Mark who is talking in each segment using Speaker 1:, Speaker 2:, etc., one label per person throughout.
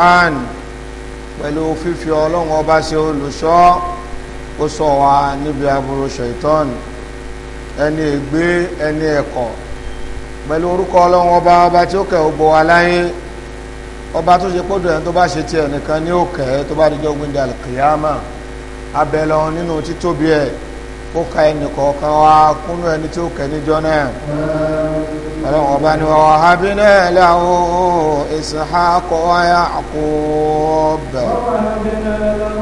Speaker 1: Qur'an pẹ̀lú fífi ọlọ́run ọba ṣe olùṣọ́ ó sọ wa níbi aburú ṣaitan ẹni ègbé ẹni ẹ̀kọ́ pẹ̀lú orúkọ ọlọ́run ọba ọba tí ó kẹ́ ó bọ̀ wá láyé ọba tó ṣe kódò ẹni tó bá ṣe tiẹ̀ nìkan ní òkè tó bá dijọ́ gbẹ̀ndẹ̀ àlùkìyàmà abẹ́lẹ̀ ọ̀hún nínú títóbi ẹ̀ kó ka ẹnì kọ̀ọ̀kan wá kúnú ẹni tí ó kẹ́ níjọ́ náà. رغبا ووهبنا له إسحاق ويعقوب
Speaker 2: ووهبنا له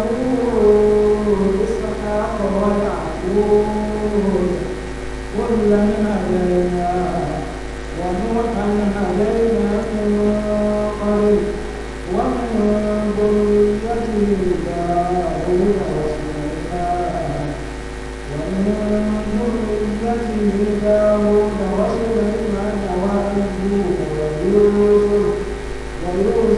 Speaker 2: ọlọ́run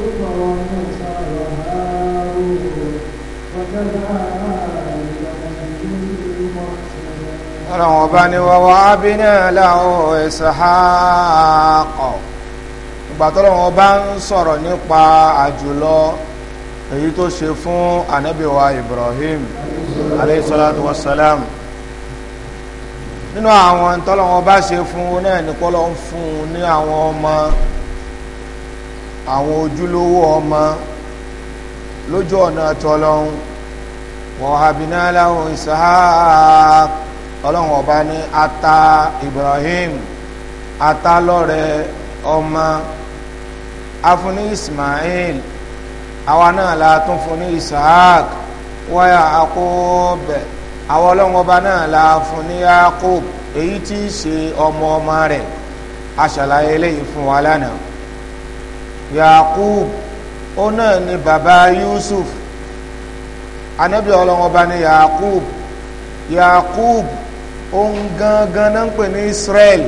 Speaker 1: ọba ni wọ́n wá bínú láwọn ìsàhákọ̀ ìgbà tọ́lọ́run ọba ń sọ̀rọ̀ nípa àjùlọ èyí tó ṣe fún anábìwa Ibrahim aleyhisalatu wasalam nínú àwọn tọ́lọ́run ọba ṣe fún náà ní ń fún ní àwọn ọmọ àwọn ojúlówó ọmọ lójú ọ̀nà tọlọ́hún wọ̀hábìnà aláwọ̀ isaac ọlọ́run ọba ní ata ibrahim ata lọ́rẹ̀ ọmọ afúnni ismail àwa náà la tún fún ní isaac wáyà akób àwa ọlọ́run ọba náà la fún ní yakob èyí tí í ṣe ọmọ ọmọ rẹ̀ aṣàlàyé eléyìí fún wa lánàá yakub ó náà ni bàbá yusuf anabi ọlọ́run ọba ni yakub yakub òun gangan náà ń pè ní israel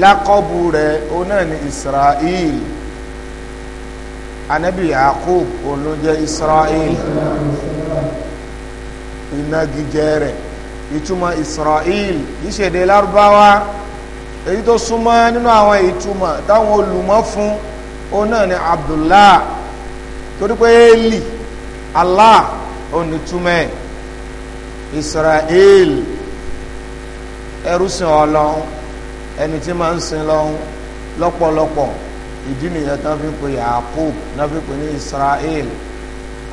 Speaker 1: lákọ́bù rẹ̀ òun náà ni israel anabi yakub òun ló israel ìnagijẹ rẹ̀ ìtumọ̀ israel ìṣèdè lárúbáwá. èyí tó súnmọ́ nínú àwọn ìtumọ̀ táwọn olùmọ̀ fún òun náà ni abdullah torí pé eli allah onítúmẹ̀ israel ẹrúsìn ọlọ́run ẹni tí máa ń sin lọ́run lọ́pọ̀lọpọ̀ ìdí nìyẹn tó fi pe yaakub náà fi pe ní israel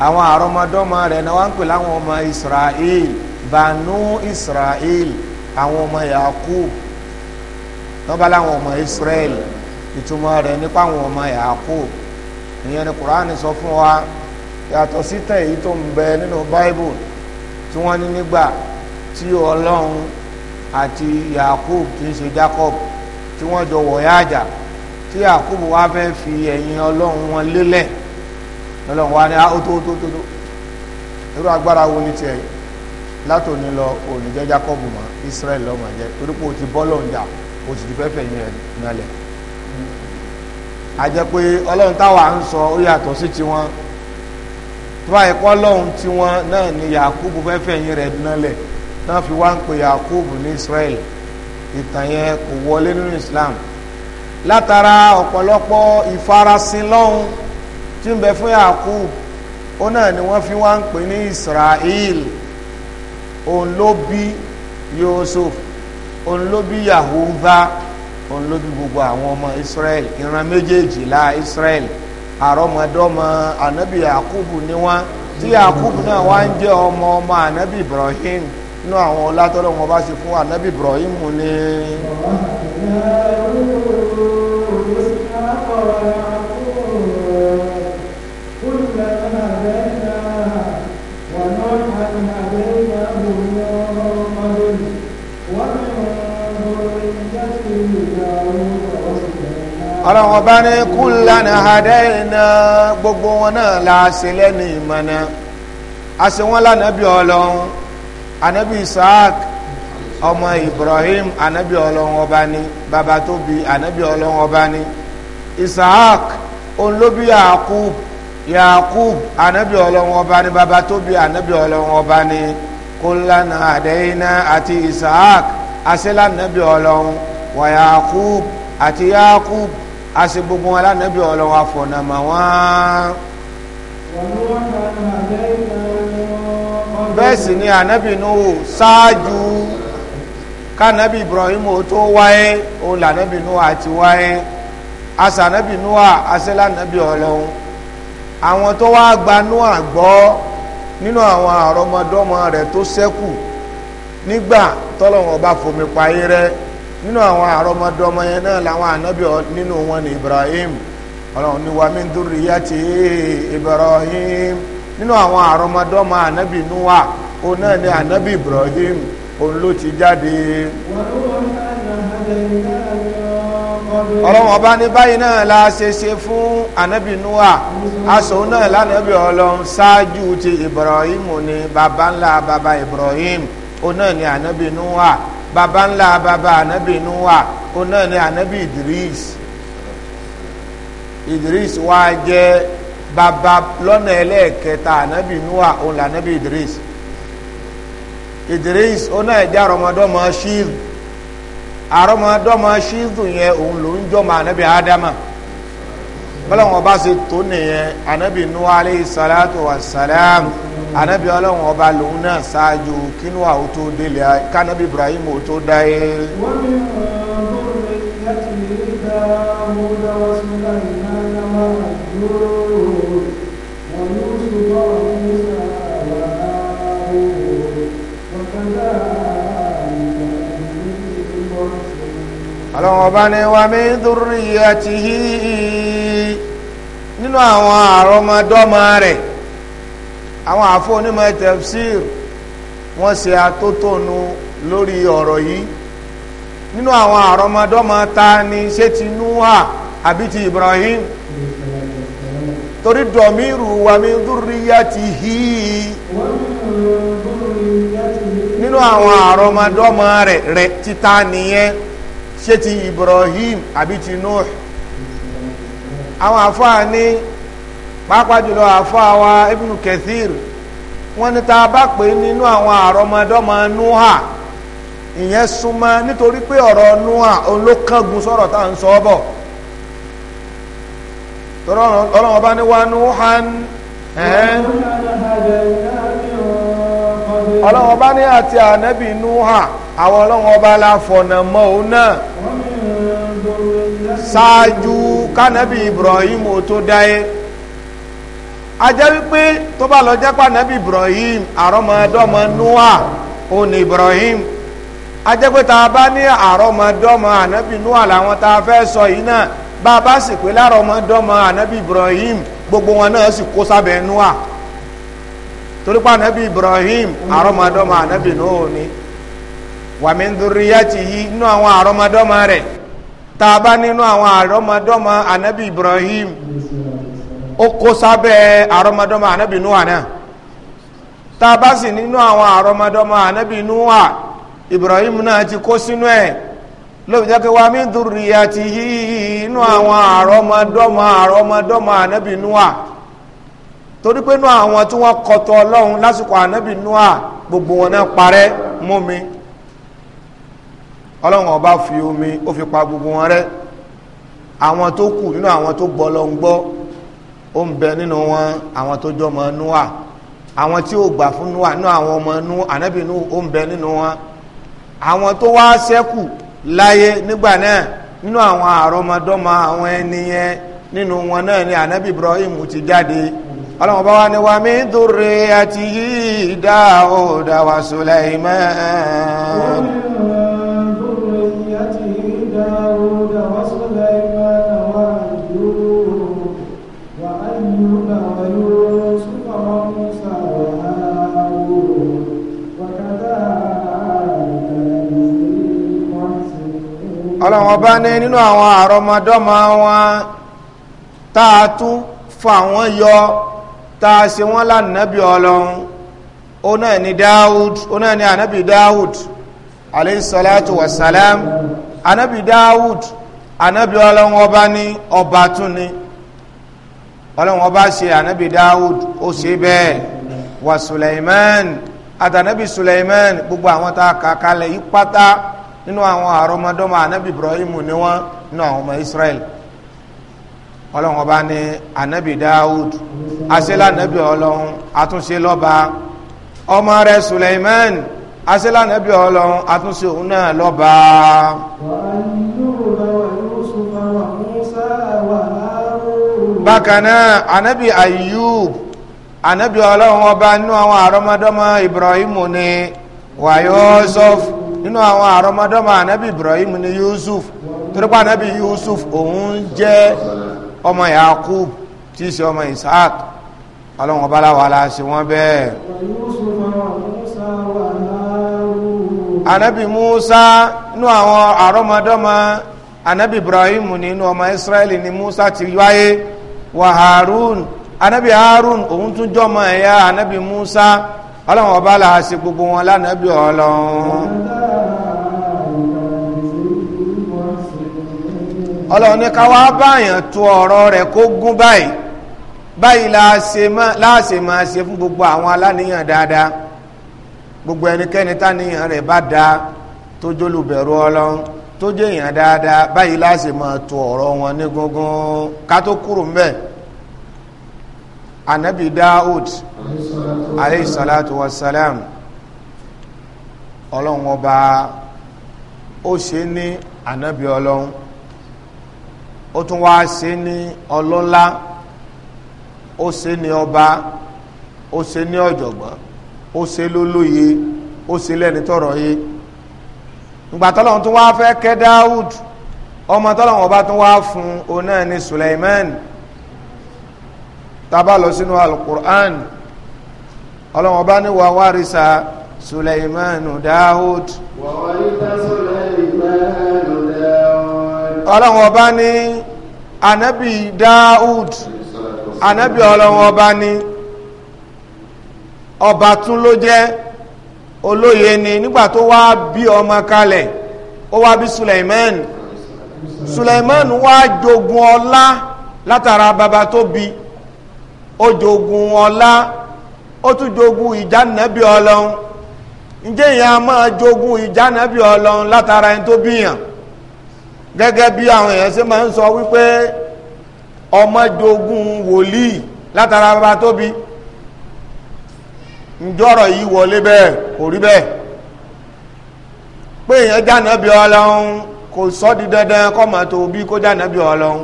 Speaker 1: àwọn àrọmọdọ́mọ rẹ̀ náà wá ń pè láwọn ọmọ israel banu israel àwọn ọmọ yaakub. tọ́ba láwọn ọmọ Israel ìtumọ̀ rẹ̀ nípa àwọn ọmọ Yakub ìyẹn ni Kùránì sọ fún wa yàtọ̀ sí tẹ̀ èyí tó ń bẹ nínú Bible tí wọ́n ní nígbà tí Ọlọ́run àti Yakub tí ń ṣe Jacob tí wọ́n jọ wọ̀yáàjà tí Yakub wá fẹ́ fi ẹ̀yìn Ọlọ́run wọn lélẹ̀ Ọlọ́run wa ní àótótótótó ah, irú agbára wo ni tiẹ̀ látòní lọ òní jẹ́ Jacob mọ́ Israel lọ́mọ jẹ́ torí pé ti bọ́ lọ́njà o sì ti fẹ́ fẹ̀yìn rẹ̀ nalẹ̀ àjẹ́ pé ọlọ́run táwa ń sọ ó yàtọ̀ sí tiwọn tó bá yẹ kọ́ ọlọ́run tiwọn náà ni Yakubu fẹ́ fẹ̀yìn rẹ̀ nalẹ̀ náà fi wá ń pe Yakubu ní Israel ìtàn yẹn kò wọlé nínú Islam látara ọ̀pọ̀lọpọ̀ ìfarasin lọ́hùn tí ń bẹ fún Yakubu ó náà ni wọ́n fi wá ń pè ní Israel òun ló bí Yusuf òun ló bí Yahuda òun ló bí gbogbo àwọn ọmọ Israel ìran méjèèjìlá Israel àrọmọdọ́mọ anabi Yakubu ni wọn tí Yakubu náà wá ń jẹ́ ọmọ ọmọ anabi Ibrahim nínú àwọn ọlá tọ́lọ́wọ́n bá ṣe fún anabi Ibrahim ni. ọlọ́run ọba ní kúlànà àdáyìnà gbogbo wọn náà la ṣe lẹ́nu ìmọ̀nà a ṣe wọn lánàbí ọlọ́run anabi isaac ọmọ ibrahim anabi ọlọ́run ọba ní bàbá tó bí anabi ọlọ́run ọba ní isaac òun ló bí yaakub ọlọ́run ọba ní bàbá tó bí anabi ọlọ́run ọba ní kúlànà àdáyìnà àti isaac a lánàbí ọlọ́run wa yaakub àti yaakub a sì gbogbo wọn lánàbí ọlọ́wọ́ àfọ̀nàmà wọn. bẹ́ẹ̀ sì ni ànábì Nuhu ṣáájú kánábì Ibrahim tó wáyé òun lànábì Nuhu àti wáyé asànábì Nuhu àṣẹlànábì ọlọ́wọ́ àwọn tó wá gba Nuhu àgbọ́ nínú àwọn àrọmọdọ́mọ rẹ̀ tó ṣẹ́kù nígbà tọ́lọ́wọ́n bá fomi payé rẹ́ nínú àwọn àrọmọdọ́mọ yẹn náà làwọn ànábì nínú wọn ni Ibrahim ọlọ́run ni wa min durriyati Ibrahim nínú àwọn àrọmọdọ́mọ ànábì Nuwa òun náà ni ànábì Ibrahim òun ló ti jáde ọlọ́run ọba ní báyìí náà la ṣe ṣe fún ànábì Nuwa aṣòun náà lánàbì ọlọ́run ṣáájú ti Ibrahim ni baba ńlá baba Ibrahim òun náà ni ànábì Nuwa baba ńlá baba anabi nuwa ó náà ní anabi idris idris wá jẹ́ baba lọ́nà ẹlẹ́ẹ̀kẹta anabi nuwa òun là anabi idris idris ó náà jẹ́ àrọmọdọ́mọ ṣíìlù àrọmọdọ́mọ ṣíìlù yẹn òun ló ń jọmọ anabi adama bọ́lọ́wọ́n ọba ṣe tó nìyẹn anabi nuwa aleyhi salatu wa salam anabi ọlọ́wọ́n ọba lòun náà ṣáájú kínú àwọn tó délé kánábì ibrahim ò tó dáyé. wọ́n ní ọba ni wàmí dúró yìí àti yìí. nínú àwọn àrọmọdọ́mọ rẹ̀ àwọn afọ onímọ̀ tafsir wọ́n se atótónu lórí ọ̀rọ̀ yìí nínú àwọn àrọmọdọ́mọ ta ni ṣé ti Nuha àbí ti Ibrahim torí dọ̀míìrù wa min dhurriyatihi nínú àwọn àrọmọdọ́mọ rẹ̀ rẹ̀ títa nìyẹn ṣé ti Ibrahim àbí ti àwọn àfáà ní pàápàá jùlọ àfáà wa Ibn Kathir wọ́n ní tá a bá pè nínú àwọn àrọmọdọ́mọ nuha ìyẹn súnmọ́ nítorí pé ọ̀rọ̀ nuha òun ló kángun sọ̀rọ̀ tá à ń sọ ọ́ bọ̀ tọ́rọ ọlọ́run ní wa nuhan ẹ̀ẹ́n ọlọ́run ní àti ànábì nuha àwọn ọlọ́run ọba la fọ̀nà mọ́ òun náà ṣáájú kánábì Ibrahim ò tó dáyé a jẹ́ wípé tó bá lọ jẹ́ pánábì Ibrahim àrọ́mọdọ́mọ Noah ó ní Ibrahim a jẹ́ pé tá a bá ní àrọ́mọdọ́mọ ànábì Noah làwọn tá a fẹ́ sọ yìí náà bá a bá sì pé lárọ́mọdọ́mọ ànábì Ibrahim gbogbo wọn náà sì kó sábẹ́ Noah torí pé Ibrahim àrọ́mọdọ́mọ ànábì Noah ni wàmí ń dúró yá ti yí inú àwọn àrọ́mọdọ́mọ rẹ̀ tá bá nínú àwọn àrọ́mọdọ́mọ ànábì Ibrahim ó kó sábẹ́ àrọ́mọdọ́mọ ànábì Nuwa náà tá bá sì nínú àwọn àrọ́mọdọ́mọ ànábì Nuwa Ibrahim náà ti kó sínú ẹ̀ lóbi jẹ́ kí wa min dhurriyatihi inú àwọn àrọ́mọdọ́mọ àrọ́mọdọ́mọ ànábì Nuwa torí pé inú àwọn tí wọ́n kọtọ Ọlọ́run lásìkò ànábì Nuwa gbogbo wọn náà parẹ́ mú mi ọlọ́run ọba fi omi ó fi pa gbogbo wọn rẹ́ àwọn tó kù nínú àwọn tó gbọ́ lọ ń gbọ́ ó ń bẹ nínú wọn àwọn tó jọ ọmọ Noa àwọn tí ó gbà fún Noa nínú àwọn ọmọ Noa ànábì Noa ó ń bẹ nínú wọn àwọn tó wá ṣẹ́kù láyé nígbà náà nínú àwọn àrọmọdọ́mọ àwọn ẹni yẹn nínú wọn náà ni ànábì Ibrahim ti jáde ọlọ́run bá wá ní wa mi dúró àti yìí dáhùn dáwà Sulaiman. ọlọ́run ọba ní nínú àwọn àrọmọdọ́mọ wọn tá a tún fa wọn yọ tá a ṣe wọn lánàbí ọlọ́run ó náà ní Dáúd ó ànábì Dáúd alayhi salatu wassalam ànábì Dáúd ànábì ọlọ́run ọba ní ọba tún ni ọlọ́run ọba ṣe ànábì Dáúd ó ṣe bẹ́ẹ̀ wà Suleiman àtànábì Suleiman gbogbo àwọn tá a kà kalẹ̀ yí pátá nínú àwọn àrọmọdọ́mọ anabi ibrahim ni wọ́n nínú àwọn ọmọ israel ọlọ́run ọba ní anabi dawud asela anabi ọlọ́run àtúnṣe lọ́ba ọmọ rẹ̀ suleiman asela anabi ọlọ́run àtúnṣe òun náà lọ́ba. bákan anabi ayub anabi ọlọ́run ọba nínú àwọn àrọmọdọ́mọ ibrahim ni wàyọ́sọ́fù nínú àwọn àrọmọdọ́mọ ànábì Ibrahim ní Yusuf torípa ànábì Yusuf òun jẹ́ ọmọ Yakub tí í ṣe ọmọ Isaac ọlọ́run ọba aláwàlá ṣe wọ́n bẹ́ẹ̀ ànábì Musa nínú àwọn àrọmọdọ́mọ ànábì Ibrahim nínú ọmọ Israeli ni Musa ti wáyé wa Harun ànábì Harun òun tún jọmọ ẹ̀yà ànábì Musa ọlọ́run ọba aláwàlá ṣe gbogbo wọn lánàbì ọlọ́run ọlọ́run ní ká wá báyàn tó ọ̀rọ̀ rẹ̀ kó gún báyìí báyìí láàṣẹ máa ṣe fún gbogbo àwọn aláníyàn dáadáa gbogbo ẹnikẹ́ni táníyàn rẹ̀ bá dáa tó jólùbẹ̀rù ọlọ́run tó jẹ́ èèyàn dáadáa báyìí láàṣẹ máa tó ọ̀rọ̀ wọn ní gúngún ká tó kúrò ń bẹ̀ anabi daoud aleyhi salatu wa salam ọlọ́run ọba ó ṣe ní anabi ọlọ́run ó tún wá ṣe ní ọlọ́lá ó ṣe ní ọba ó ṣe ní ọ̀jọ̀gbọ́n ó ṣe lólóye ó ṣe lẹ́ni tọ̀rọ̀ yé ìgbà tọ́lọ́run tún wá fẹ́ kẹ́ Dáúd ọmọ tọ́lọ́run ọba tún wá fún òun náà ní Suleiman tá bá lọ sínú alukur'an ọlọ́run ọba ní wàá wárìsà Suleimanu Dáúd. wàá wárìsà Suleimanu Dáúd. ọlọ́run ọba ní. anabi Daud anabi ọlọ́wọ́n ọba ni ọba tún ló jẹ́ olóye ni nígbà tó wá bí ọmọ kalẹ̀ ó wá bí Suleiman Suleiman wá jogun ọlá látara baba tó bi ó jogun ọlá ó tún jogun ìjánabi ọlọ́run ǹjẹ́ ìyá máa jogun ìjánabi ọlọ́run látara ẹni tó bíyàn gẹ́gẹ́ bí àwọn èèyàn ṣe máa ń sọ wípé ọmọ jogún wòlíì látara bàbá tóbi ǹjọ́rọ̀ yìí wọlé bẹ́ẹ̀ kò rí bẹ́ẹ̀ pé èèyàn dáná bí ọlọ́run kò sọ́ di dandan kọ́mọ tó bí kó dáná bí ọlọ́run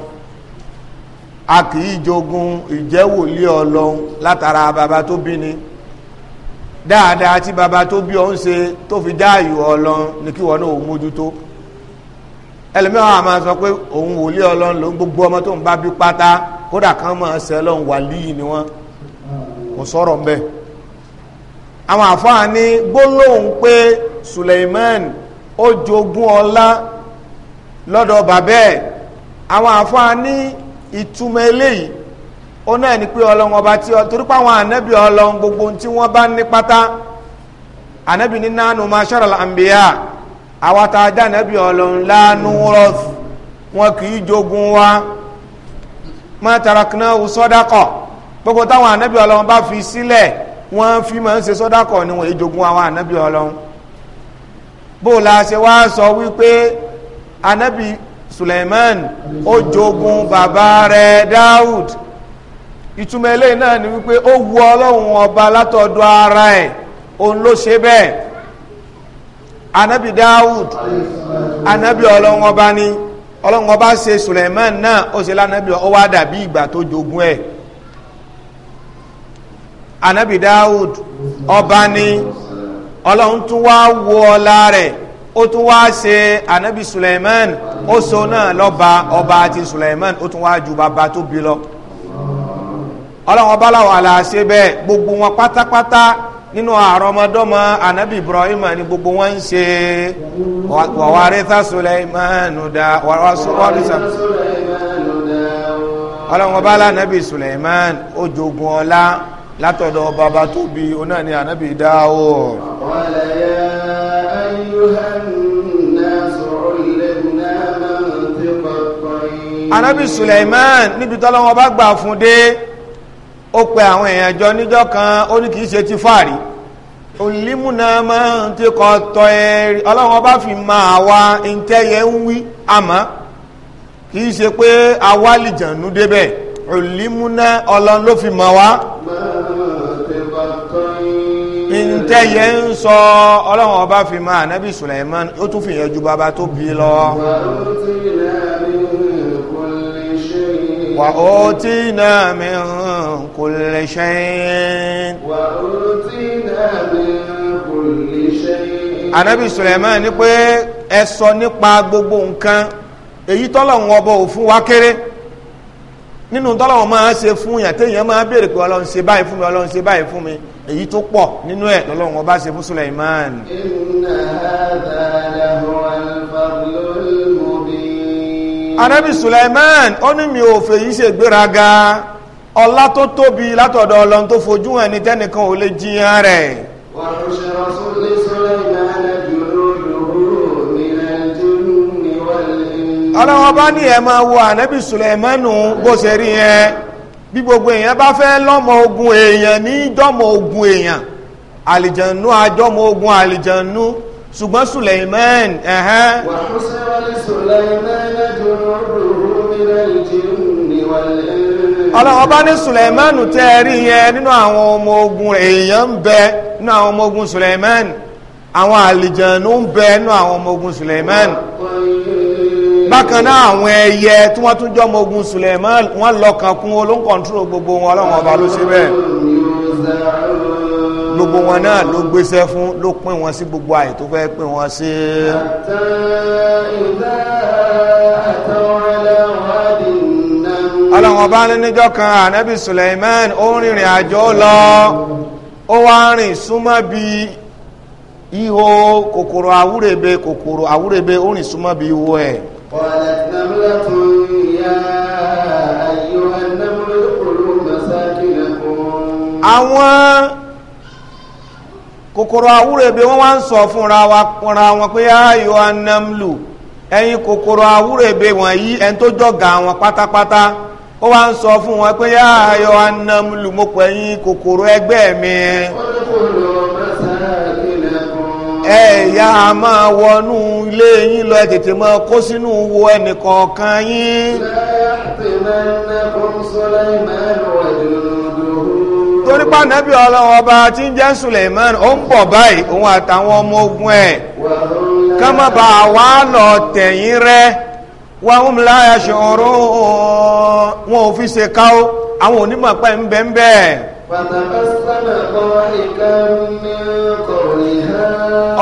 Speaker 1: a kì í jogun ìjẹ́wòlé ọlọ́run látara bàbá tó ni dáadáa tí bàbá tó bí ọ ń ṣe tó fi dáàyò ọlọ́run ní kí wọn náà mójútó ẹlòmíràn àmà sọ pé òun wòlíì ọlọ́run ló ń gbogbo ọmọ tó ń bá bí pátá kódà kan máa ṣe ọlọ́run wà líyìí ni wọ́n kò sọ̀rọ̀ mbẹ́ àwọn àfáà ní gbólóhùn pé Suleiman ó jogún ọlá lọ́dọ̀ bàbẹ́ àwọn àfáà ní ìtumọ̀ eléyìí ó náà ní pé ọlọ́run ọba tí torí pé àwọn ànábì ọlọ́run gbogbo tí wọ́n bá ní pátá ànábì ní nánú máa ṣọ́rọ̀ àmbíyá àwa tá a jẹ́ ànábì ọlọ́run láàánú rọ́ọ̀sù wọn kì í jogun wa ma tarakna sọ́dákọ̀ gbogbo táwọn ànábì ọlọ́run bá fi sílẹ̀ wọ́n fi máa ń ṣe sọ́dákọ̀ ni wọ́n ìjogun àwọn ànábì ọlọ́run bó la ṣe wá sọ wípé ànábì Suleiman ó jogun bàbá rẹ̀ Dawud ìtumọ̀ eléyìí náà ni wípé ó wu ọlọ́run ọba látọ̀dọ̀ ara ẹ̀ òun ló ṣe bẹ́ẹ̀ anabi Dawud anabi ọlọ́wọ́n bá ní ọlọ́wọ́n bá ṣe Suleiman náà ó ṣe lánàbí ó wá dàbí ìgbà tó jogún ẹ̀ anabi Dawud ọba ní ọlọ́run tún wá wo ọlá rẹ̀ ó tún wá ṣe anabi Suleiman ó so náà lọ́ba ọba àti Suleiman ó tún wá ju bàbá tó bí lọ ọlọ́wọ́n bá àlàáṣe bẹ́ẹ̀ gbogbo wọn pátápátá nínú àrọmọdọ́mọ anabi ibrahim ni gbogbo wọn ń ṣe wàwárẹ́tà suleimanu da wàwárẹ́tà ọlọ́run ọba alánàbì suleiman ó jogun ọlá látọ̀dọ̀ bàbá tó ni anabi dáwọ́. anabi suleiman níbi tọ́lọ́wọ́ bá gbà fún dé ó pe àwọn èèyàn jọ níjọ́ kan ó ní kìí ti fàárí olímúna máa ń ti kọ tọ ẹrí ọlọ́run bá fi máa wá ntẹ́yẹ ń wí àmọ́ kì ṣe pé awálìjànú débẹ̀ ọlọ́run ló fi máa wá ń sọ ọlọ́run bá fi máa nábì ó tún lọ
Speaker 3: wà ó tí
Speaker 1: náà منه كل شيء وأوتينا من كل شيء Ànábì Sùlẹ̀mán ní pé ẹ sọ nípa gbogbo nǹkan èyí tọ́lọ̀hún ọbọ̀ ò fún wa kéré nínú tọ́lọ̀hún máa ṣe fún yàn téèyàn máa béèrè pé ọlọ́run ṣe báyìí fún mi ọlọ́run ṣe báyìí fún mi èyí tó pọ̀ nínú ẹ̀ lọ́lọ́run ọba ṣe fún Sùlẹ̀mán.
Speaker 3: Inna hadha
Speaker 1: ó ní mi ò fèyí ṣègbéraga. ọlá tó tóbi látọ̀dọ̀ ọlọ́run tó fojú hàn ní tẹ́nìkan ò lè jiyàn rẹ̀. ọlọ́wọ́ bá ní ẹ̀ máa wo ànábì sùlẹ̀mánù bó ṣe rí yẹn bí gbogbo èèyàn bá fẹ́ lọ́mọ ogun èèyàn ní ogun èèyàn àlìjànú àjọmọ ogun àlìjànú ṣùgbọ́n wàhùn sẹ́wọ́n ní mi ọlọ́wọ́n bá ní Sùlẹ̀mánù tẹ́ ẹ rí yẹn nínú àwọn ọmọ ogun èèyàn ń bẹ nínú àwọn ọmọ ogun Sùlẹ̀mánù àwọn àlìjànú ń bẹ nínú àwọn ọmọ ogun Sùlẹ̀mánù bákan náà àwọn ẹyẹ tí wọ́n tún jọ ọmọ ogun Sùlẹ̀mánù wọ́n lọ́kàn kún olóńkọ̀ntúrò gbogbo wọn ọlọ́wọ́n ọba ló ṣe bẹ́ẹ̀ gbogbo wọn náà ló gbéṣẹ́ fún ló pín wọn sí gbogbo àyè tó fẹ́ pín wọn sí. àtà
Speaker 3: ìdá àtàwọn ẹlẹ́wọ̀n.
Speaker 1: ọlọ́run ọba ní níjọ́ kan ànábì Suleiman ó rìnrìn àjò lọ ó wá rìn súnmọ́ bí ihò kòkòrò àwúrèbe kòkòrò àwúrèbe ó rìn súnmọ́ bí ihò ẹ̀. àwọn kòkòrò àwúrèbe wọ́n wá ń sọ fúnra wọn pé anamlu ẹ̀yin kòkòrò wọ̀nyí tó wọn pátápátá. ó wá ń sọ fún wọn pé yáàyọ anamlu mo pè yín kòkòrò ẹgbẹ́ mi ẹ a máa wọnú ilé yín lọ tètè máa kó sínú wo ẹnìkọ̀ọ̀kan yín torí pàǹdàbí ọlọ́wọ́ ọba tí ń jẹ́ Suleiman ó ń bọ̀ báyìí òun àtàwọn ọmọ ogun ẹ̀ ká má bàa lọ tẹ̀yìn wọ́n láyà ṣòro wọn ò fi ṣe káó àwọn onímọ̀ pẹ́ ń bẹ́ ń bẹ́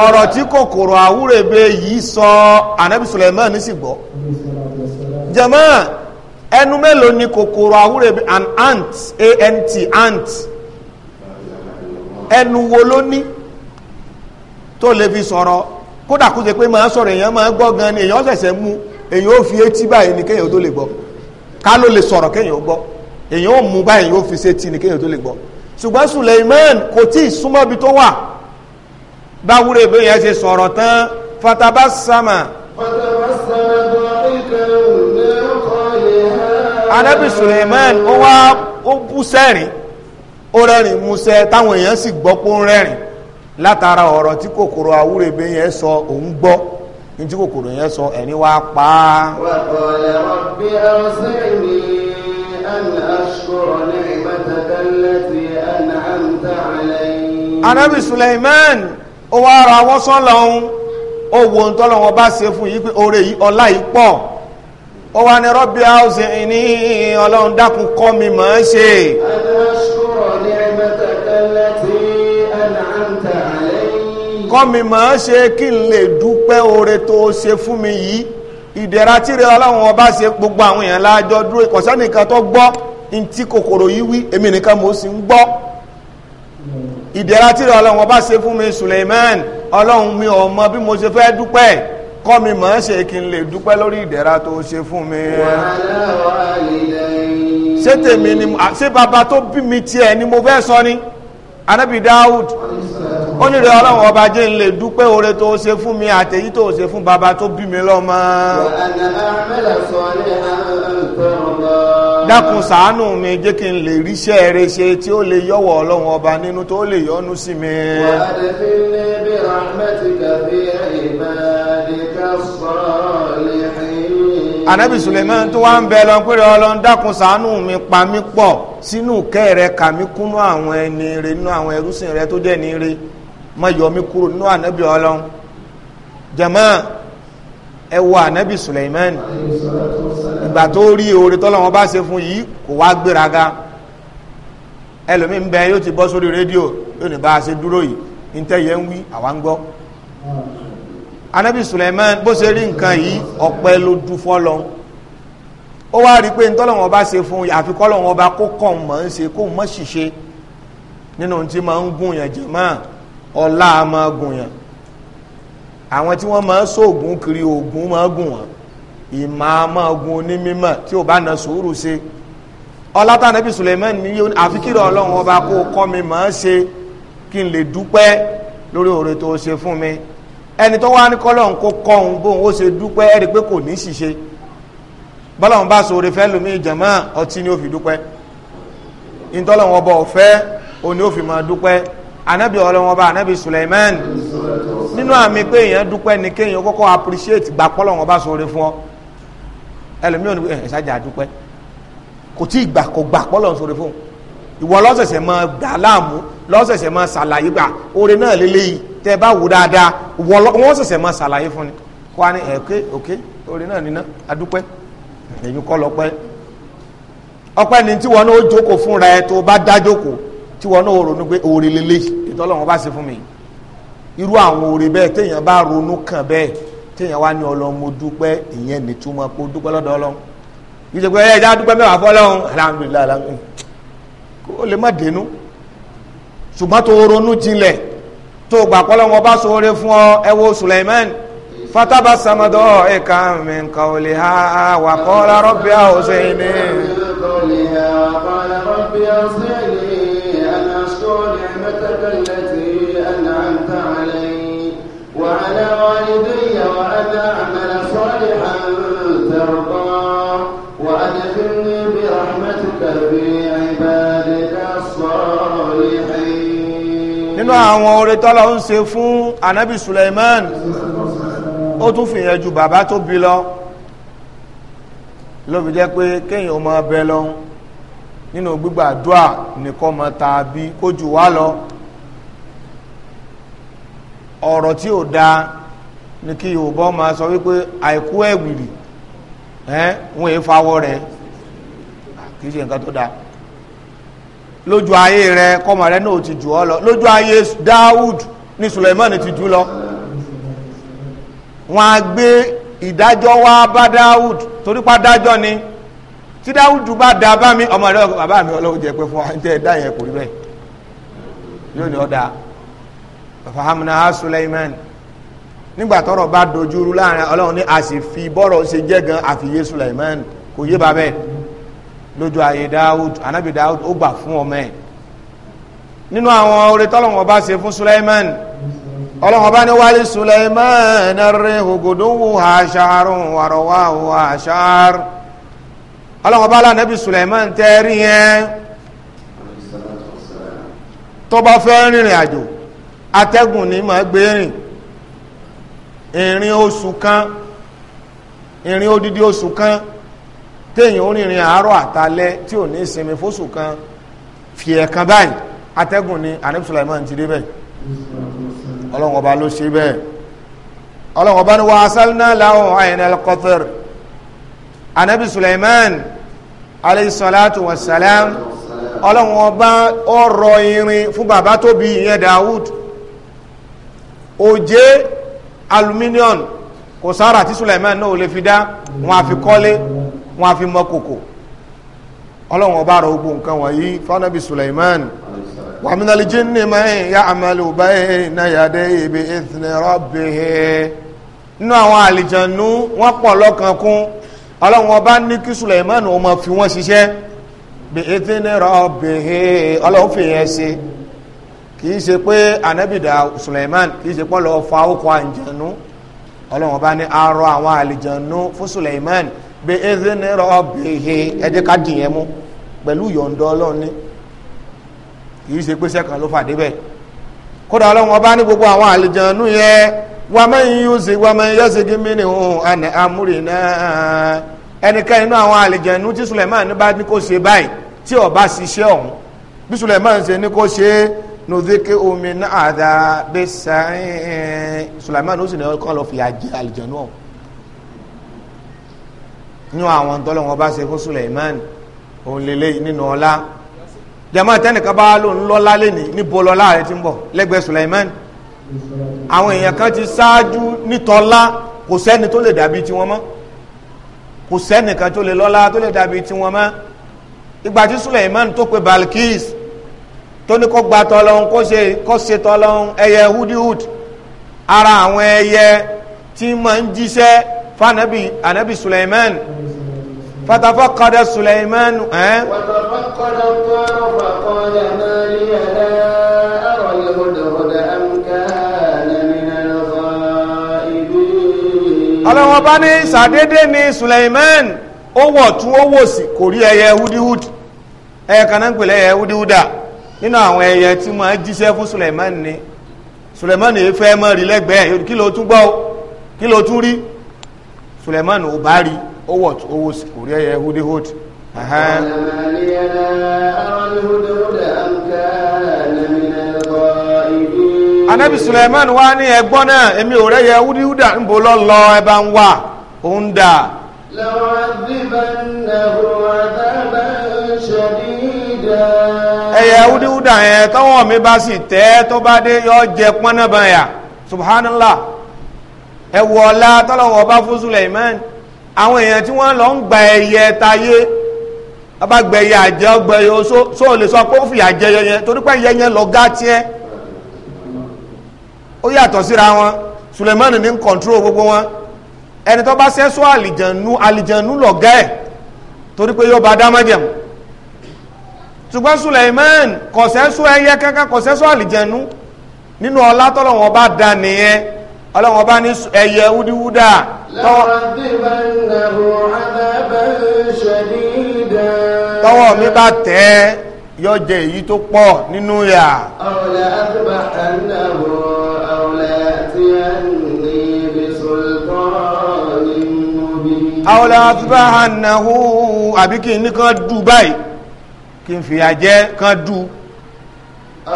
Speaker 1: ọ̀rọ̀ tí kòkòrò àwúrèbe yìí sọ ànábì Suleiman sì gbọ́ jẹ́mọ́ ẹnu mélòó ni kòkòrò àwúrèbe an ant ant ant ẹnu wo ló ní tó lè fi sọ̀rọ̀ kódà kó ṣe pé máa sọ̀rọ̀ èèyàn máa gbọ́ gan ni èèyàn ṣẹ̀ṣẹ̀ mú èyàn ó fi etí báyìí ni kéèyàn tó lè gbọ́ ká ló lè sọ̀rọ̀ kéèyàn ó gbọ́ èyàn ó mú báyìí yóò fi sétí ni kéèyàn tó lè gbọ́ ṣùgbọ́n Suleiman kò tí ì súnmọ́ bi tó wà báwúrò ìbí yẹn ṣe sọ̀rọ̀ tán fatabasama. fatabasama dọ́ríkẹ́ òní ọkọ̀ yẹn. Ànábì Suleiman ó wá ó bú sẹ́rìn ó rẹ́rìn músẹ́ táwọn èèyàn sì gbọ́ ntí kòkòrò yẹn sọ ẹni wá pa á. wa qala rabbi
Speaker 3: awzi'ni an ashkura ni'mataka allati an'amta alayya.
Speaker 1: anabi suleiman ó wá ra wọ́sán lọ́hún ó wo ń tọ́lọ́ wọn ṣe fún yìí pé oore yìí ọlá yìí pọ̀ ó wá ní rabbi awzi'ni ọlọ́run dákun kọ́ mi mọ̀ ọ́n ṣe. an
Speaker 3: ashkura ni.
Speaker 1: kọ́ mi máa ṣe kí n lè dúpẹ́ oore tó ṣe fún mi yìí ìdẹ̀ra tíre ọlọ́run ọba ṣe gbogbo àwọn èèyàn láàjọ dúró ìkọ̀sẹ́nìkan tó gbọ́ ntí kòkòrò yìí wí èmi nìkan mo sì ń gbọ́ ìdẹ̀ra tí ọlọ́run ọba ṣe fún mi Suleiman ọlọ́run mi ò mọ bí mo ṣe fẹ́ dúpẹ́ kọ́ mi mọ̀ ẹ́ ṣe kí n lè dúpẹ́ lórí ìdẹ̀ra tó ṣe fún mi. ṣé tèmi ni ṣé bàbá tó bí mi tiẹ̀ ni mo fẹ́ sọ ni anabi dawud ó ní rẹ̀ ọlọ́run ọba jẹ́ ń lè dúpẹ́ oore tó ṣe fún mi àtẹ̀yí tó ṣe fún baba tó bí mi lọ́mọ dákun ṣàánú mi jẹ́ kí n lè ríṣẹ́ rẹ̀ ṣe tí ó lè yọ́wọ́ ọlọ́run ọba nínú tó lè yọ́nú sí mi wà á dẹ̀
Speaker 3: fi ní bí rahmatika fi ìbáraẹni ká sọ́rọ̀
Speaker 1: anabi suleiman tó wá ń bẹ lọ pé ọlọ́run dákun ṣàánú mi pa mí pọ̀ sínú ìkẹ́ rẹ kà mí kúnú àwọn ẹni rẹ nínú àwọn ẹrúsìn rẹ tó jẹ́ ní rẹ mọ yọ mí kúrò nínú anabi ọlọ́run jẹ̀mọ́ ẹ wo anabi suleiman ìgbà tó rí oore tọ́lọ́wọ́n bá ṣe fún yìí kò wá gbéraga ẹlòmíì bẹ yóò ti bọ́ sórí rédíò yóò ní bá a ṣe dúró yìí ní tẹ́yẹ ń wí àwa ń gbọ́ anabi suleiman bó ṣe rí nǹkan yìí ọpẹ́ ló dún fún Ọlọ́run ó wá rí i pé ntọ́lọ́wọ́n bá ṣe fún àfi kọ́lọ́wọ́n ọba kó kàn mọ́ ń ṣe kó mọ́ ṣìṣe nínú tí máa ń gùn yàn jẹ̀ máa ọlá máa gùn yàn àwọn tí wọ́n máa ń sóògùn kiri oògùn máa gùn wọ́n ìmọ̀ máa gun onímọ̀ tí ò bá na sùúrù ṣe ọlá tá suleiman ní àfi kí ọba kó kọ́ mi máa ṣe kí n lè dúpẹ́ lórí oore ṣe fún mi ẹni tó wá ní kọ́lọ́n kó kọ́ òun bóun ó ṣe dúpẹ́ ẹ̀rí pé kò ní ṣìṣe bọ́lọ́n bá sọ oore fẹ́ lómi ìjàmọ́ ọtí ni ó fi dúpẹ́ ìtọ́lọ́wọ́n ọba ọ̀fẹ́ òní ó fi máa dúpẹ́ anabi ọlọ́wọ́n bá anabi Suleiman nínú àmì pé èèyàn dúpẹ́ ni kéèyàn kọ́kọ́ appreciate gbà kọ́lọ́wọ́n bá sọ oore fún ọ ẹlòmíràn ni ẹ̀ ṣáàjà dúpẹ́ kò tí ì gbà kò gbà kọ́lọ́wọ́n sọ oore fún ìwọ lọ́sẹ̀sẹ̀ máa dà láàmú lọ́sẹ̀sẹ̀ máa ṣàlàyé gbà oore náà lélẹ́yìí tẹ́ bá wù dáadáa wọ́n ṣẹ̀ṣẹ̀ máa ṣàlàyé fún ni eh, kó a ní ẹ̀kẹ́ òkè orin náà níná adúpẹ́ èyí kọ́ lọ́pẹ́ ọpẹ́ ni tí wọn náà jókòó ẹ tó bá dá jókòó tí wọn náà ronú pé oore lélẹ̀ bá ṣe fún mi irú àwọn bẹ́ẹ̀ téèyàn bá ronú kàn bẹ́ẹ̀ téèyàn wá ní ọlọ́run mo dúpẹ́ ìyẹn nìtúmọ̀ kó dúpẹ́ lọ́dọ̀ ọlọ́run ẹ eh, já dúpẹ́ mẹ́wàá fọlọ́run alhamdulilayi alhamdulilayi kó lè má dénú ṣùgbọ́n tó ronú jinlẹ̀ tó gbà kọ́lọ́ wọn bá sóore fún ọ ẹ wo Suleiman fataba samadọ ẹka min kawuli ha wa kọ́lá rọ́bì àwọn yìí ni. nínú àwọn oore tọ́lọ ń ṣe fún anabi Suleiman ó tún fìyẹn ju bàbá tó bí lọ ló fi jẹ́ pé kéèyàn máa bẹ lọ nínú gbígbàdúà nìkan mọ tàbí kójú wá lọ ọ̀rọ̀ tí ò da ni kí Yorùbá máa sọ wípé àìkú ẹ̀wìrì ẹ̀ wọ́n èé fawọ́ rẹ̀ kì í ṣe nǹkan tó dáa lójú ayé rẹ kọmọ rẹ náà ti jù ọ lọ lójú ayé Dáúd ní Suleiman ti jù lọ wọn a gbé ìdájọ́ wá bá Dáúd torí pa dájọ́ ni tí Dáúd bá da bá mi ọmọ rẹ bàbá mi ọlọ́wọ́ jẹ pé fún wa tẹ ẹ dá yẹn kò rí bẹ́ẹ̀ yóò ní ọ̀dà fahamna Suleiman nígbà tọ́rọ̀ bá dojú rú láàrin Ọlọ́run ní a sì fi bọ́rọ̀ ṣe jẹ́ gan àfiyé Suleiman kò yé bàbá ẹ̀ lójú ayé Dawud anabi Dawud ó gbà fún ọmọ ẹ̀ nínú àwọn oore tọ́lọ́wọ́n ọba ṣe fún Suleiman ọlọ́wọ́n ọba ní wálé Suleiman rẹ̀ ògòdówó àṣàrùn wàrọ̀wá àṣàr ọlọ́wọ́n ọba lànàbí Suleiman tẹ́ rí yẹn fẹ́ rìnrìn àjò atẹ́gùn ní máa gbé rìn ìrìn oṣù kan ìrìn odidi oṣù kan téèyàn onírin àárọ̀ àtalẹ́ tí ò ní sinmi fóṣù kan fi ẹ̀kan báyìí atẹ́gùn ni anabi Sulaiman ti dé bẹ́ẹ̀ ọlọ́run ọba ló ṣe bẹ́ẹ̀ ọlọ́run ọba ni wàá sálínà láwọn àyìnà al anabi Sulaiman alayhi salatu wa salam ọlọ́run ọba ọ̀rọ̀ irin fún bàbá tó bí ìyẹn Dawud òjé aluminium kò sára tí Sulaiman náà ò lè fi dá wọn àfi wọ́n á fi mọ́ kòkò ọlọ́run ọba rọ gbogbo nǹkan wọ̀nyí fanabi Sulaiman wàmínàlì jinni man ya'malu bayna yadayhi bi ithni rabbih nínú àwọn àlìjànú wọ́n pọ̀ lọ́kàn kún ọlọ́run ọba ní kí Sulaiman ó máa fi wọ́n ṣiṣẹ́ bi ithni rabbih ọlọ́run fi yẹn ṣe kìí ṣe pé anabida Suleiman kìí ṣe pé lọ fa okò àǹjẹ̀nu ọlọ́run ọba ní arọ àwọn àlìjẹ̀nu fún Suleiman bí ẹsẹ̀ ní rọ́ọ̀bì ẹ̀jẹ̀ ká dìyẹn mú pẹ̀lú yọ̀ǹda ọlọ́run ní kì í ṣe pé sẹ́kàn ló fàdé bẹ́ẹ̀ kódà ọlọ́run ọba ní gbogbo àwọn àlejànú yẹn wà mẹ́yìn yóò ṣe wà mẹ́yìn yóò ṣe kí mí ni òun àná amúrè náà ẹnikẹ́ni nínú àwọn àlejànú tí Suleiman bá ní kó ṣe báyìí tí ó bá ṣiṣẹ́ ọ̀hún bí Suleiman ṣe ní kó ṣe nùdíkì omi náà àdá bẹ́sàn-án Suleiman ó sì ní ọkọ̀ lọ fìyà jẹ àlejànú ọ̀hún nínú àwọn tọ́lọ́wọ́n bá ṣe fún Suleiman òǹlẹ̀lẹ̀ nínú ọlá jẹ́mọ́ tẹ́nìkan bá ló ń lọ́lá lẹ́ni níbo lọ́lá rẹ ti ń bọ̀ lẹ́gbẹ̀ẹ́ Suleiman àwọn èèyàn kan ti ṣáájú nítọ́lá kò sẹ́ni tó lè dàbí tiwọn mọ́ kò sẹ́nìkan tó lè lọ́lá tó lè dàbí tiwọn mọ́ ìgbà tí Suleiman tó pe Balkis tó ní kó gba tọ́lọ́hún kó ṣe kó ṣe tọ́lọ́hún ẹyẹ hudihud ara àwọn ẹyẹ tí máa ń jíṣẹ́ fún anabi anabi Suleiman. فتفقد سليمان أه؟ وتفقد
Speaker 3: الطير فقال ما لي لا أرى الهدهد أم كان من الغائبين
Speaker 1: ọlọ́wọ́n bá ní ṣàdédé ní Suleiman ó wọ̀ tún ó wò sí kò rí ẹyẹ húdíhúdì ẹyẹ kan náà ń pèlè ẹyẹ húdíhúdà nínú àwọn ẹyẹ tí wọ́n jíṣẹ́ fún Suleiman ni Suleiman yìí fẹ́ mọ́ rí lẹ́gbẹ̀ẹ́ tún gbọ́ kí tún rí Suleiman ò bá rí ó wọ̀ tó owó sí kò rí ẹyẹ húdí hód anabi suleiman wá ní ẹgbọ́n náà èmi ò rẹ́yẹ húdí húdà ń bò lọ́lọ́ ẹba ń wà ó ń dà ẹyẹ húdí húdà yẹn tọ́wọ́ mi bá sì tẹ́ tó bá dé yọ jẹ pọ́nàbọ̀nyà subhanallah ẹ wọ̀ ọ̀la tọ́lọ̀wọ̀ bá fún suleiman àwọn èèyàn tí wọ́n lọ ń gba ẹyẹ tayé bàbá gba ẹyẹ àjẹ ọgbà ẹyẹ oṣó só lè sọ pé ó fìyà jẹ ẹyẹ yẹn torí pé ẹyẹ yẹn lọ gá tiẹ̀ ó yàtọ̀ síra wọn Sulemani ní kọ̀ǹtúrò gbogbo wọn ẹni tó bá sẹ́sọ́ àlìjànú àlìjànú lọ̀gá ẹ̀ torí pé yóò bá dá májẹ̀mú ṣùgbọ́n Suleiman kò sẹ́sọ́ ẹyẹ kankan kò sẹ́sọ́ àlìjànú nínú ọlá tọ́lọ́wọ́n bá dá nìyẹn ọlọ́wọ́n bá ní ẹyẹ wúdiwúdà tọ́wọ́ mi bá tẹ́ ẹ́ yóò jẹ èyí tó pọ̀ nínú yà.
Speaker 3: ọ̀lẹ́ àtúbà ànáwó ọ̀lẹ́ tí a ní ibi sọ̀tọ́ ní mọ́bí. ọ̀lẹ́ àtúbà
Speaker 1: ànáwó àbí kí n ní kán dù báyìí kí n fìyà jẹ kán dù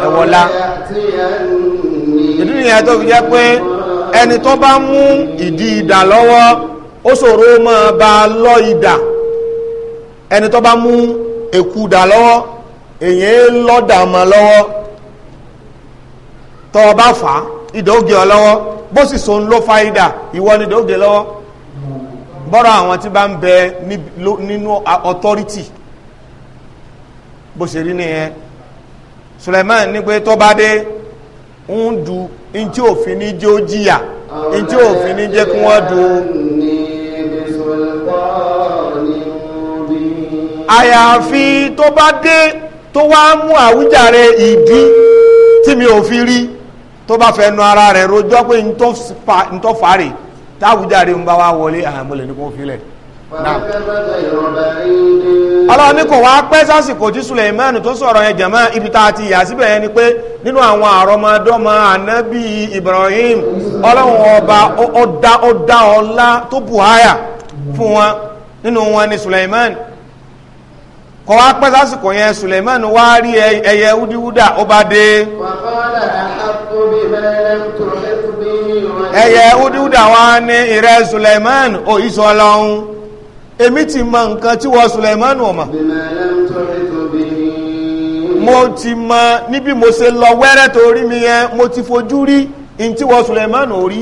Speaker 1: ẹ̀wọ̀lá. ọ̀lẹ́ tó fi jẹ́ pé ẹni tó bá mú ìdí idà lọ́wọ́ ó ṣòro máa bá lọ́ idà ẹni tó bá mú èkú dà lọ́wọ́ èyàn lọ́dà mọ́ lọ́wọ́ tọ́ ọ bá fà á ìdóògè ọ lọ́wọ́ bó sì so ń ló fa idà ìwọ ni ìdóògè lọ́wọ́ bọ́rọ̀ àwọn tí bá ń bẹ nínú authority bó ṣe rí nìyẹn Suleiman ní pé tó bá dé ń du ntí òfin ní jẹ́ ó ntí òfin ní jẹ́ kí wọ́n du. àyàfi tó bá dé tó wá mú àwíjàre ìdí tí mi ò fi rí tó ara rẹ̀ rojọ́ pé ntọ́ táwùjáre ń bá wọlé àmọ́lẹ̀ ní kò fi ọlọ́run ní kò wá pẹ́ sásìkò tí Suleiman tó sọ̀rọ̀ yẹn jẹ̀mọ́ ibi tá a ti yà síbẹ̀ yẹn ni pé nínú àwọn àrọmọdọ́mọ ànábì Ibrahim ọlọ́run ọba ọ̀dá ọ̀dá ọlá tó buhaya fún wọn nínú wọn ni Suleiman kò wá pẹ́ sásìkò yẹn Suleiman wá rí ẹyẹ wúdiwúdà ó bá dé ẹyẹ wúdiwúdà wá ní ìrẹ́ Suleiman òyìṣọ́ ọlọ́run èmi ti mọ nǹkan tí wọ́n Sùlẹ̀mánù ọ̀mà mo ti mọ níbi mo ṣe lọ wẹ́rẹ́ tó rí mi yẹn mo ti fojú rí in tí wọ́n Sùlẹ̀mánù rí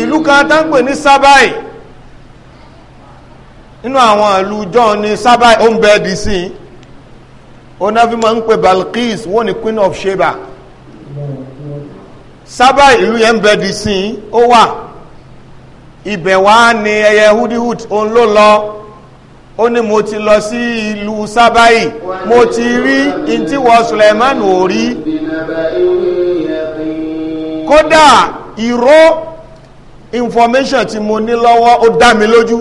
Speaker 1: ìlú kan tá ń pè ní sábàì nínú àwọn ìlú john ní sábàì ó ń bẹ́ẹ̀ dì sí i ó náà ń pè Balqis wọ́n ní Queen of Sheba sábà ìlú yẹn ń bẹ di sí i ó wà ibẹ̀ wá ní ẹyẹ hudihud òun ló lọ ó ní mo ti lọ sí ìlú sábà mo ti rí ìtìwọ Suleiman ò rí kódà ìró information tí mo ní lọ́wọ́ ó dá mi lójú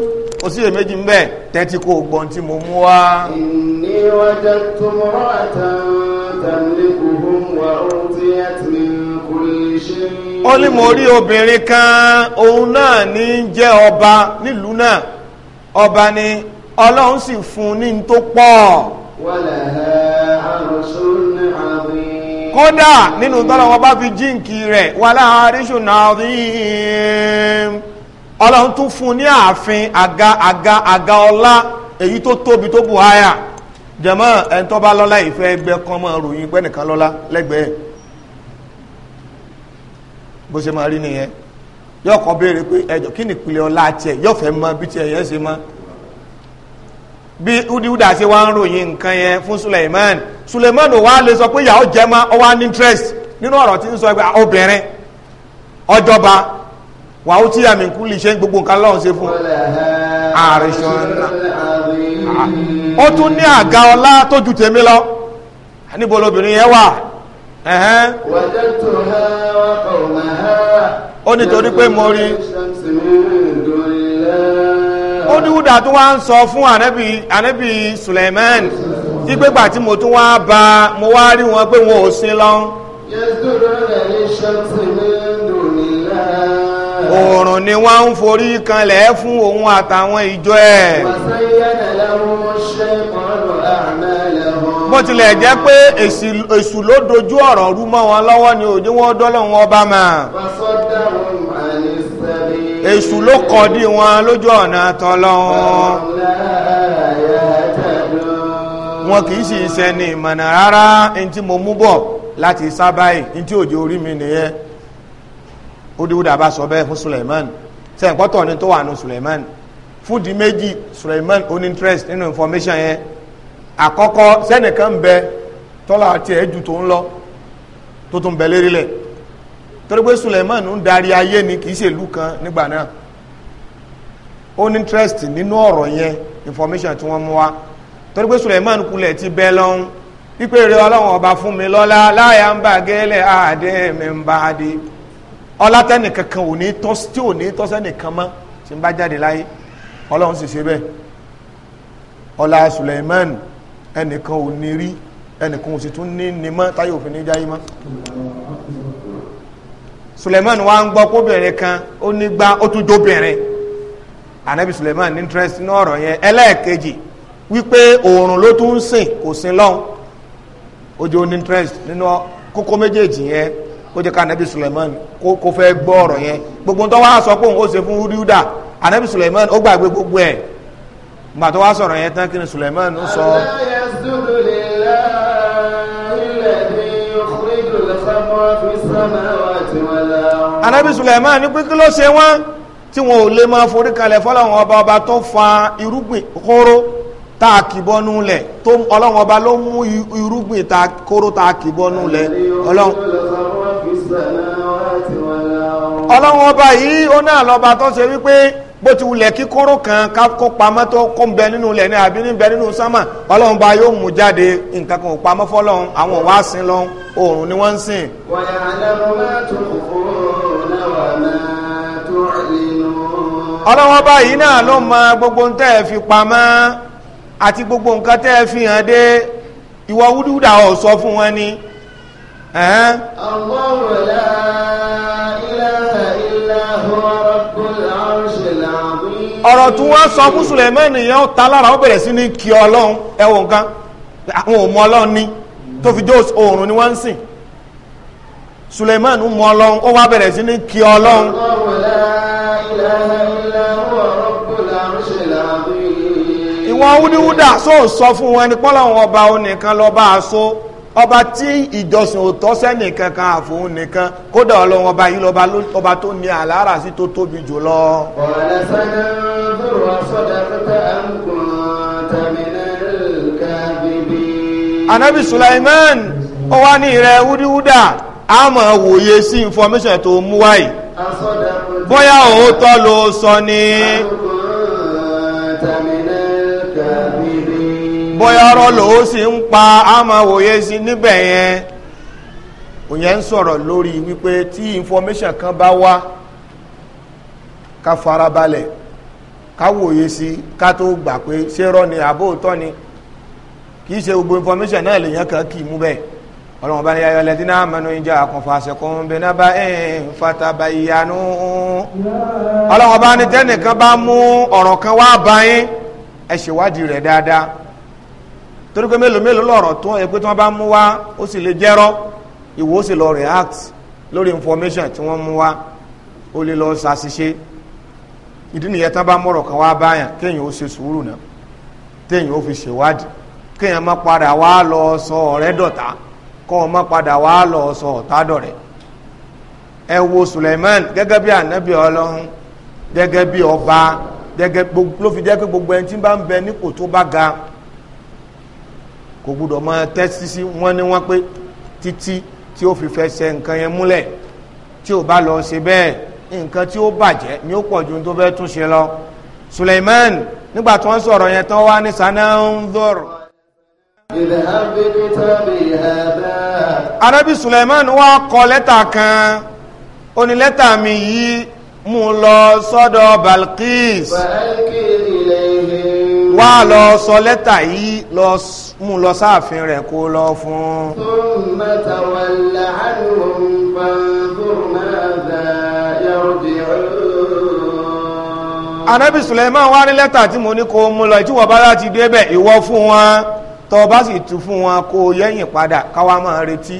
Speaker 1: ó sì èméjì ń tẹ́tí kò gbọ́n tí mo
Speaker 3: mú wá. ìníwájá tó mọ́ra àtàntàn lẹ́kùn wa ó ti ẹ̀ ó ní mo rí
Speaker 1: obìnrin kan òun náà ní jẹ́ ọba nílùú náà ọba ni ọlọ́run sì fún ní tó pọ̀ kódà nínú tọ́lọ̀ wọn bá fi jíǹkì rẹ̀ wà láàrísù náà rí ọlọ́run tún fún ní ààfin àga àga àga ọlá èyí tó tóbi tó bù háyà jẹ̀mọ́ ẹni tó bá lọ́lá ìfẹ́ ẹgbẹ́ kan mọ́ ròyìn pẹ́nìkan lọ́lá lẹ́gbẹ̀ẹ́ bó ṣe máa rí nìyẹn yóò kọ́ béèrè pé ẹjọ kí ni ìpìlẹ̀ ọlá tiẹ̀ yóò fẹ́ mọ bí tiẹ̀ yẹn ṣe mọ́ bí udiuda ṣe wá ń ròyìn nǹkan yẹn fún Suleiman Suleiman ò wá lè sọ pé ìyàwó ní interest nínú ọrọ tí ń sọ pé ah, obìnrin ọjọba tí àmì kú lè ṣe gbogbo nǹkan lọ́hùn ṣe fún ah, tún ní àga lọ níbo lobìnrin yẹn wà ó nítorí pé mo rí ó ní wúdà tó wá ń sọ fún ànábì Suleiman tí pépà tí mo tún wá bá mo wá rí wọn pé wọn ò sin lọ. oòrùn ni wọ́n ń forí kanlẹ̀ fún òun àtàwọn ìjọ ẹ̀. wàsáyé
Speaker 3: náà làwọn ṣe kọ́ lọ àmàlà bó tilẹ̀ jẹ́
Speaker 1: pé èṣù ló dojú ọ̀rọ̀ rú mọ́ wọn lọ́wọ́ ni òjò wọn dọ́lọ́ wọn bá máa èṣù ló kọ̀dí wọn lójú ọ̀nà tọ́lọ́wọ́n wọn kì í sì ń ìmọ̀nà rárá ẹni tí mo mú bọ̀ láti sábàáyì ní tí òjò orí mi nìyẹn ó bá sọ bẹ́ẹ̀ fún Suleiman sẹ́yìn pọ́tọ̀ ni tó wà nù Suleiman fúdi méjì Suleiman oní interest nínú information yẹn àkọ́kọ́ sẹ́nìkan ń bẹ tọ́lá àti ẹ̀jú tó ń lọ tó tún bẹ lérílẹ̀ torí pé Suleiman ń darí ayé ni kì í ṣe ìlú kan nígbà náà ó ní interest nínú ọ̀rọ̀ yẹn information tí wọ́n mú wá torí pé Suleiman kulẹ̀ ti bẹ lọ́hún pípé rẹ ọlọ́run ọba fún mi lọ́lá láyà ń bà gẹ́lẹ̀ àdé mi ń bá dé ọlá tẹ́nìkan kan ò ní tọ́ tí ò ní tọ́ sẹ́nìkan mọ́ tí ń bá jáde láyé ọlọ́run sì ṣe bẹ́ẹ̀ ọlá Suleiman ẹnìkan ò ní rí ẹnìkan ò sì tún ní ní mọ́ táyé òfin ní jáyé mọ́ Suleiman wa ń gbọ́ kóbìnrin kan ó ní gbá ó tún jóbìnrin anabi Suleiman ní interest ní ọ̀rọ̀ yẹn ẹlẹ́ẹ̀kejì wípé oòrùn ló tún ń sìn kò sin lọ́hùn ó jẹ́ ó ní interest nínú kókó méjèèjì yẹn ó jẹ́ ká anabi Suleiman kó fẹ́ gbọ́ ọ̀rọ̀ yẹn gbogbo tó wá sọ pé òun ó ṣe fún húdúdà anabi Suleiman ó gbàgbé gbogbo ẹ̀ gbà tó wá sọ̀rọ̀ yẹn tán kí ni Suleiman sọ. Ànábì Suleiman ní pé kí ló ṣe wọ́n tí wọn ò lè máa forí kalẹ̀ fọ́lọ́wọ́n ọba ọba tó fa irúgbìn kóró tá a kì bọ́nú lẹ̀ tó ọlọ́wọ́n ló mú irúgbìn kóró tá a kì bọ́nú yìí ó náà lọ́ba tó ṣe wípé bó ti wulẹ̀ kíkóró kan kó pamọ́ tó kó ń bẹ nínú ilẹ̀ ní àbí ní bẹ nínú sánmà ọlọ́run bá yóò mú jáde nǹkan kan ò pamọ́ fọlọ́run àwọn wá sin lọ́hún oòrùn ni wọ́n ń sìn. wàyà báyìí náà ló mọ gbogbo tẹ́ ẹ fi pamọ́ àti gbogbo nǹkan tẹ́ ẹ fi hàn dé ìwọ wúdúdà ọ̀ sọ fún wọn ni.
Speaker 3: ọlọ́run rẹ̀ ọ̀rọ̀ tí wọ́n sọ fún
Speaker 1: Sùlẹ̀mánì yẹn ó ta lára ó bẹ̀rẹ̀ sí ní kí ọlọ́run ẹwọ nǹkan àwọn ò ọlọ́run ní tó fi jó oòrùn ni wọ́n ń sìn Sùlẹ̀mánì mọ ọlọ́run ó wá bẹ̀rẹ̀ sí ní kí ọlọ́run. ìwọ̀n wúdiwúdà sóò sọ fún wọn ni pọ́lọ́run ọba onìkan lọ́ba àṣọ ọba tí ìjọsìn òtọ́ sẹ́nì kankan àfòun nìkan kódà ọlọ́run ọba yìí lọ́ba ọba tó ní àlàárà sí tó tóbi jù lọ. ọ̀rẹ́ sẹ́ni
Speaker 3: bùrù ọ̀sọ́dà pẹ́pẹ́ àǹkùn tàmínà
Speaker 1: bíbí. anabi Sulaiman ó wá ní ìrẹ wúdiwúdà a máa wòye sí information tó mú wáyé bóyá òótọ́ ló sọ ni. àǹkùn bóyá rọ́lò ó sì ń pa àmàwòye sí níbẹ̀ yẹn òyìn ń sọ̀rọ̀ lórí wípé tí information kan bá wá ká farabalẹ̀ ká wòye sí ká tó gbà pé ni àbóòtọ́ ni kì ṣe gbogbo information náà lèèyàn kan kì í mú bẹ́ẹ̀ ọlọ́run bá ní ayọ̀ kan wá bá yín torí pé mélòó mélòó lọ̀rọ̀ tó ẹ pé tí wọ́n bá mú wá ó sì lè jẹ́rọ́ ìwọ ó sì lọ react lórí information tí wọ́n mú wá ó lè lọ ṣàṣìṣe ìdí nìyẹn tán bá mọ̀rọ̀ kan wá báyàn kéèyàn ó ṣe sùúrù náà téèyàn ó fi ṣèwádìí kéèyàn má padà wá lọ sọ ọ̀rẹ́ dọ̀tá kọ́ ọ má padà wá lọ sọ ọ̀tá dọ̀rẹ́ ẹ wo Suleiman gẹ́gẹ́ bí ànábì ọlọ́run gẹ́gẹ́ bí ọba gẹ́gẹ́ ló fi jẹ́ pé gbogbo ẹni tí bá ń bẹ nípò tó bá ga kò gbúdọ̀ máa tẹ́sí sí wọ́n ní wọ́n pé títí tí ó fi fẹsẹ̀ nǹkan yẹn múlẹ̀ tí ò bá lọ ṣe bẹ́ẹ̀ nǹkan tí ó bàjẹ́ ni ó pọ̀ ju tó fẹ́ tún ṣe lọ Suleiman nígbà tí wọ́n sọ̀rọ̀ yẹn tán wá ní sanandor. Arábí Suleiman wá kọ lẹ́tà kan ó ní lẹ́tà mi yìí mú lọ sọ́dọ̀ Balqis. Balqis wá lọ sọ lẹ́tà yìí lọ mú lọ sáàfin rẹ̀ kó lọ fún. anabi suleiman wá ní lẹ́tà tí mo ní kó mú lọ ìtúwọ̀ bá láti débẹ̀ ìwọ fún wọn tọ́ bá sì tú fún wọn kó yẹ́yìn padà káwá máa retí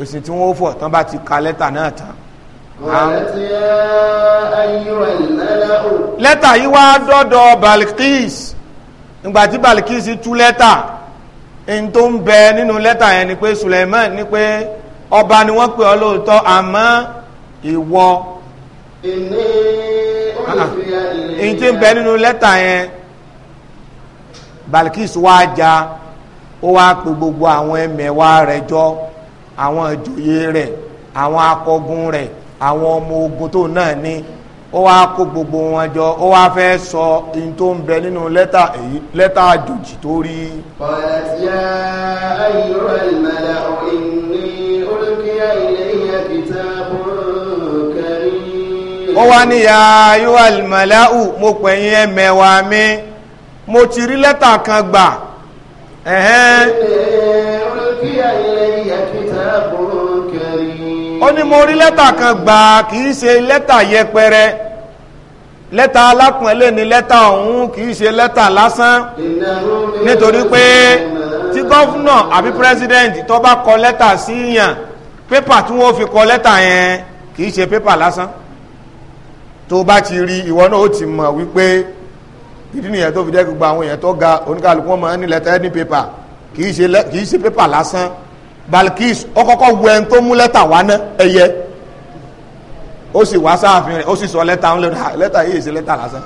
Speaker 1: èsì tí wọ́n fọ̀ tán bá ti ka lẹ́tà náà tán lẹ́tà yìí wá dọ́dọ̀ Balkis nígbàtí Balkis tú lẹ́tà in tó ń bẹ nínú lẹ́tà yẹn ni pé Suleiman ni pé ọba ni wọ́n pè ọ́ lóòótọ́ àmọ́ ìwọ ah, ah. in tí ń bẹ nínú lẹ́tà yẹn Balkis wá ja ó wá pe gbogbo àwọn ẹmẹ̀wà rẹ̀ jọ àwọn ìjòyè rẹ̀ àwọn akọgun rẹ̀ àwọn ọmọ ogun tó náà ní ó wá kó gbogbo wọn jọ ó wá fẹ́ sọ in tó ń bẹ nínú lẹ́tà èyí lẹ́tà àjòjì tó rí.
Speaker 3: ọ̀làtíyà ayọ̀rọ̀ ìmọ̀lá òní olùkíyà ilẹ̀ ìyá kìtà bọ́ọ̀kẹ́rì.
Speaker 1: ó wá ní ya ayọ̀rọ̀ ìmọ̀lá mo pè yín ẹ mẹ́wàá mi mo ti rí lẹ́tà kan gbà. olùkíyà
Speaker 3: ilẹ̀ ìyá kìtà
Speaker 1: ó ní mo rí lẹ́tà kan gbà kì í ṣe lẹ́tà yẹpẹrẹ lẹ́tà alápọ̀nlé ni lẹ́tà ọ̀hún kì í ṣe lẹ́tà lásán nítorí pé tí gọ́fúnà àbí pírẹ́sìdẹ̀ǹtì tó bá kọ lẹ́tà sí yàn pépà tí wọ́n fi kọ lẹ́tà yẹn kì í ṣe pépà lásán tó bá ti rí ìwọ náà ó ti mọ̀ wípé ìdí nìyẹn tó fi jẹ́ gbogbo àwọn èèyàn tó ga oníkàlùkù wọn máa ń ní lẹ́tà ẹni pépà kì í ṣe pépà lásán Balkis ó kọ́kọ́ wọ ẹni tó mú lẹ́tà wá ná ẹyẹ ó sì wá sáàfin rẹ̀ ó sì sọ lẹ́tà ń lọ́dà lẹ́tà yìí ṣe lẹ́tà lásán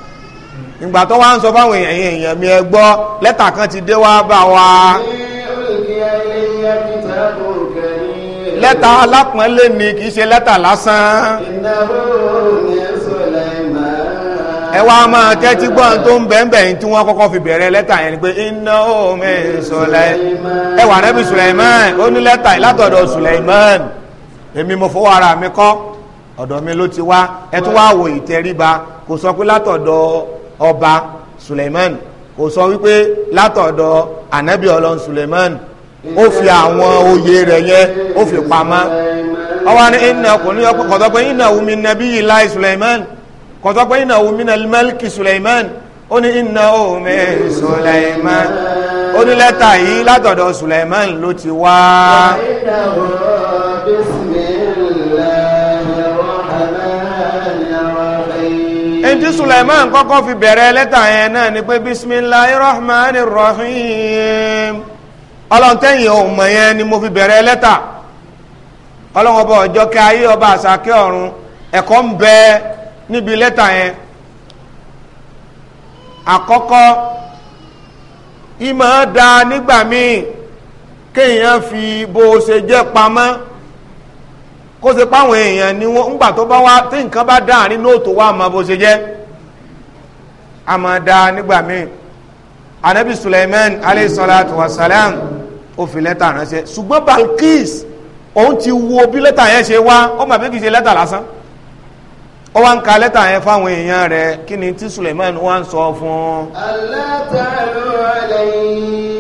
Speaker 1: ìgbà tó wá ń sọ fáwọn èèyàn èèyàn mi ẹ gbọ́ lẹ́tà kan ti dé wá bá wa. lẹ́tà alápọ̀nlé ni kì í ṣe lẹ́tà lásán ẹ wá máa tẹ́tí gbọ́n tó ń bẹ̀ẹ̀bẹ̀ tí wọ́n kọ́kọ́ fi bẹ̀rẹ̀ lẹ́tà yẹn ni pé iná omi sọlẹ̀
Speaker 3: ẹ wà nẹ́bí Suleiman ó ní lẹ́tà látọ̀dọ̀ Suleiman
Speaker 1: èmi mo fọwọ́ ara mi kọ́ ọ̀dọ̀ mi ló ti wá ẹ tún wá wo ìtẹríba kò sọ pé látọ̀dọ̀ ọba Suleiman kò sọ wípé látọ̀dọ̀ ànábì ọlọ́run Suleiman ó fi àwọn oyè rẹ̀ yẹn ó fi pamọ́ ọwọ́ ni iná kò ní ọkọ̀ kọ̀tọ́ pé iná omi nàbí yìí láì Suleiman kọ̀tọ́ pé iná omi náà mẹ́lìkì Suleiman ó ní iná omi Suleiman ó ní lẹ́tà yìí látọ̀dọ̀ Suleiman ló ti wá
Speaker 3: ẹ̀ntí Suleiman
Speaker 1: kọ́kọ́ fi bẹ̀rẹ̀ lẹ́tà yẹn náà ni pé bismillahir rahmanir rahim ọlọ́ntẹ́yìn ohun mọ̀ yẹn ni mo fi bẹ̀rẹ̀ lẹ́tà ọlọ́wọ́n ọba ọjọ́ kí ayé ọba àṣà kí ọ̀run ẹ̀kọ́ ń bẹ́ẹ̀ níbi lẹ́tà yẹn àkọ́kọ́ ìmọ̀ da nígbà míì kéèyàn fi bó ṣe jẹ́ pamọ́ kó ṣe páwọn èèyàn ni wọ́n ńgbà tó bá wá tí nǹkan bá dá àárín nóòtò wá mọ bó ṣe jẹ́ àmọ́ da nígbà míì anabi Suleiman alayhi salatu ó fi lẹ́tà ránṣẹ́ ṣùgbọ́n Balkis òun ti wo bí lẹ́tà yẹn ṣe wá ó mà bí kì í ṣe lẹ́tà lásán ó wá ń ka lẹ́tà yẹn fáwọn èèyàn rẹ̀ kí ni tí Suleiman wá ń sọ fún.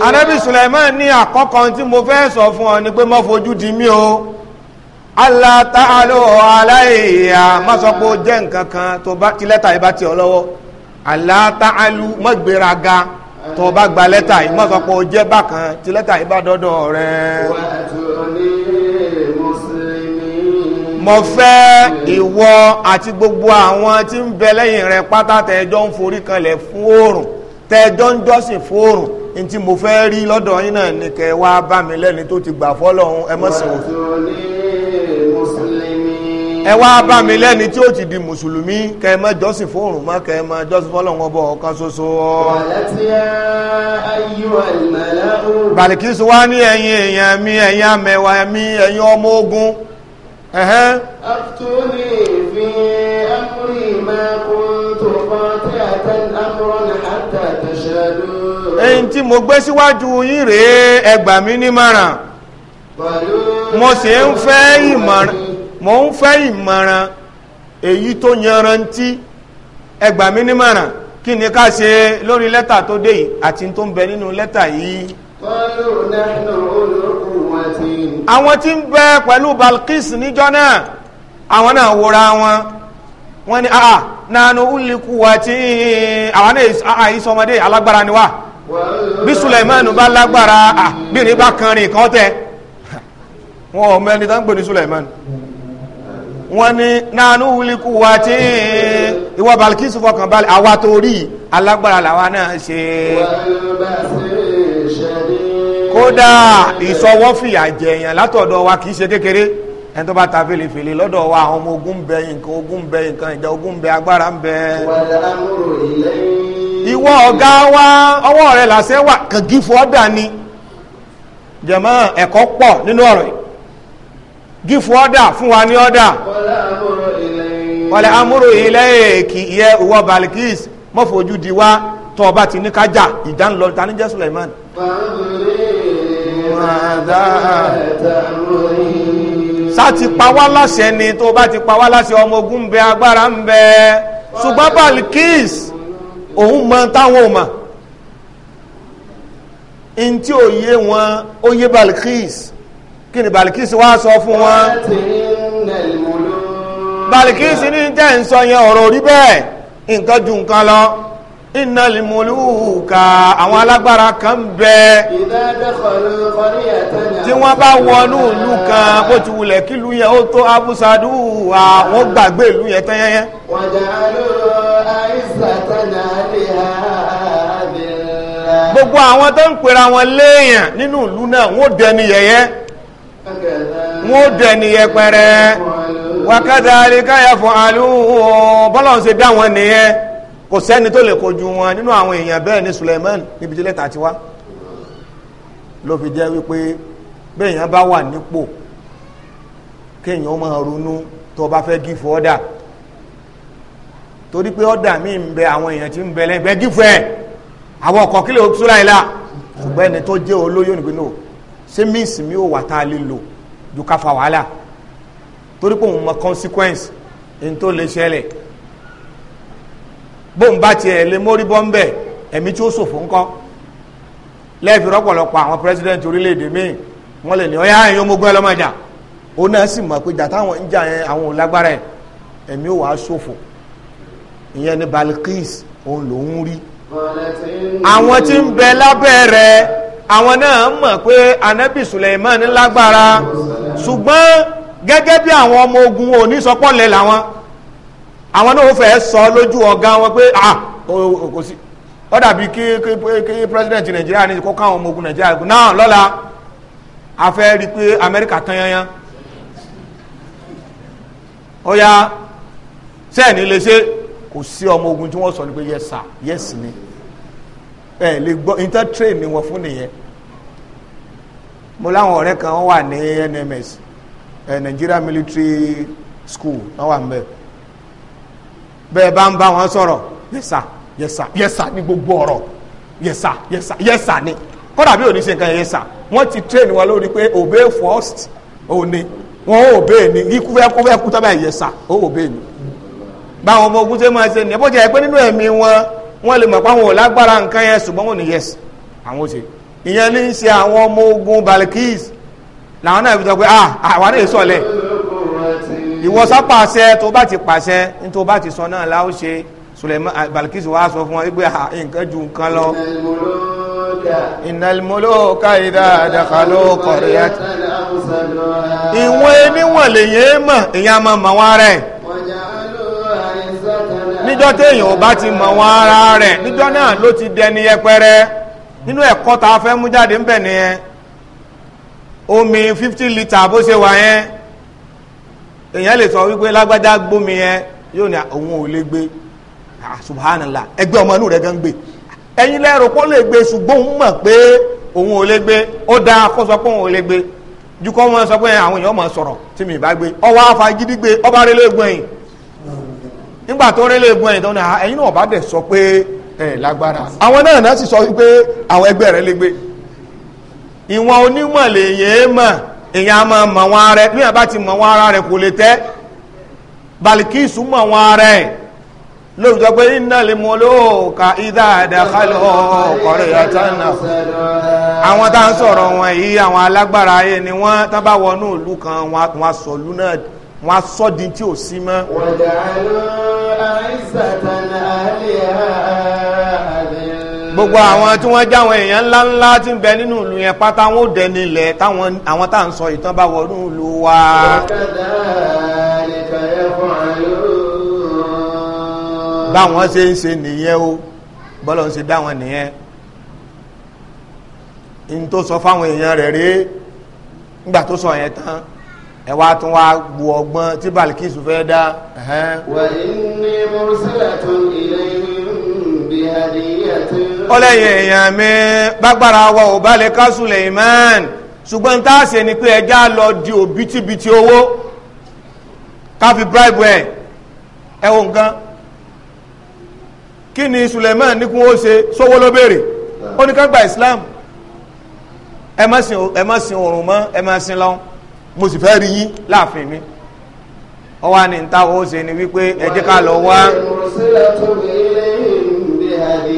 Speaker 1: Ànábì Suleiman ní àkọ́kọ́ tí mo fẹ́ sọ fún ọ ni pé má fojú di mí o Allah ta'ala aláìyá má sọ pé ó jẹ́ nǹkan kan tó bá ti lẹ́tà yìí bá ti ọ lọ́wọ́ Allah ta'ala má gbéraga tó bá gba lẹ́tà yìí má sọ pé ó jẹ́ bákan tí lẹ́tà yìí bá dọ́dọ̀ rẹ̀. wàá tó ní mo fẹ́ ìwọ àti gbogbo àwọn tí ń bẹ lẹ́yìn rẹ pátá tẹ́jọ́ ń forí kanlẹ̀ fún oòrùn tẹ́jọ́ ń jọ́sìn fún oòrùn ní tí mo fẹ́ rí lọ́dọ̀ yín náà ní kẹ́ wá bá mi lẹ́ni tó ti gbà fọ́lọ́hun ẹ mọ̀ sìn ẹ wá bá mi lẹ́ni tí ó ti di mùsùlùmí kẹ́ mọ́ jọ́sìn fún oòrùn mọ́ kẹ́ mọ́ jọ́sìn fọ́lọ́hun ọbọ̀ ọ̀kan ṣoṣo
Speaker 3: Bàlìkísù wá
Speaker 1: ní ẹ̀yin èèyàn mi ẹ̀yin amẹ̀wà mi ẹ̀yin ọmọ ogun ẹ̀hẹ́n.
Speaker 3: aftuni fi amri ma kuntu qati'atan amran hatta
Speaker 1: tashhadu. ẹyin tí mo gbé síwájú yín rèé ẹ gbà mí nímọ̀ràn mo sì ń fẹ́ ìmọ̀ràn mo ń fẹ́ ìmọ̀ràn èyí tó yanrantí ẹ gbà mí nímọ̀ràn kí ni ká ṣe lórí lẹ́tà tó dé yìí àti tó ń bẹ nínú lẹ́tà yìí.
Speaker 3: qalu nahnu ulul
Speaker 1: àwọn tí ń bẹ pẹ̀lú Balqis níjọ́ náà àwọn náà wòra wọn wọ́n ní àà nánú uliku wa tí àwọn àìsọmọdé alágbára ni wá bí Sulaimanu bá lágbára bírin bá kan rìn kan tẹ wọn ò mẹ́ni tó ń gbé ní Sulaimanu wọ́n ní nánú uliku wa tí ìwọ Balqis fọkànbalẹ̀ àwa torí alágbára làwa náà ṣe.
Speaker 3: wọ́n
Speaker 1: kódà ìsọwọ́ fìyà jẹ èèyàn látọ̀dọ̀ wa kì í ṣe kékeré ẹni tó bá ta fèlèfèlè lọ́dọ̀ wa àwọn ọmọ ogun bẹ nǹkan ogun bẹ nǹkan ìjà ogun ń bẹ agbára ń bẹ. ìwọ ọ̀gá wa ọwọ́ rẹ̀ làṣẹ wà kàngí fún ọ́dà ni jẹ̀mọ́ ẹ̀kọ́ pọ̀ nínú ọ̀rọ̀ yìí gífù ọ̀dà fún wa ní ọ̀dà.
Speaker 3: wọlé amúrò ilẹ̀
Speaker 1: èkì ìyẹ́ ìwọ Balikis mọ́fojú di wa tọ́ ọba ti ní kájà ìdánilọ́ta ní jẹ́
Speaker 3: mọ̀dá.
Speaker 1: sá ti pa wá láṣẹ ni tó bá ti pa wá láṣẹ ọmọ ogun ń bẹ agbára ń bẹ ṣùgbọ́n Balikis òun mọ táwọn ò mọ̀ n tí ò yé wọn ó yé Balikis kí ni Balikis wá sọ fún wọn. Balikis ní tẹ̀ ń sọ yẹn ọ̀rọ̀ rí bẹ́ẹ̀ nǹkan ju nǹkan lọ. innal muluka àwọn alágbára kan ń bẹ
Speaker 3: tí wọ́n bá wọnú
Speaker 1: ìlú kan bó ti wulẹ̀ kí ìlú yẹn ó tó abúsadú àwọn gbàgbé ìlú yẹn tẹ́yẹ́yẹ́. gbogbo àwọn tó ń pera wọn léèyàn nínú ìlú náà wọ́n dẹni yẹ̀yẹ́ wọ́n dẹni yẹpẹrẹ wàkàtà àríkáyà fún ń kò sẹ́ni tó lè kojú wọn nínú àwọn èèyàn bẹ́ẹ̀ ni Suleiman níbi tí lẹ́tà ti wá ló fi jẹ́ wípé béèyàn bá wà nípò kéèyàn máa ronú tó bá fẹ́ gífù ọ́dà torí pé ọ́dà mi ń bẹ àwọn èèyàn tí ń bẹ lẹ́gbẹ̀ẹ́ gífù ẹ̀ àwọn ọkọ̀ kílẹ̀ òṣùlá ìlà ṣùgbọ́n ẹni tó jẹ́ olóyún nígbè náà ṣé míìsì mi ò wà tá a lè lò ju ká wàhálà torí pé òun mọ consequence ní tó lè ṣẹlẹ̀ bóun bá tiẹ̀ lé mórí bọ́ ń bẹ̀ ẹ̀mí tí ó ṣòfò ńkọ́ lẹ́ẹ̀fì rọ́pọ̀lọpọ̀ àwọn president orílẹ̀-èdè míì wọ́n lè ní ọ̀yá ẹ̀yin ọmọogun ẹlọ́mọ ìjà òun náà sì mọ̀ pé ìjà táwọn ń jà yẹn àwọn ò lágbára ẹ̀ ẹ̀mí ò wá ṣòfò ìyẹn ni Balqis òun lòún rí
Speaker 3: àwọn tí ń bẹ
Speaker 1: lábẹ́ rẹ̀ àwọn náà mọ̀ pé anabi Suleiman lágbára ṣùgbọ́n gẹ́gẹ́ bí àwọn ọmọ ogun òní sọpọ́lẹ̀ làwọn àwọn náà fẹ́ sọ lójú ọ̀gá wọn pé ah kò sí ó dàbí kí kí president nàìjíríà ní kó káwọn ọmọ ogun nàìjíríà gùn náà lọ́la a fẹ́ rí i pé amẹ́ríkà tán yanyan ó yá sẹ́ẹ̀ni lè ṣe kò sí ọmọ ogun tí wọ́n sọ ni pé yes sir yes ni ẹ lè gbọ́ intertrain ni wọ́n fún nìyẹn mo láwọn ọ̀rẹ́ kan wọ́n wà ní NMS eh, Nigeria Military School wọ́n wà ń bẹ́ẹ̀ bẹ́ẹ̀ bá ń bá wọn sọ̀rọ̀ yẹ̀sà yẹ̀sà yẹ̀sà ní gbogbo ọ̀rọ̀ yẹ̀sà yẹ̀sà yẹ̀sà ni kódà bí òní ṣe nǹkan yẹ̀sà wọ́n ti train wọn lórí pé obey first òní wọn ò obey ni ikú fẹ́ kú fẹ́ kú tọ́ bẹ́ẹ̀ yẹ̀sà ó obey ni báwọn ọmọ ogun ṣe máa ṣe nìyẹn bó jẹ yẹ pé nínú ẹ̀mí wọn wọn lè mọ̀ pé àwọn ò lágbára nǹkan yẹn ṣùgbọ́n wọn ò ní àwọn ò ṣe ìyẹn ní í ṣe àwọn ọmọ ogun Balikis làwọn náà fi sọ pé ah àwa náà ìwọ sápà àṣẹ tó bá ti pàṣẹ ní tó bá ti sọ náà láó ṣe Suleiman Balkis wa sọ fún wa wípé nǹkan ju nǹkan lọ. Innal muluka idha dakhalu qaryatan ìwọ̀n eníwọ̀n lè yé mọ̀ èyàn mọ̀ mọ̀ wọn rẹ̀ níjọ́ téèyàn ò bá ti mọ̀ wọn ara rẹ̀ níjọ́ náà ló ti dẹni yẹpẹrẹ nínú ẹ̀kọ́ tá fẹ́ mú jáde ń nìyẹn omi fifty litre bó ṣe wà yẹn èyàn lè sọ wípé lágbádá gbómi yẹn yóò ní òun ò lè gbé ah, ọmọ inú gan gbé kó lè gbé òun pé òun ò lè gbé ó kó sọ pé òun ò lè gbé wọn sọ pé àwọn èèyàn mọ̀ sọ̀rọ̀ tí mi bá gbé gbé gbọ́ ah, sọ pé lágbára àwọn náà náà sì sọ wípé àwọn ẹgbẹ́ rẹ̀ lè gbé ìwọ̀n onímọ̀ lè èyàn a máa mọ̀ wọn ara rẹ̀ bí yàn bá ti mọ̀ ara rẹ̀ kò lè tẹ́ balikisu mọ̀ wọn ara rẹ̀ lóòótọ́ pé innal muluka idha dakhalu qaryatan àwọn tá ń sọ̀rọ̀ wọn yìí àwọn alágbára ayé ni wọ́n tá bá wọnú ìlú kan wọn sọ ìlú náà wọn sọ tí ò sí mọ́. waja'alu
Speaker 3: a'izzatan ahliha
Speaker 1: gbogbo àwọn tí wọ́n jáwọn èèyàn ńláńlá tí ń bẹ nínú ìlú yẹn pátá wọn ò dẹni ilẹ̀ táwọn àwọn tá à ń sọ ìtàn bá wọnú ìlú wa. báwọn ṣe ń ṣe nìyẹn o bọ́lá ń ṣe dáwọn nìyẹn n tó sọ fáwọn èèyàn rẹ̀ rèé nígbà tó sọ yẹn tán ẹ wá tún wá bu ọgbọ́n tí Balkisu fẹ́ dá. wà á ní
Speaker 3: mọ̀rúsílẹ̀ tó ilé yìí adìyẹ tó ọlẹ́yìn
Speaker 1: èèyàn mi bágbára wa ò bá lè ká Suleiman ṣùgbọ́n tá a ṣe ni pé ẹja lọ di òbítíbitì owó ká fi bribe ẹ̀ ẹ wo nǹkan kí ni Suleiman níkun ó ṣe sówó ló béèrè ó ní ká Islam ẹ má sin ẹ má sin oòrùn mọ́ ẹ má sin lọ́n mo sì fẹ́ rí yín láàfin mi ó wá ní ntàwọn ó ṣe ni wípé ẹ ká lọ wá. wàá ní
Speaker 3: mo sílẹ̀ tóbi ilé ìlú bí adé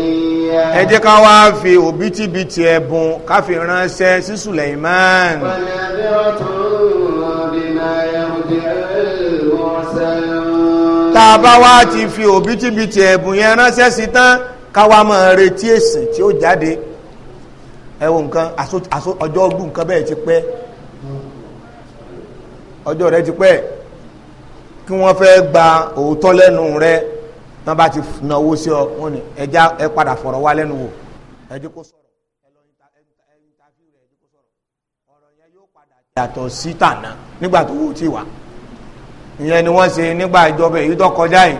Speaker 3: ẹ jẹ́
Speaker 1: ká wá fi òbítíbitì ẹ̀bùn ká fi ránṣẹ́ sí Suleiman.
Speaker 3: tá a bá wá ti
Speaker 1: fi òbítíbitì ẹ̀bùn yẹn ránṣẹ́ sí tán ká wá máa retí èsì tí ó jáde ẹ wo nǹkan ọjọ́ ọdún nǹkan bẹ́ẹ̀ ti pẹ́ ọjọ́ rẹ ti pẹ́ kí wọ́n fẹ́ gba òótọ́ lẹ́nu rẹ wọn bá ti náwó sí ọ wọn ni ẹja ẹ padà fọ̀rọ̀ wá lẹ́nu wò ẹjọ kó sọ̀rọ̀ ẹ lọ ìntàfíù rẹ ẹjọ kó sọ̀rọ̀ ọ̀rọ̀ yẹn yóò padà yàtọ̀ sí tànà nígbà tó wò tí wà ìyẹn ni wọ́n ṣe nígbà ìjọba èyí tó kọjá yìí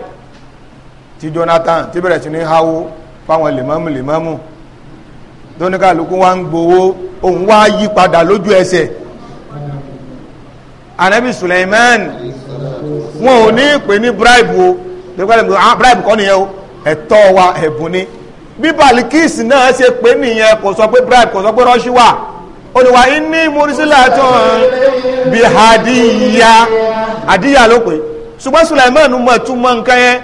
Speaker 1: ti Jonathan ti bẹ̀rẹ̀ sí ní háwó fáwọn lèmọ́mù lèmọ́mù tóníkàlùkù wa ń gbowó òun wá yí padà lójú ẹsẹ̀ anabi Suleiman wọn ò ní ìpè ní bribe o pẹ̀lú bribe ah, kọ́ nìyẹn o ẹ̀tọ́ wa ẹ̀bùn ni bí Balikis náà ṣe pé nìyẹn kò sọ pé bribe kò sọ pé rọ́ṣí wà olùwà iní murisila tán
Speaker 3: bí hadiya
Speaker 1: hadiya ló pé ṣùgbọ́n Sulaimanu mọ̀ tún mọ́ nǹkan yẹn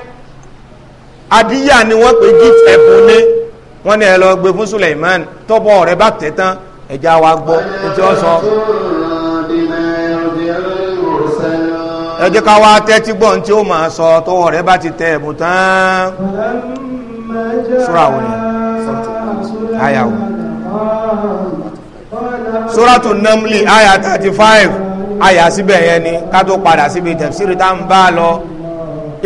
Speaker 1: hadiya ni wọ́n pè gift ẹ̀bùn ni wọ́n ní ẹ lọ gbé fún Sulaiman tọ́bọ̀ rẹ bá tẹ̀ tán ẹ̀já wa gbọ́ ojú ọ̀sán. ẹ jẹ́ ká wá tẹ́tí gbọ́n tí ó máa sọ tọwọ́ rẹ̀ bá ti tẹ ẹ̀bùn tán. sura wo ni aya wo suratu namli aya thirty five aya síbẹ̀ yẹn ni ká tó padà síbi tẹ̀síìrì tá ń bá lọ.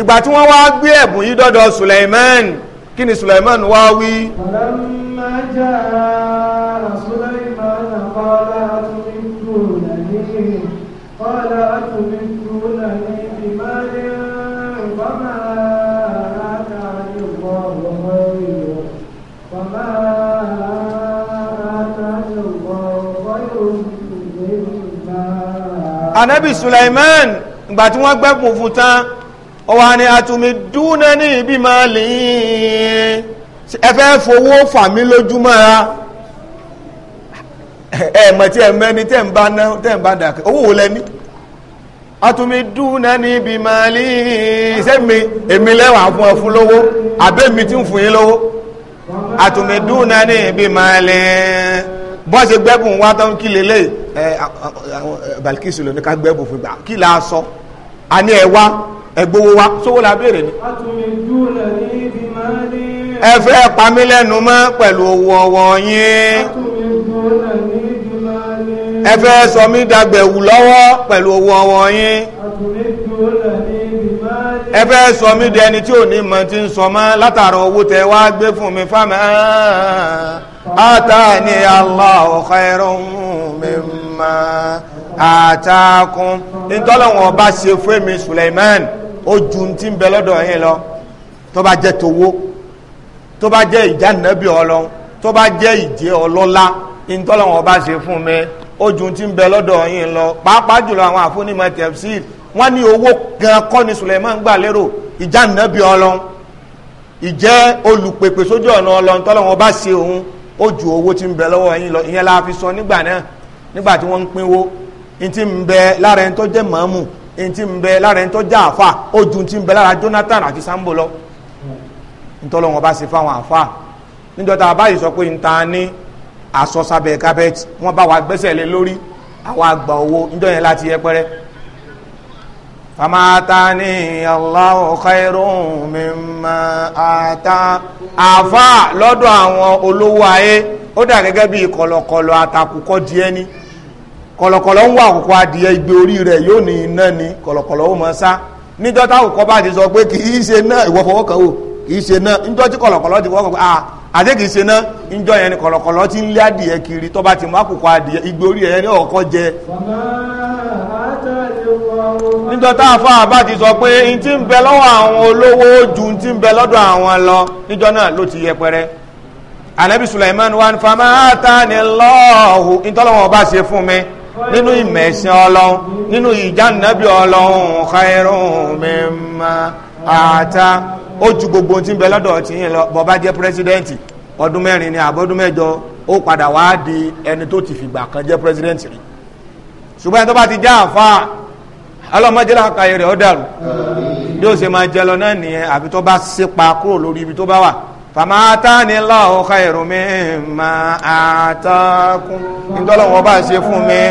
Speaker 1: ìgbà tí wọ́n wá gbé ẹ̀bùn yìí dọ́dọ̀ Suleiman kí ni Suleiman wá wí.
Speaker 2: ọ̀làmà jẹ́ àrà Suleiman kọ́lá tó.
Speaker 1: anabi Sulaiman ìgbà tí wọ́n gbẹ́kùn fún tán ó wá ní atumi dúnà ní ibi máa lè ẹ fẹ́ fowó fà mí lójúmọ́ ra ẹ mọ̀ tí ẹ mẹ́ni tẹ́ ń bá ná tẹ́ ń bá dàkẹ́ owó wò lẹ́ni atumi dúnà ní ibi máa lè sẹ́mi èmi lẹ́wà fún ẹ fún lówó àbẹ́mi tí ń fún yín lówó atumi dúnà ní ibi máa lè bọ́n ṣe gbẹ́bùn wá tán kí lélẹ̀ ẹ Balkisu lóní ká gbẹ́bùn fún gbà kí là á sọ a ní ẹ wá ẹ gbowó wá sówó la béèrè ni. ẹ fẹ́ pa mí lẹ́nu mọ́ pẹ̀lú owó ọwọ́ yín ẹ fẹ́ sọ mí dàgbẹ̀wù lọ́wọ́ pẹ̀lú owó ọwọ́ yín ẹ fẹ́ sọ mí dẹni tí ò ní mọ̀ tí ń sọ mọ́ látara owó tẹ wá gbé fún mi fámẹ́ atani allahu khairun mimma atakum ntọ́lọ́wọ́n bá ṣe fún mi suleiman ó ju ti ń bẹ lọ́dọ̀ yín lọ tó bá jẹ́ towó tó bá jẹ́ ìjánabi ọlọ́run tó bá jẹ́ ìjẹ́ ọlọ́lá ntọ́lọ́wọ́n bá ṣe fún mi ó ju ti ń bẹ lọ́dọ̀ yín lọ pàápàá jùlọ àwọn àfúnimọ̀ tafsir wọ́n ní owó gan kọ́ ni suleiman gbà lérò ìjánabi ọlọ́run ìjẹ́ olùpèpè sójú ọ̀nà ọlọ́run tọ́lọ́wọ́n bá ṣe òun ó ju owó tí ń bẹ lọ́wọ́ yín lọ ìyẹn la fi sọ nígbà náà nígbà tí wọ́n ń pinwó n ti ń bẹ lára ẹni tó jẹ́ màámù n ń bẹ lára ẹni tó jẹ́ àfa ó ju ti ń bẹ lára Jonathan àti Sambo lọ nítorí wọn bá ṣe fáwọn àfa níjọta báyìí sọ pé nta ní àsọsábẹ kábẹ́ẹ̀tì wọn bá wa gbẹ́sẹ̀ lé lórí àwa àgbà owó níjọ yẹn láti yẹpẹrẹ فما آتاني الله خير مما آتا àfà lọ́dọ̀ àwọn olówó ayé ó dà gẹ́gẹ́ bíi kọ̀lọ̀kọ̀lọ̀ àtàkùkọ díẹ̀ ni kọ̀lọ̀kọ̀lọ̀ ń wá àkùkọ adìẹ igbe orí rẹ̀ yóò ní iná ni kọ̀lọ̀kọ̀lọ̀ ó mọ̀ sá níjọ́ táwùkọ bá ti sọ pé kì í ṣe náà ìwọ fọwọ́ wò kì í ṣe náà níjọ́ tí kọ̀lọ̀kọ̀lọ̀ ti fọwọ́ kan àti kì í ṣe náà níjọ́ yẹn ni kọ̀lọ̀kọ̀lọ̀ ti ń lé adìẹ kiri tó bá ti mú àkùkọ adìẹ igbe orí rẹ̀ yẹn ní ọ̀kọ́ jẹ níjọ́ tá a fọ́ àbá ti sọ pé n ti ń bẹ lọ́wọ́ àwọn olówó ju n ti ń bẹ lọ́dọ̀ àwọn lọ níjọ́ náà ló ti yẹpẹrẹ anabi Sulaiman wa fama ta ni lọ́ọ̀hù ntọ́lọ́wọ́n ọba ṣe fún mi nínú ìmẹ̀sìn ọlọ́run nínú ìjánabi ọlọ́run khairun mimma ata ó ju gbogbo tí ń bẹ lọ́dọ̀ tí yín lọ bọ́ba jẹ́ pírẹsidẹ́ǹtì ọdún mẹ́rin ni àbọ̀dún mẹ́jọ ó padà wá di ẹni tó ti fìgbà kan jẹ́ pírẹsidẹ́ǹtì rí ṣùgbọ́n ẹni tó bá ti jẹ́ àfáà ọlọ́mọdéla kàyé rẹ̀ ọ́ dàrú bí ó ṣe máa jẹ lọ náà nìyẹn àbí tó bá sípa kúrò lórí ibi tó bá wà fàmà àtàní Allahu khairu mimma àtàkùn nítọ́lọ́wọ́ bá ṣe fún mi.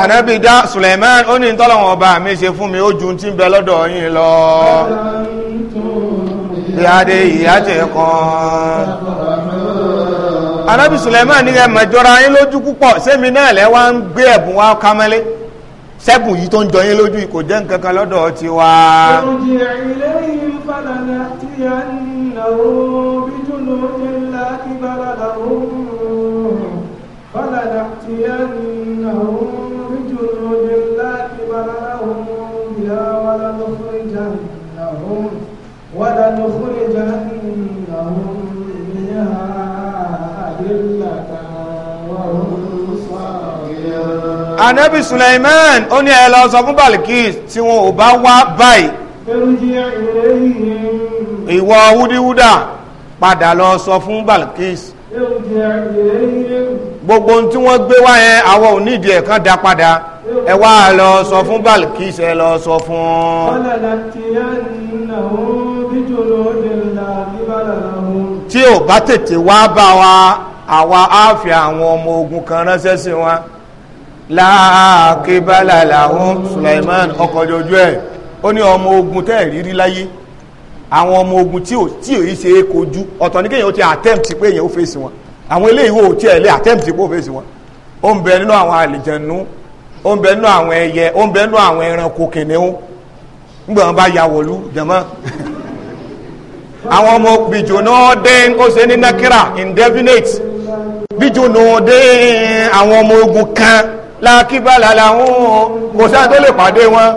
Speaker 1: ànábì dá Suleiman ó ní nítọ́lọ́wọ́ bá mi ṣe fún mi ó ju ti ń bẹ lọ́dọ̀ yín lọ. ìyáde ìyá tẹ̀ kàn anábì Suleiman ní ẹ mọ̀jọ́ra yín lójú púpọ̀ sẹ́mi náà lẹ́ wá ń gbé ẹ̀bùn wá kámẹ́lé sẹ́bùn yìí tó ń jọ yín lójú kò jẹ́ nǹkan kan lọ́dọ̀ ti wá.
Speaker 2: ọ̀jẹ̀ ìlẹ́yìn fàlànà tí a ń bí tó lóde anabi
Speaker 1: Suleiman ó ní ẹ lọ sọ fún Balikis tí wọn ò bá wá báyìí ìwọ wúdiwúdà padà lọ sọ fún Balikis gbogbo ohun tí wọ́n gbé wá yẹn àwọn ò nídìí ẹ̀ kan dá padà ẹ wá lọ sọ fún Balikis ẹ lọ sọ fún tí ò bá tètè wá bá wa àwa á fi àwọn ọmọ ogun kan ránṣẹ́ sí wọn láàkébálà làwọn Sulaiman ọkọ̀ ojú ẹ̀ ó ní ọmọ ogun tẹ́ẹ̀ rírí láyé àwọn ọmọ ogun tí ò tí ò ṣe é kojú ọ̀tọ̀ ní kéèyàn ó ti attempt pé èèyàn ó fèsì wọn àwọn eléyìí ò tí ẹ̀ lé attempt pé ó fèsì wọn ó ń bẹ nínú àwọn àlìjẹ̀nú ó ń bẹ nínú àwọn ẹyẹ ó ń bẹ nínú àwọn ẹranko kìnìún nígbà wọn bá ya wọ̀lú jẹ̀mọ́ àwọn ọmọ bìjòna ọdẹ ó ṣe ní nàkírà indefinite bìjòna ọdẹ àwọn ọmọ ogun kan lákíbàlà làwọn kò sẹ́ni tó lè pàdé wọn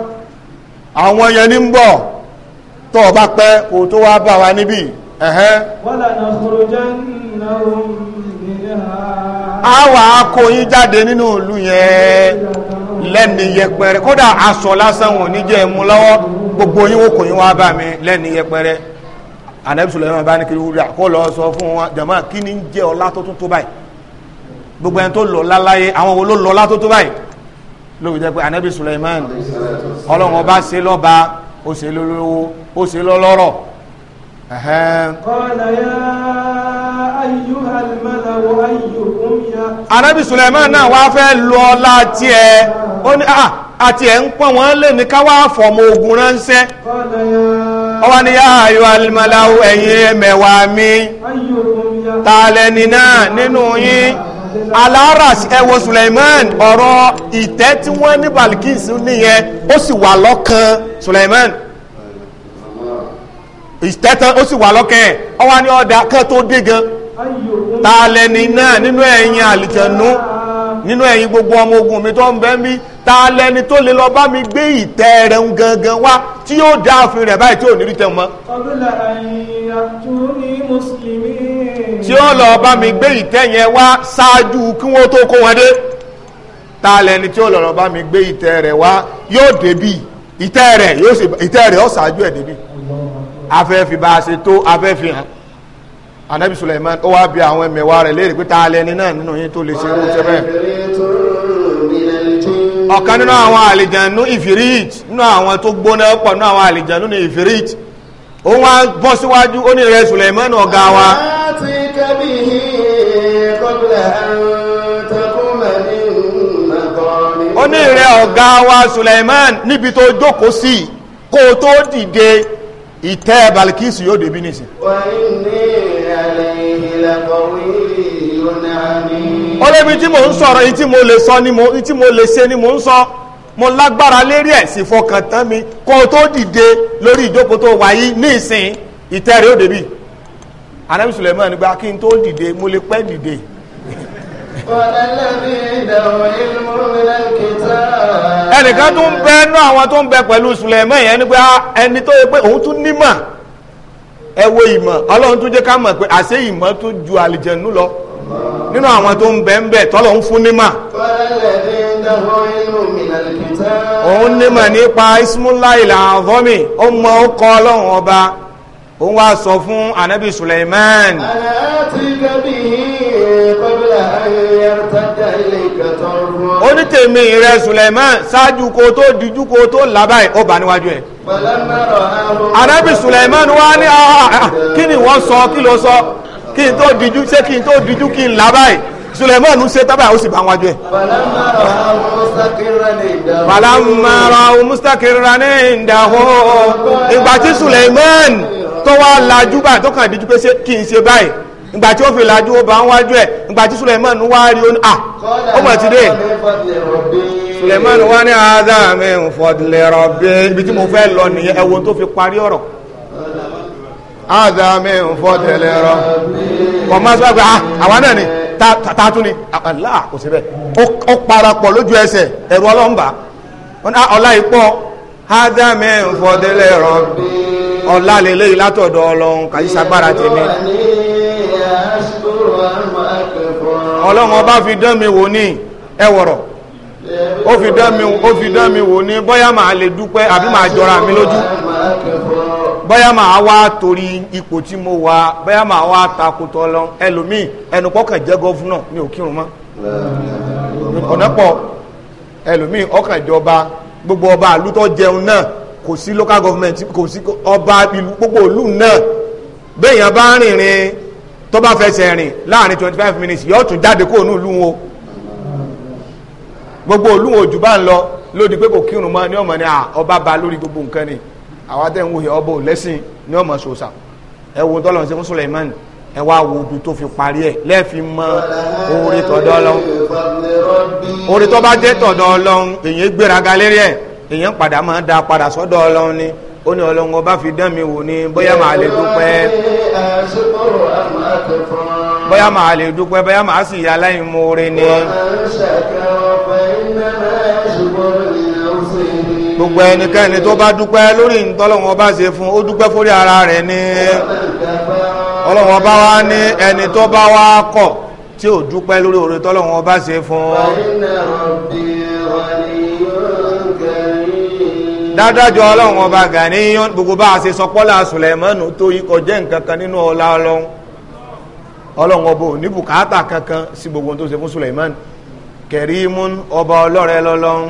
Speaker 1: àwọn yẹn ní ń bọ̀ tó o bá pẹ́ kò tó wá bá wa níbí ẹ̀hẹ́n. a wà á kó yín jáde nínú ìlú yẹn lẹ́ni yẹpẹrẹ kódà aṣọ lásán wọn ní mú lọ́wọ́ gbogbo yín kò yín wá bá mi lẹ́ni yẹpẹrẹ anabi sọlá bá ní kiri wúlò kó lọ sọ fún wọn jama kí ni ń jẹ́ ọlá tó tó báyìí gbogbo ẹni tó lọ́lá láyé àwọn wo ló lọ́lá tó tó báyìí lóbi jẹ́ pé anabi Suleiman ọlọ́run ọba ṣe lọ́ba ó ṣe lólówó ó ṣe lọ́lọ́rọ̀.
Speaker 2: anabi Suleiman náà wá fẹ́ lọ́lá tiẹ̀
Speaker 1: ó àti ah, ẹ̀ ń pọ̀ wọ́n lè ní ká wá fọ̀mọ̀ ogun ránṣẹ́ ọwọ́ ni yá ayọ́ alimọ́láwọ́ ẹ̀yin mẹ́wàá mi ta lẹ́ni náà nínú yín aláràs ẹwọ Suleiman ọ̀rọ̀ ìtẹ́ tí wọ́n ní Balkis nìyẹn ó sì wà lọ́kàn Suleiman ìtẹ́tàn ó sì wà lọ́kàn ẹ̀ ni ọ̀dà kan tó dé gan ta lẹni náà nínú ẹ̀yin àlìjẹ̀nú nínú ẹ̀yin gbogbo ọmọ ogun mi tó ń bẹ mí ta lẹni tó lè lọ bá mi gbé ìtẹ́ rẹ̀ ń gangan wá tí yóò dá òfin rẹ̀ báyìí tí ò ní rí tẹ̀ mọ́.
Speaker 2: ọdún làyà tó ní mùsùlùmí tí ó lọ bá mi
Speaker 1: gbé ìtẹ́ yẹn wá ṣáájú kí wọ́n tó kó wọn dé ta lẹni tí ó lọ bá mi gbé ìtẹ́ rẹ̀ wá yóò débì ìtẹ́ rẹ̀ yóò sì ìtẹ́ rẹ̀ ó ṣáájú ẹ̀ débì afẹ́fi bá a ṣe tó afẹ́fi hàn anabi Suleiman ó wá bí àwọn ẹmẹ̀wà rẹ̀ léèrè pé ta lẹni náà nínú yín tó lè ṣe irú tẹ́ bẹ́ẹ̀ ọ̀kan nínú àwọn àlìjànú ìfìríìtì nínú àwọn tó gbóná pọ̀ nínú àwọn àlìjànú ní ìfìríìtì ó wá bọ́ síwájú ó ní rẹ̀ Suleiman ọ̀gá wa.
Speaker 3: آتيك به قبل أن تقوم من مقامك ó ní ìrẹ ọ̀gá
Speaker 1: wa Suleiman níbi tó jókòó sí kó o tó dìde ìtẹ́ Balkisu yóò débi nìsín.
Speaker 3: ó lébi tí mo ń sọ̀rọ̀ yìí tí mo lè
Speaker 1: sọ ni mo tí mo lè ni mo mo lágbára lérí ẹ̀ sì fọkàn tán mi kó o tó dìde lórí ìjókòó tó wáyé ní ìsìn ìtẹ́ rẹ̀ anabi suleiman nígbà kí n tó dìde mo lè pẹ́ dìde. ẹnìkan tó ń bẹ nú àwọn tó ń bẹ pẹ̀lú suleiman yẹn nígbà ẹni tó yẹ pé òun tún nímọ̀ ẹ wo ìmọ̀ ọlọ́run tún jẹ́ ká mọ̀ pé àṣé ìmọ̀ tó ju àlìjẹ̀nú lọ nínú àwọn tó ń bẹ ń bẹ tọ́lọ̀ ń fún nímọ̀. òun nímọ̀ nípa ismullahi al-azami ó mọ ó kọ́ ọlọ́run ọba òun wá sọ fún anabi suleiman. onítèmi rẹ suleiman ṣáájú kó tó dijú kó tó làbáyé ó bá níwájú ẹ.
Speaker 3: anabi suleiman wá ní ah, ah, ah,
Speaker 1: kí ni wọ́n sọ kí ló sọ kí n tó dijú ṣé kí n tó dijú kí n làbáyé suleiman ṣe tábà ó sì bá wájú ẹ.
Speaker 3: falamara
Speaker 1: mustakirani ndaho ìgbà tí suleiman. tó wá lajú báyìí tó kàn díjú pé kí n ṣe báyìí ìgbà tí ó fi lajú ó bá ń wájú ìgbà tí Suleiman wá rí ó ní à ah, ó mọ̀ ti dé ní àádá mi ibi tí mo fẹ́ lọ nìyẹn ẹ tó fi parí ọ̀rọ̀ àádá mi sọ pé ah, àwa náà ni ni àlá kò ó parapọ̀ lójú ẹsẹ̀ ọlọ́mbà ah, àádá ọlá lélẹ́yìn látọ̀dọ̀ ọlọ́run kàyí sagbára tèmi ọlọ́run ọba fi dán mi wò ní ẹwọ̀rọ̀ ó fi dán mi ó fi dán mi wò ní bóyá màá lè dúpẹ́ àbí màá jọra mi lójú bóyá màá wá torí ipò tí mo wà bóyá màá wá takotọ́ lọ ẹlòmíì ẹnu pọ́kàn jẹ́ gọ́fúnà mi ò mọ́ ọ̀nà ẹlòmíì ọkàn ìjọba gbogbo ọba àlútọ́ jẹun náà kò sí local government kò sí ọba gbogbo ìlú náà béèyàn bá rìnrìn tó bá fẹsẹ̀ rìn láàrin twenty five minutes yóò tún jáde kó ònú ìlú wọn gbogbo ìlú wọn jù bá ń lọ lódi pé kò kírun mọ́ ní ọmọ ní ọba ba lórí gbogbo nǹkan ni àwa tẹ̀ ń wòye ọba ò lẹ́sìn ní ọmọ sòsà ẹ wo tọ́lọ̀ ṣe fún Suleiman ẹ wá wo ibi tó fi parí ẹ̀ lẹ́ẹ̀fi mọ orí tọ̀dọ̀ Ọlọ́run orí tó bá jẹ́ tọ̀dọ̀ Ọlọ́run èyí gbéraga lérí ẹ̀ èèyàn padà máa da padà sọ́dọ̀ ọlọ́run ni ó ní ọlọ́run ọba fi dán mi wò ni bóyá màá lè dúpẹ́ bóyá màá lè dúpẹ́ bóyá màá sì yà láyìn moore ni gbogbo ẹnikẹ́ni tó bá dúpẹ́ lórí ntọ́lọ́run ọba ṣe fún ó dúpẹ́ fórí ara rẹ̀ ni ọlọ́run ọba wa ní ẹni tó bá wá kọ̀ tí ò dúpẹ́ lórí oore ọba ṣe fún dádájọ́ ọlọ́run ọba gàníyàn gbogbo bá a ṣe sọ pọ́lá sùlẹ̀mọ́nù tó yí kọjẹ́ nǹkan kan nínú ọlá ọlọ́run ọlọ́run ọba ò ní bùkátà kankan sí gbogbo tó ṣe fún sùlẹ̀mọ́nù kẹ̀rímún ọba ọlọ́rẹ́ lọ́lọ́run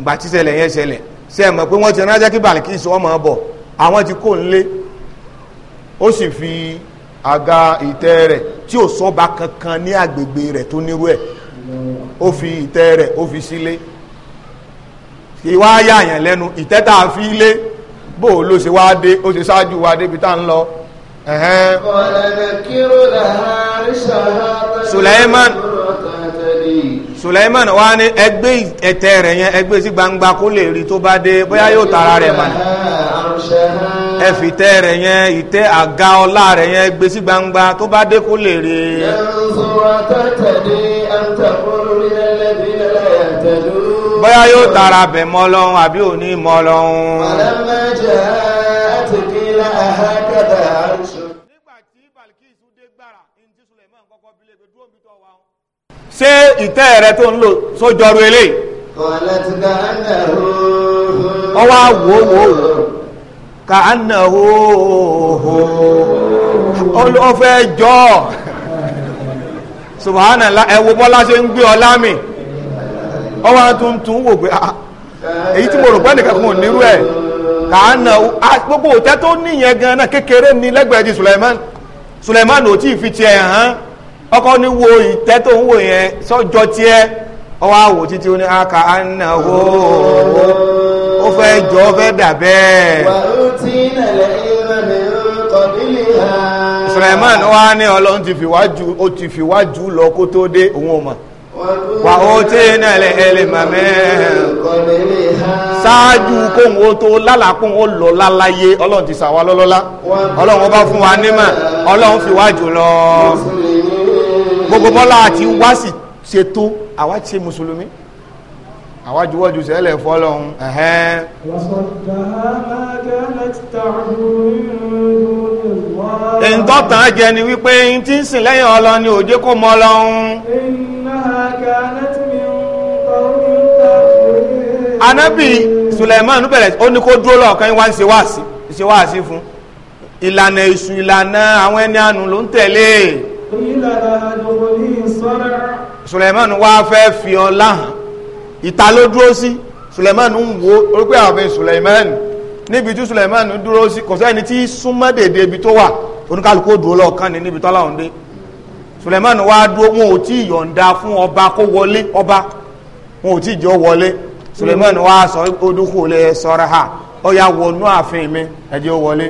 Speaker 1: ìgbà tí ṣẹlẹ̀ yẹn ṣẹlẹ̀ ṣe mọ̀ pé wọ́n ti rájẹ́ kí bàlìkísù ọmọ bọ̀ àwọn ti kó nlé ó sì fi àga ìtẹ́ rẹ̀ tí ò sọ́ba kankan ní agbègbè rẹ̀ tó nírú ẹ̀ ó fi ìtẹ́ rẹ̀ ó fi sílé. Si kì wá yàyàn lẹ́nu ìtẹ́ta fi lé bó ló ṣe wá dé ó ṣe ṣáájú wa débi tá ń lọ. Suleiman Suleiman wa ní ẹgbẹ́ ẹ̀tẹ́ rẹ̀ yẹn ẹgbẹ́ sí gbangba kó lè rí tó bá dé bóyá yóò tara rẹ̀ mọ́ ẹfìtẹ́ rẹ̀ yẹn ìtẹ́ àga ọlá rẹ̀ yẹn ẹgbẹ́ sí gbangba tó bá dé kó lè rí.
Speaker 3: bóyá yóò tara
Speaker 1: bẹ̀ mọ́ lọ́hún àbí ò ní mọ́ lọ́hún. ṣé ìtẹ́ rẹ tó ń lò sójọrú eléyìí. ọwọ́ àwò wò wò ka anna hóhóhó ó fẹ́ jọ́ subhanallah ẹ wo bọ́lá ṣe ń gbé ọlá mi. ọwọ́ tó ń tún wò pé ah, èyí tí mo rò pé nìkan kàánà gbogbo òtẹ́ tó níyẹn gan náà kékeré ní lẹ́gbẹ̀ẹ́ di Suleiman Suleiman ò tí ì fi tiẹ̀ hàn ọkọ ni wo ìtẹ́ tó ń wò yẹn sọ́jọ́ títí ó ní ó Suleiman wá ní ọlọ́run ti fi wájú ó ti fi wájú wàhótẹ́nà ẹlẹ́màmẹ́ ṣáájú kóhun ó tó lálàá kóhun ó lọ láláyé ọlọ́run ti sàwà lọ́lọ́lá ọlọ́run bá fún wa nímọ̀ ọlọ́run fi wá jùlọ gbogbo bọ́lá àti wá sì ṣètò àwa ti ṣe mùsùlùmí àwájúwọ́jú sẹ́lẹ̀ fọ́lọ́hun ẹ̀hẹ́n èyí tó ni wípé èyí tí ń sìn lẹ́yìn ọlọ ni òjé kó mọ́ lọ́hun anábì Suleiman bẹ̀rẹ̀ ó ní kó dúró lọ́ọ̀kan wá ń ṣe wáàsí fún ìlànà èṣù ìlànà àwọn ẹni ànù ló ń tẹ̀lé Suleiman wá fẹ́ fi ọlá hàn ìta ló dúró sí Suleiman ń wo orúkọ àfẹ Suleiman níbi tí Suleiman dúró sí kò sẹ́ni tí súnmọ́ dèdè ibi tó wà oníkálukú ó dúró lọ́ọ̀kan ní níbi tọ́lá òǹdé Suleiman wá dúró wọn ò tí ì yọ̀ǹda fún ọba kó wọlé ọba wọn ò tí ì jọ wọlé Suleiman wá sọ odúkú lè sọra ha ó yà wọnú ààfin mi ẹ ó wọlé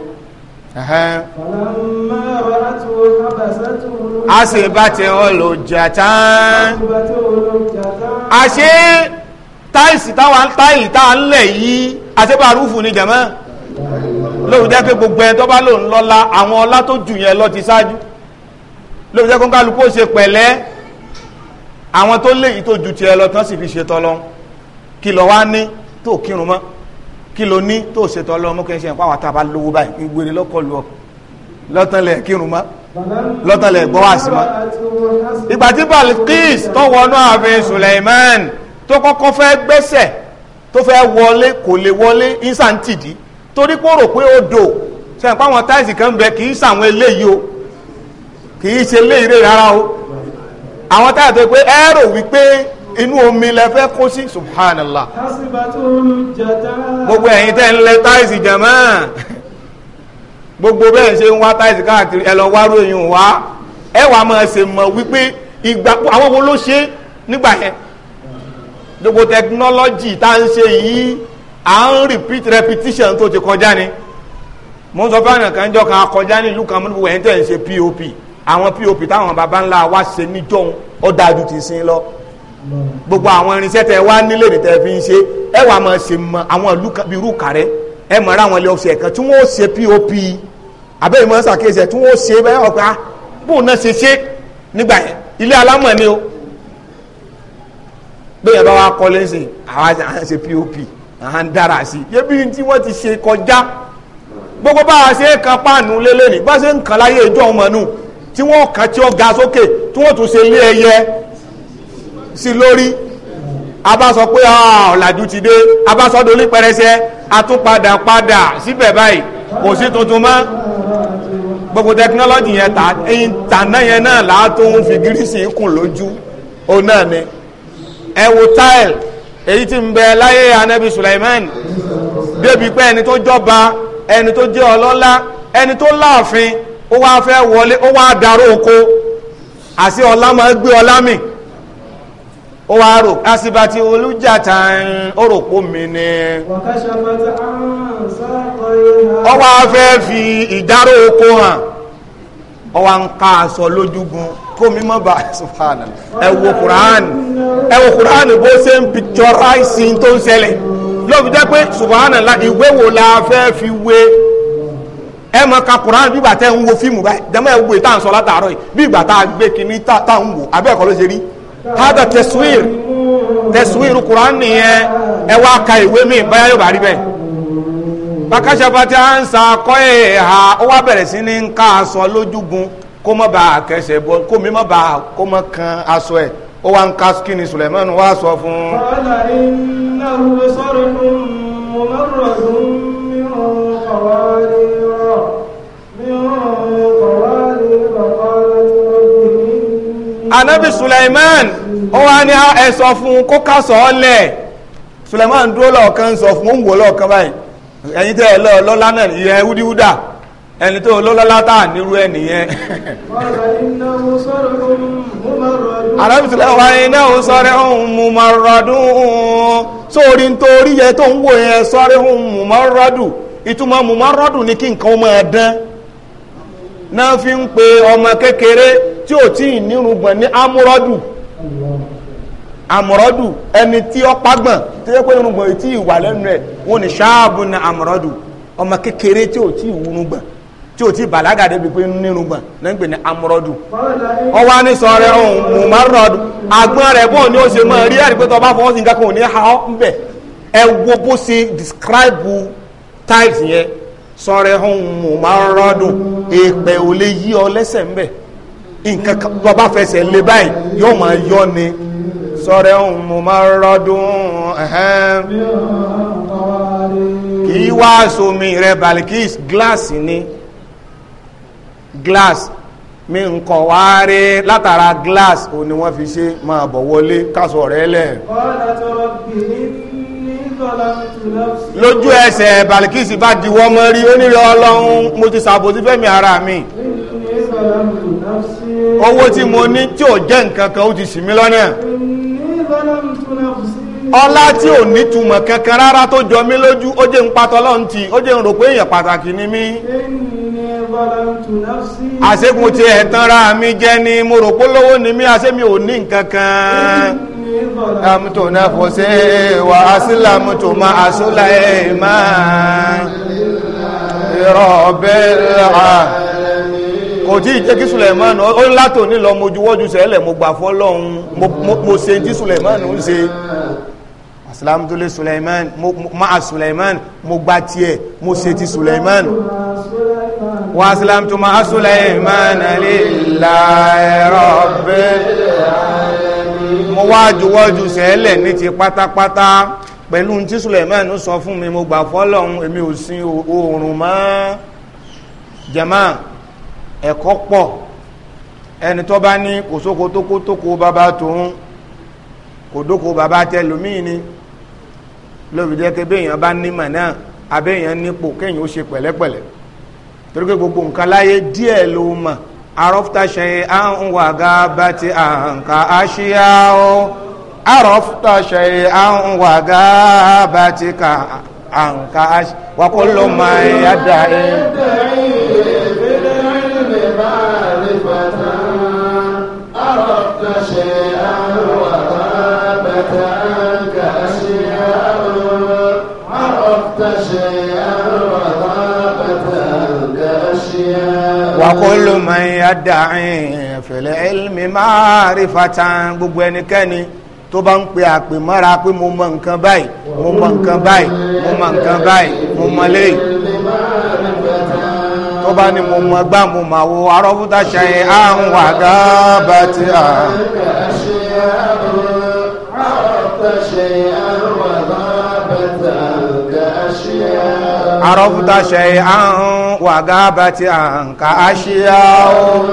Speaker 1: a sì bá tiẹ̀ wọn lò jà a ṣe táìsì táwa táìlì táwa ń lẹ̀ yìí àṣepà rúfù ni jẹ̀mọ́ lóòrùn jẹ́ pé gbogbo ẹ̀ tó bá lòun lọ́la àwọn ọlá tó jù yẹn lọ ti ṣáájú lóòrùn jẹ́ kó kálukú ó ṣe pẹ̀lẹ́ àwọn tó léyìí tó ju tiẹ̀ lọ tán sì fi ṣe tọ́lọ́ kí lọ wá ní tó kírun mọ́ kí ló ní tó ṣe tọ́lọ́ mọ́ kí n ṣe ìpá àwọn tábà lówó báyìí ìgbèrè lọ́kọlù ọ lọ́tànlẹ̀ kírun mọ́ lọ́tànlẹ̀ gbọ́wàsí mọ́ ìgbà tí Balqis tó wọnú ààfin Suleiman tó kọ́kọ́ fẹ́ gbẹ́sẹ̀ tó fẹ́ wọlé kò lè wọlé ìsàntìdí torí pé ó rò pé odò sẹ́yìn pàwọn táìsì kan bẹ kì í sàwọn eléyìí o kì í ṣe eléyìí rẹ̀ rárá o àwọn táyà tó pé ẹ rò wípé inú omi lẹ fẹ́ kó sí subhanallah gbogbo ẹ̀yin tẹ́ ń lẹ táìsì jẹ̀mọ́ gbogbo bẹ́ẹ̀ ṣe ń wá táìsì káàkiri ẹ lọ wárú èyí wá ẹ wàá máa ṣe mọ̀ wípé ìgbà àwọn wo ló ṣe nígbà yẹn gbogbo tẹkinọ́lọ́jì tá ń ṣe yìí à ń repeat repetition tó ti kọjá ni mo ń sọ fún àwọn kan jọ kan akọjá ní ìlú kan mo ní gbogbo ẹ̀ ń tẹ̀ ń ṣe pop àwọn pop táwọn baba ńlá wa ṣe níjọ́hun ó dáa ju ti sin lọ gbogbo àwọn irinṣẹ́ tẹ wá nílé ní tẹ fi ń ṣe ẹ wàá máa ṣe mọ àwọn ìlú kan bíi irú kàrẹ́ ẹ mọ̀ ráwọn ilé ọ̀sẹ̀ kan tí wọ́n ṣe pop àbẹ́ ìmọ̀ ṣàkíyèsí ẹ̀ tí wọ́n ṣe bẹ́ẹ̀ ọ̀pá ah, bóun náà ṣe ṣe nígbà yẹn ilé alámọ̀ ni o bẹ́ẹ̀ bá wa kọ́ lẹ́sìn àwa à ń ṣe pop à ń dára sí i yẹ́bi tí wọ́n ti ṣe kọjá gbogbo bá a ṣe kan páànù lélẹ̀ ní bá ṣe ń kàn láyé ìjọ ọmọnù tí wọ́n kàn tí ó ga sókè tí wọ́n tún ṣe ilé ẹyẹ sí lórí a bá sọ pé ah, ọ̀làjú ti dé a bá sọ dolí pẹrẹsẹ a tún padà padà síbẹ̀ báyìí kò sí tuntun mọ́ gbogbo tẹkinọ́lọ́jì yẹn tà náà yẹn náà làá tó ń fi gírísì kùn lójú ó náà ni. ẹ wo tile èyí tí ń bẹ láyé anabi Sulaiman débi pé ẹni tó jọba ẹni tó jẹ́ ọlọ́lá ẹni tó láàfin ó wá fẹ́ wọlé ó wá darú oko àti ọlá máa gbé ọlá mi ó wá rò àsìbàtì olùjàtà ó rò pó mi ni ó wá fẹ́ fi ìdárò oko hàn. ọwọ́ ń ká aṣọ lójúgun kómi mọ́ bá ṣùfàànà ẹ wo kùránì ẹ wo kùránì bó ṣe ń picturize tó ń ṣẹlẹ̀ lóbi jẹ́ pé ṣùfàànà la ìwé wo la fẹ́ fi wé ẹ mọ ka kùránì bí ìgbà tẹ́ ń wo fíìmù báyìí dẹ́mọ́ ẹ wo ìta ń sọ látàárọ̀ yìí bí ìgbà tá a gbé kinní tá a ń wò abẹ́ẹ̀kọ́ ló ṣe rí hada tẹ̀síwìrì tẹ̀síwìrì kùránì yẹn ẹ wá ka ìwé mi báyà yóò bá rí bẹ́ẹ̀ bákàṣàbàtì à ń sa akọ́ ẹ̀ ha ó wá bẹ̀rẹ̀ sí ní ká aṣọ lójúgun kó mọ́ bá kẹsẹ̀ bọ́ kó mi mọ́ bá kó mọ́ kan aṣọ ẹ̀ ó wá ń ká skin Suleiman wá sọ fún
Speaker 2: ọ̀la iná wo sọ̀rọ̀ fún mo lọ́rọ̀ fún mi ò kọ̀wá lè rọ̀ mi ò kọ̀wá lè rọ̀ kọ́ lọ́dún. anabi Suleiman ó wá ní ẹ
Speaker 1: sọ fún kó ká sọ ọ lẹ Suleiman dúró lọ́ọ̀kan sọ fún ó wò lọ́ọ̀kan báyìí ẹ̀yin tẹ́ ẹ lọ lọ́lá náà ìyẹn wúdiwúdà ẹni tó lọ́lọ́lá tá à nírú ẹ nìyẹn.
Speaker 2: arábìsílẹ̀ wa iná ò sọ́rẹ́ ohun
Speaker 1: mú ma rọ́dún sórí nítorí yẹ tó ń wò yẹn sọ́rẹ́ ohun mú ma rọ́dún ìtumọ̀ mú ma rọ́dún ni kí nǹkan máa dán náà fi ń pe ọmọ kékeré tí ò tí ì nírùngbọ̀n ní amúrọ́dún. àmọ̀rọ́dù ẹni tí ó pàgbọ̀n tí ó pé irùngbọ̀n tí ì lẹ́nu ẹ̀ wọ́n ní ṣáàbù ní ọmọ kékeré tí ò tí ì tí ò tí bàlágà débi pé nírùngbọ̀n náà ń gbé
Speaker 2: ọwọ́ ní sọ rẹ ọ̀hún ni ó ṣe rí
Speaker 1: bá fọwọ́ sí nǹkan kan ò ní ha ọ́ ń bẹ̀ ẹ wo bó ọ lẹ́sẹ̀ yọ ni sọ́rẹ́ ohun mo máa rọ́dún ẹ̀hẹ́n kì wá sómi rẹ̀ Balikis gíláàsì ni gíláàsì mi nǹkan wá rí látara gíláàsì ò ní wọ́n fi ṣe máa bọ̀ wọlé káṣọ rẹ̀ lẹ̀ lójú ẹsẹ̀ Balikis bá diwọ́ mọ́ rí onírẹ̀ ọlọ́run mo ti ṣàbòsí fẹ́mi ara mi owó tí mo ní tí ò jẹ́ nǹkan kan ó ti ṣì mí lọ́nà ọlá tí ò nítumọ̀ kankan rárá tó jọ mí lójú ó jẹ́ ń patọ́ lọ́n ti ó jẹ́ ń rò pé èèyàn pàtàkì ni mí àṣekùn ti ẹ̀tàn ra mi jẹ́ ni mo rò pé lówó ni mí àṣé ò ní nǹkan kan amútò náà fò ṣe wà á sílámù tó máa àṣọlá ẹ̀ máa ìrọ̀bẹ̀rẹ̀ kò tí ì jẹ́ kí Suleiman ó látò nílọ mojúwọ́jú sẹ́lẹ̀ mo gbà fọ́lọ́hun mo ṣe tí Suleiman ń ṣe asalaamutule Suleiman ma'a Suleiman mo gba tiẹ̀ mo ṣe ti Suleiman wa asalamutu ma'a Suleiman lillahi rabbil mo wá juwọ́jú sẹ́lẹ̀ ní ti pátápátá pẹ̀lú tí Suleiman sọ fún mi mo gbà fọ́lọ́hun èmi ò sin oòrùn mọ́ jẹ́mọ́ ẹ̀kọ́ pọ̀ ẹni tó bá ní kò sóko tó kó tó kó bàbá tòun kò dóko bàbá tẹlòmíì ni lóbi jẹ́ pé béèyàn bá nímọ̀ náà abéèyàn nípò kéèyàn ó ṣe pẹ̀lẹ́pẹ̀lẹ́ torí pé gbogbo nǹkan láyé díẹ̀ ló mọ̀ arọ́fta ṣẹ̀yìn bá ti àǹkà àṣìyá o arọ́fta ṣẹ̀yìn à ń wà ga bá ti kà àǹkà àṣìyá wàkó máa yá dà ẹ́.
Speaker 3: سألت عنك أشياء عرفت شيئا وضاقت عنك أشياء وكل من
Speaker 1: يدعي في العلم معرفة gbogbo ẹnikẹ́ni tó bá ń pe àpè mọ́ra pé mo mọ nǹkan báyìí mo mọ nǹkan báyìí mo mọ nǹkan báyìí mo mọ léyìí tó bá ní mo mọ gbá mo mà wo arọ́bútà ṣe àrùn wàgá bàtí عرفت شيئا وغابت عنك أشياء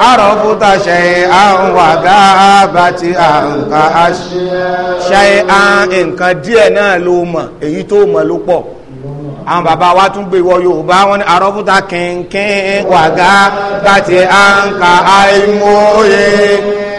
Speaker 1: عرفت شيئا وغابت عنك أشياء شيئا nǹkan díẹ̀ náà ló mọ̀ èyí àwọn bàbá wa tún gbé wọ Yorùbá wọn ní arọ́fúta kìnkìn wàgá bàtì àǹkà àìmọye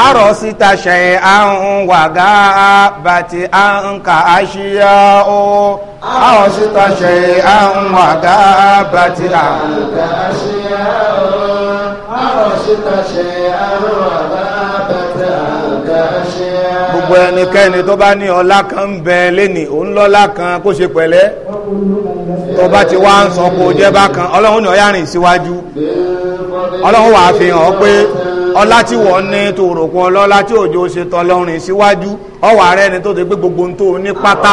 Speaker 1: harosita shay'an wa gabati anka ashiya'u bati shay'an wa gabati anka
Speaker 3: ashiya'u harosita shay'an wa gabati
Speaker 1: anka o. gbogbo ẹnikẹ́ni tó bá ní ọlá kan ń bẹ lẹ́ni òun lọ́lá kan kó ṣe pẹ̀lẹ́ tó bá ti wá ń sọ kó jẹ́ bákan ọlọ́run ní ọyá rìn síwájú ọlọ́run wàá fi hàn ọ́ pé. ọlá tí wọ́n ní tó rògùn ọlọ́lá tí òjò ṣe tọlọ́rin síwájú ọwọ́ ààrẹ ni tó ti gbé gbogbo tó ní pátá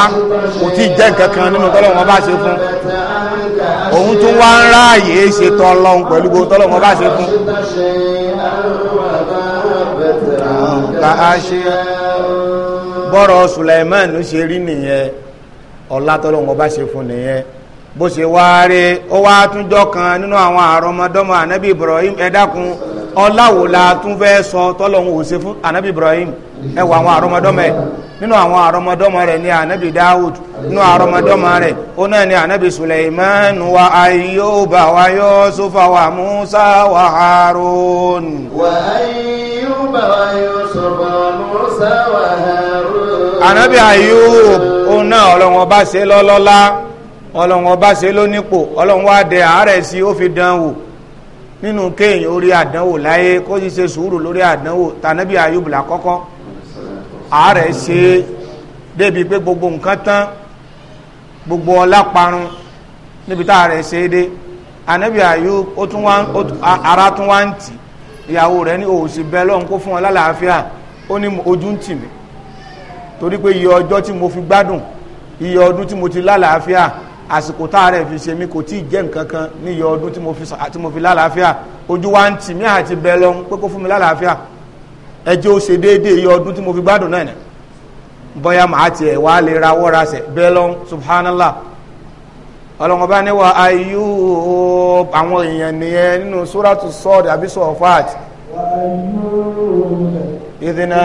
Speaker 1: kò tí ì jẹ́ nǹkan kan nínú tọ́lọ́ wọn bá ṣe fún òun tún wá ń ráàyè ṣe tọlọ́run pẹ̀lú gbogbo tọ́lọ́ wọn bá ṣe fún. bọ́rọ̀ Suleiman ṣe rí nìyẹn ọlá tọ́lọ́ bá ṣe fún nìyẹn bó ṣe wá rí ó wá nínú àwọn àrọ́mọdọ́mọ Ibrahim ẹ ọláwo la tún fẹ́ sọ tọ́lọ́hún ò fún anabi ibrahim ẹ wọ àwọn àrọmọdọ́mọ ẹ nínú àwọn àrọmọdọ́mọ rẹ ní anabi dawud nínú àrọmọdọ́mọ rẹ ó náà ní anabi suleiman wa ayuba wa yusufa wa musa wa harun. wa ayuba wa
Speaker 3: yusufa wa musa wa harun.
Speaker 1: anabi ayub ó náà ọlọ́wọ́n bá ṣe lọ́lọ́lá ọlọ́wọ́n bá ṣe lónípò ọlọ́wọ́n wá dé àárẹ̀ sí ó fi dán wò nínú kéèyàn orí àdánwò láyé kó sì ṣe sùúrù lórí àdánwò tànàbí ayúbùlà kọ́kọ́ ààrẹ ṣe débi pé gbogbo nǹkan tán gbogbo ọlá parun níbi tá ààrẹ ṣe dé ànàbí ayúb ara tún wá ń tì ìyàwó rẹ̀ ní òòsì bẹ́ẹ̀ lọ́n kó fún ọ lálàáfíà ó ní ojú ń tì mí torí pé iye ọjọ́ tí mo fi gbádùn iye ọdún tí mo ti lálàáfíà àsìkò tá a rẹ̀ fi ṣe mí kò tí ì jẹ́ nǹkan kan ní iye ọdún tí mo fi lálàáfíà ojú wa ń tì mí àti bẹ́ẹ̀ lọ pé kó fún mi lálàáfíà ẹ ó ṣe déédéé iye ọdún tí mo fi gbádùn náà bóyá màá tiẹ̀ wá lè ra wọ́ra ṣẹ̀ bẹ́ẹ̀ lọ subhanallah ọlọ́run bá ní wa ayú àwọn èèyàn nìyẹn nínú suratu sọ́ọ̀dì àbí sọ́ọ̀fáàtì ìdìnnà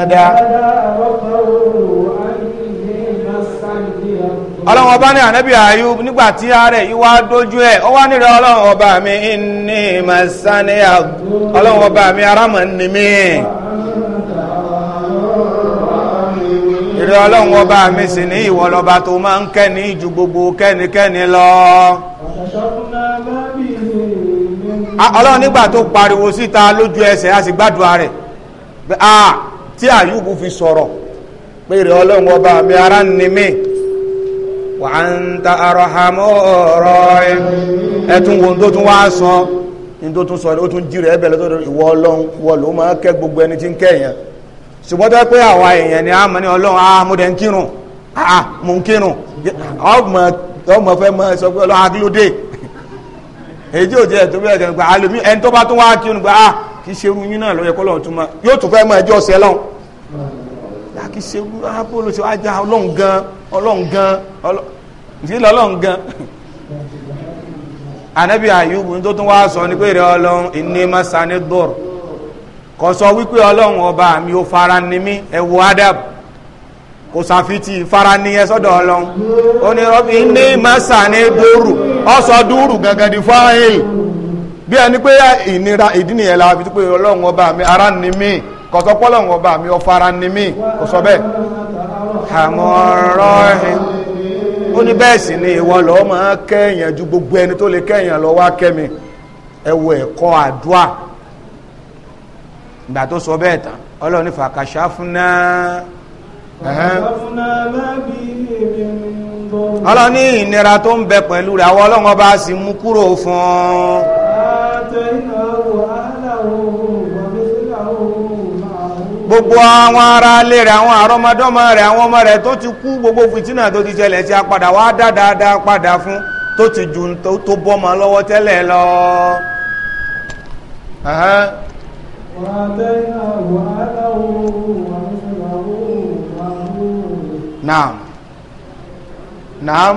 Speaker 1: ọlọ́run ọba ní ànábì Ayub nígbà tí ààrẹ yìí wá dójú ẹ̀ ó wá nírẹ̀ ọlọ́run ọba mi ní masaniya ọlọ́run ọba mi arámọ̀ ní mi ìrẹ̀ ọlọ́run ọba mi sì ní ìwọ tó máa ń kẹ́ni ju gbogbo kẹ́nikẹ́ni lọ ọlọ́run nígbà tó pariwo síta lójú ẹsẹ̀ a sì gbàdúrà rẹ̀ ah! tí Ayub fi sọ̀rọ̀ pé ìrẹ̀ ọlọ́run ọba mi ará ní mi wà á ń ta arahamu ọ̀rọ̀ ẹ̀ ẹ̀ tún wo tó tún wá sọ ní tó tún sọ ó tún jí rẹ̀ ẹ̀bẹ̀ lọ́tọ́ ìwọ ọlọ́run ìwọ ló máa kẹ́ gbogbo ẹni tí ń kẹ́ ṣùgbọ́n pé àwa èèyàn ni a mọ̀ ní ọlọ́run a ah, mú dẹ̀ ń kírun a ah, mú ń kírun ọmọ fẹ́ mọ sọ pé ọlọ́run akílódé èjì òjì ẹ̀ tó bẹ̀rẹ̀ jẹ́ nípa ẹni tó bá tún wá kírun gbà á ah, kì í ṣerú yín náà lọ́yẹ kọ́ lọ́run tún mọ́ yóò tún fẹ́ mọ ẹjọ́ sẹ́lọ́run a ah, kì í ṣe wú abó ah, ló ṣe ajá ọlọ́run gan ọlọ́run gan ìdílé ọlọ́run gan anabi ayubu tó tún wá sọ ni pé rẹ ọlọ́run ìní masani dọr kò sọ wípé ọlọ́run ọba mi ò fara ni mí ẹ wo adab kò sàfitì fara ni ẹ sọ́dọ̀ ọlọ́run ó ní rọbì ìní masani dọrù ọsọ dúrù gangan di fáyé bí ẹni pé ìnira ìdí nìyẹn la fi pé ọlọ́run ọba mi ara ni mí. kọ̀sọ́ pọ́lọ̀wọ̀n ọba mi ọfara ni mí kò sọ bẹ́ẹ̀ àmọ́ ọ̀rọ̀ si ó ní bẹ́ẹ̀ sì ni ìwọ lọ máa kẹ́yìn ju gbogbo ẹni tó lè kẹ́yìn lọ wá kẹ́mi ẹwọ ẹkọ àdúà ìgbà tó sọ bẹ́ẹ̀ tán ọlọ́run ní fàkàṣà fúnná
Speaker 2: ọlọ́run ní ìnira
Speaker 1: tó ń bẹ pẹ̀lú rẹ̀ àwọn ọlọ́run ọba sì mú kúrò fún un.
Speaker 2: gbogbo àwọn ará ilé rẹ̀ àwọn
Speaker 1: àrọ́mọdọ́mọ rẹ̀ àwọn ọmọ rẹ̀ tó ti kú gbogbo fìtínà tó ti ṣẹlẹ̀ sí apadà wá dáadáa padà fún tó ti ju tó bọ́mọ lọ́wọ́ tẹ́lẹ̀ lọ. naam naam.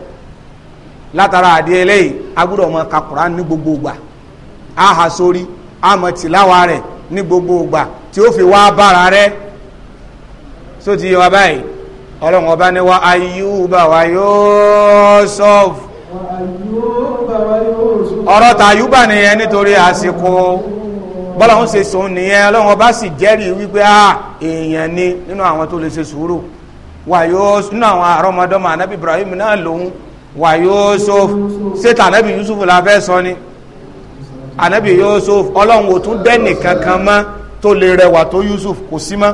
Speaker 1: látara àdé eléyìí a gbọ́dọ̀ máa ka Quran ní gbogbo ìgbà a hà sórí a máa tìláwa rẹ̀ ní gbogbo ìgbà tí ó fi wá bára rẹ̀ só ti yẹ wa báyìí ọlọ́run ọba ni wa Ayuba wa Yusuf ọ̀rọ̀ tàyúbà nìyẹn nítorí àsìkò bọ́lọ́hún ṣe sòun nìyẹn ọlọ́run ọba sì jẹ́rìí wípé a èèyàn ni nínú àwọn tó lè ṣe sùúrù wà yóò nínú àwọn àrọ́mọdọ́mọ anábì Ibrahim náà lòun wa Yusuf ṣètò anabi Yusuf la fẹ́ sọ ni ànábì Yusuf ọlọ́run ò tún dẹ́nì kankan mọ́ tó lè rẹwà tó Yusuf kò sí mọ́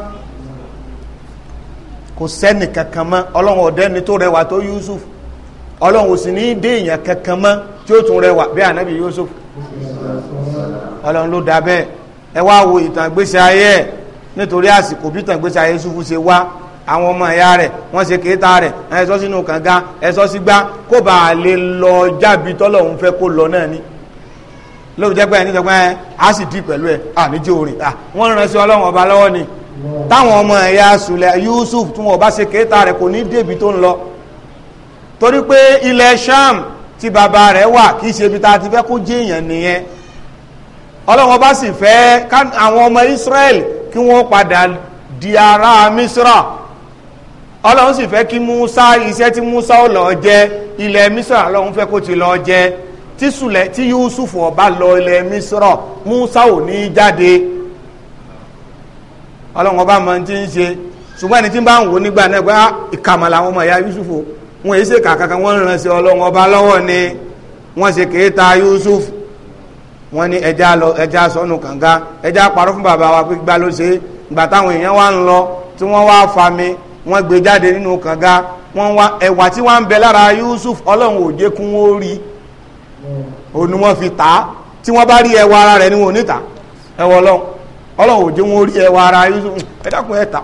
Speaker 1: kò sẹ́nì kankan mọ́ ọlọ́run ò dẹ́ni tó rẹwà tó Yusuf ọlọ́run ò sì ní dé èèyàn kankan mọ́ tí ó tún rẹwà bí ànábì Yusuf ọlọ́run ló dá ẹ wá wo ìtàn ìgbésí ayé ẹ̀ nítorí àsìkò bí ìtàn ìgbésí ayé Yusuf ṣe wá àwọn ọmọ ẹ̀yà rẹ̀ wọ́n ṣe kéta rẹ̀ ẹ̀sọ́ sínú kànga ẹ̀sọ́ sígbá kó bàa lè lọ jábí tọ́lọ́hún fẹ́ kó lọ náà ni lóòrù jẹ́ pé ẹni sọ pé ẹ á sì dì pẹ̀lú ẹ àníjẹ́ orin à wọ́n rán sí ọlọ́run ọba lọ́wọ́ ni táwọn ọmọ ẹ̀yà sùlẹ̀ Yusuf tí wọn bá ṣe kéta rẹ̀ kò ní débi tó ń lọ torí pé ilẹ̀ Sham tí bàbá rẹ̀ wà kì í ṣe ibi tá a ti fẹ́ kó jẹ́ nìyẹn ọlọ́run ọba sì fẹ́ àwọn ọmọ Israel kí wọ́n padà di ará Misra ọlọ́run sì fẹ́ kí musa iṣẹ́ tí musa ó lọ jẹ ilẹ̀ misra ọlọ́run fẹ́ kó ti lọ jẹ tí sùlẹ̀ tí yusuf ọba lọ ilẹ̀ misra musa ò ní jáde ọlọ́run ọba máa ti ń ṣe ṣùgbọ́n ẹni tí ń bá ń wò nígbà náà pé ah, ìkàmà làwọn ọmọ ìyá yusuf wọn èyí ṣe kàkàkà wọn ń ránṣẹ́ ọlọ́run ọba lọ́wọ́ ni wọ́n ṣe kéèta yusuf wọ́n ní ẹja lọ ẹja sọnù kànga ẹja parọ́ fún bàbá wa pé gbá ló ṣe gbà táwọn èèyàn wá ń lọ tí wọ́n wá fa mi wọ́n gbé jáde nínú kànga wọ́n wá ẹ̀wà tí wọ́n ń bẹ lára Yusuf ọlọ́run ò jẹ́ kún ó rí òun ni wọ́n fi tà á tí wọ́n bá rí ẹwà ara rẹ̀ ni wọ́n ní tà ẹwà ọlọ́run ọlọ́run wọ́n rí ẹwà ara Yusuf ẹ dákun ẹ tà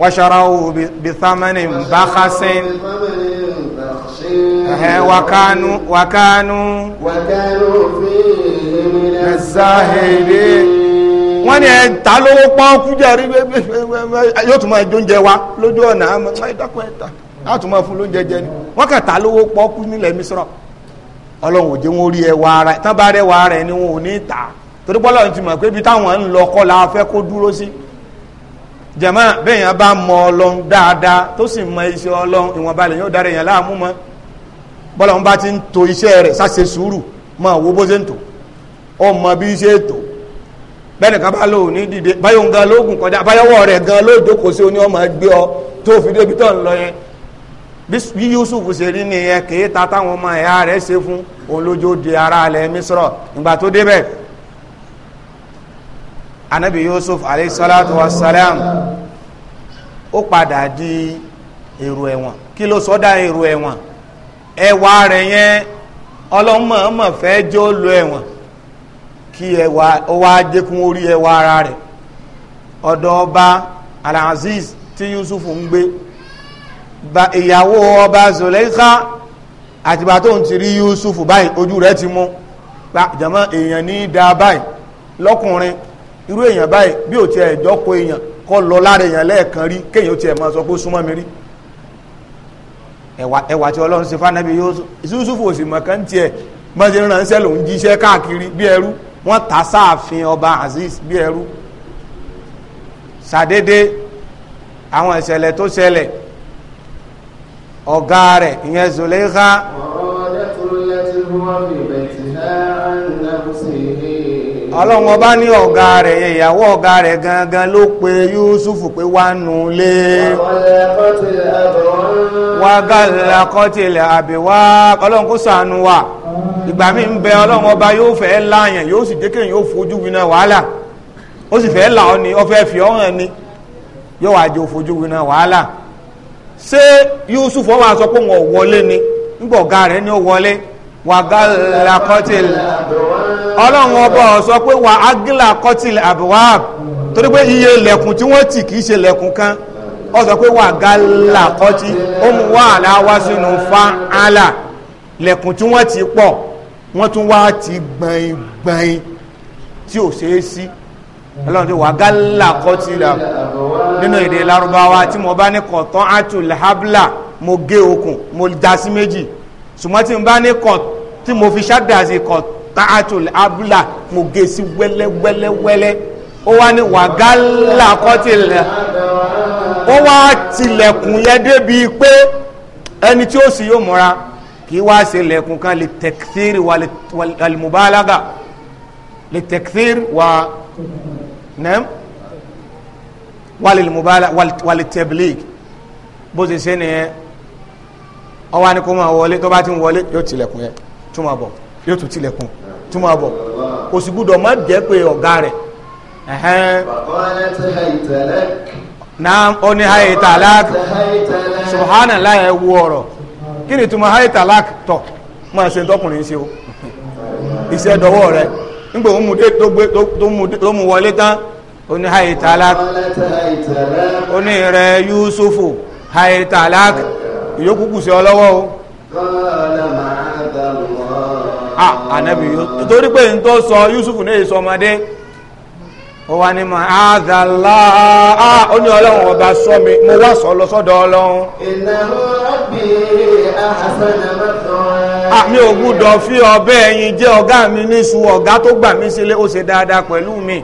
Speaker 1: wàṣàràwò bìtàmẹ́nì bákásín wàkánú wàkánú
Speaker 3: wàkánú
Speaker 1: fi ẹ̀mí náà záhìrì. wọ́n ní ẹ ta lówó pọ́n kújà rí yóò tún wa lójú ọ̀nà àmọ́ ẹ̀ta tún fún lóúnjẹ jẹ ni wọ́n ta lówó pọ́n kú nílẹ̀ mísírọ̀ ọlọ́run ò jẹ́ wọn rí ẹwà ara ẹ̀ tán bá rẹ̀ wà rẹ̀ ni wọn ò ní ta torí ti bẹ́ẹ̀ yẹn bá mọ ọlọ́run dáadáa tó sì mọ iṣẹ́ ọlọ́run ìwọ̀nba bẹ́ẹ̀ni kan bá ní dìde báyọ̀ ń gan lóògùn kọjá báyọ̀wọ̀ rẹ̀ gan lóò sí oní ọmọ ẹgbẹ́ ọ tó fi débi lọ yẹn bí Yusuf ṣe rí ọmọ ẹ̀yà rẹ̀ ṣe fún òun di ara alẹ́ ìgbà tó anabi Yusuf wasalam ó padà di èrò ẹ̀wọ̀n kí ló sọ́dá èrò ẹ̀wọ̀n ẹwà rẹ̀ yẹn fẹ́ jó lo kí ẹwà ó wá jẹ́kún orí ẹwà ara rẹ̀ ọ̀dọ̀ ọba alaziz tí yusuf ń gbé ìyàwó ọba zuleika àtìgbà tó ń ti rí yusuf báyìí ojú rẹ̀ ti mú jama èèyàn ní da báyìí lọ́kùnrin irú èèyàn báyìí bí ò tiẹ̀ jọ́kọ èèyàn kọ́ lọ lára èèyàn lẹ́ẹ̀kan rí kéèyàn ó tiẹ̀ máa sọ pé ó súnmọ́ mi rí ẹwà ẹwà tí ọlọ́run ṣe fánábí yusuf ò sì mọ̀ kán tiẹ̀ mọ́ ṣe lòún jíṣẹ́ káàkiri bí ẹrú wọ́n ta sáàfin ọba aziz bí ẹrú ṣàdédé àwọn ìṣẹ̀lẹ̀ tó ṣẹlẹ̀ ọ̀gá rẹ̀ ìyẹn Zuleikha. ọlọ́run ọba ní ọ̀gá rẹ̀ ìyàwó ọ̀gá rẹ̀ gangan ló pe Yúsúfù pé wá nù lé wá gàlá kọ́tìlẹ̀ àbíwá ọlọ́run kó ṣàánú wa ìgbà mi bẹ ọlọ́run ọba yóò fẹ́ láàyàn yóò sì dékè yóò wàhálà ó sì fẹ́ là ọ́ ni ọfẹ́ fi ọ́ hàn ni yóò winá wàhálà ṣé pé wọlé ni nígbà ọ̀gá rẹ̀ wọlé wà kọ́tìlẹ̀ ọlọ́run ọba ọ̀sọ́ pé wà ágílà kọ́tìlì àbúwáàb torí pé iye lẹ̀kùn tí wọ́n tì kìí ṣe lẹ̀kùn kan ó sọ pé wà gálà kọ́tì ó mú wà aláwá sínú fáálà lẹ̀kùn tí wọ́n ti pọ̀ wọ́n tún wá ti gbọ̀nyìn gbọ̀nyìn tí ò ṣeé sí ọlọ́run tí wà gálà kọ́tìlì nínú èdè lárúbáwá tí mo bá ní kọ̀tán àtúl habla mo gé okùn mo dá sí méjì ṣùgbọ́n tí mo bá ní kọ̀ tí mo fi ṣáàdà sí kọ̀tán taatul abla mo gé sí wẹ́lẹ́wẹ́lẹ́wẹ́lẹ́ ó wá ní wàgálà kọ́tìlẹ̀ ó wá tilẹ̀kùn yẹn débi pé ẹni tí ó sì yóò múra kì í wá ṣe lẹ̀kùn kan lè tẹ̀kítíìrì wà lè mubalaga lè tẹ̀kítíìrì wà nẹ́m wà lè mubalaga wà lè tẹ̀blík bó ti ṣe nìyẹn ó wá máa wọlé tó bá ti ń wọlé yóò tilẹ̀kùn yẹn túmọ̀ bọ̀ yóò tún tilẹ̀kùn tí mo bọ̀ kò sì gbúdọ̀ má jẹ́ pé ọ̀gá rẹ̀ na ó ní hayi talak
Speaker 3: subhanallah
Speaker 1: ẹ wo ọ̀rọ̀ kí ni tuma hayi talak tọ̀ máa ṣe tọkùnrin ṣe o iṣẹ́ dọwọ́ rẹ̀ nígbà tó mú dé tó mú wọlé tán ó ní hayi talak ó ní rẹ̀ yusufu hayi talak sí ọ lọ́wọ́ o ah anabi yusuf torí pé n tó sọ yusuf ní èso ọmọdé ó wá ní ma àdàlá á ó ní ọlọ́run ọba sọ mi mo wá sọ lọ sọ́dọ̀ ọlọ́run.
Speaker 3: ìnáwó ọ̀bì àhásánà mọ́tò.
Speaker 1: àmì ògùdọ̀ fi ọbẹ̀ ẹ̀yìn jẹ́ ọ̀gá mi ní su ọ̀gá tó gbà mí sílé ó ṣe dáadáa pẹ̀lú mi.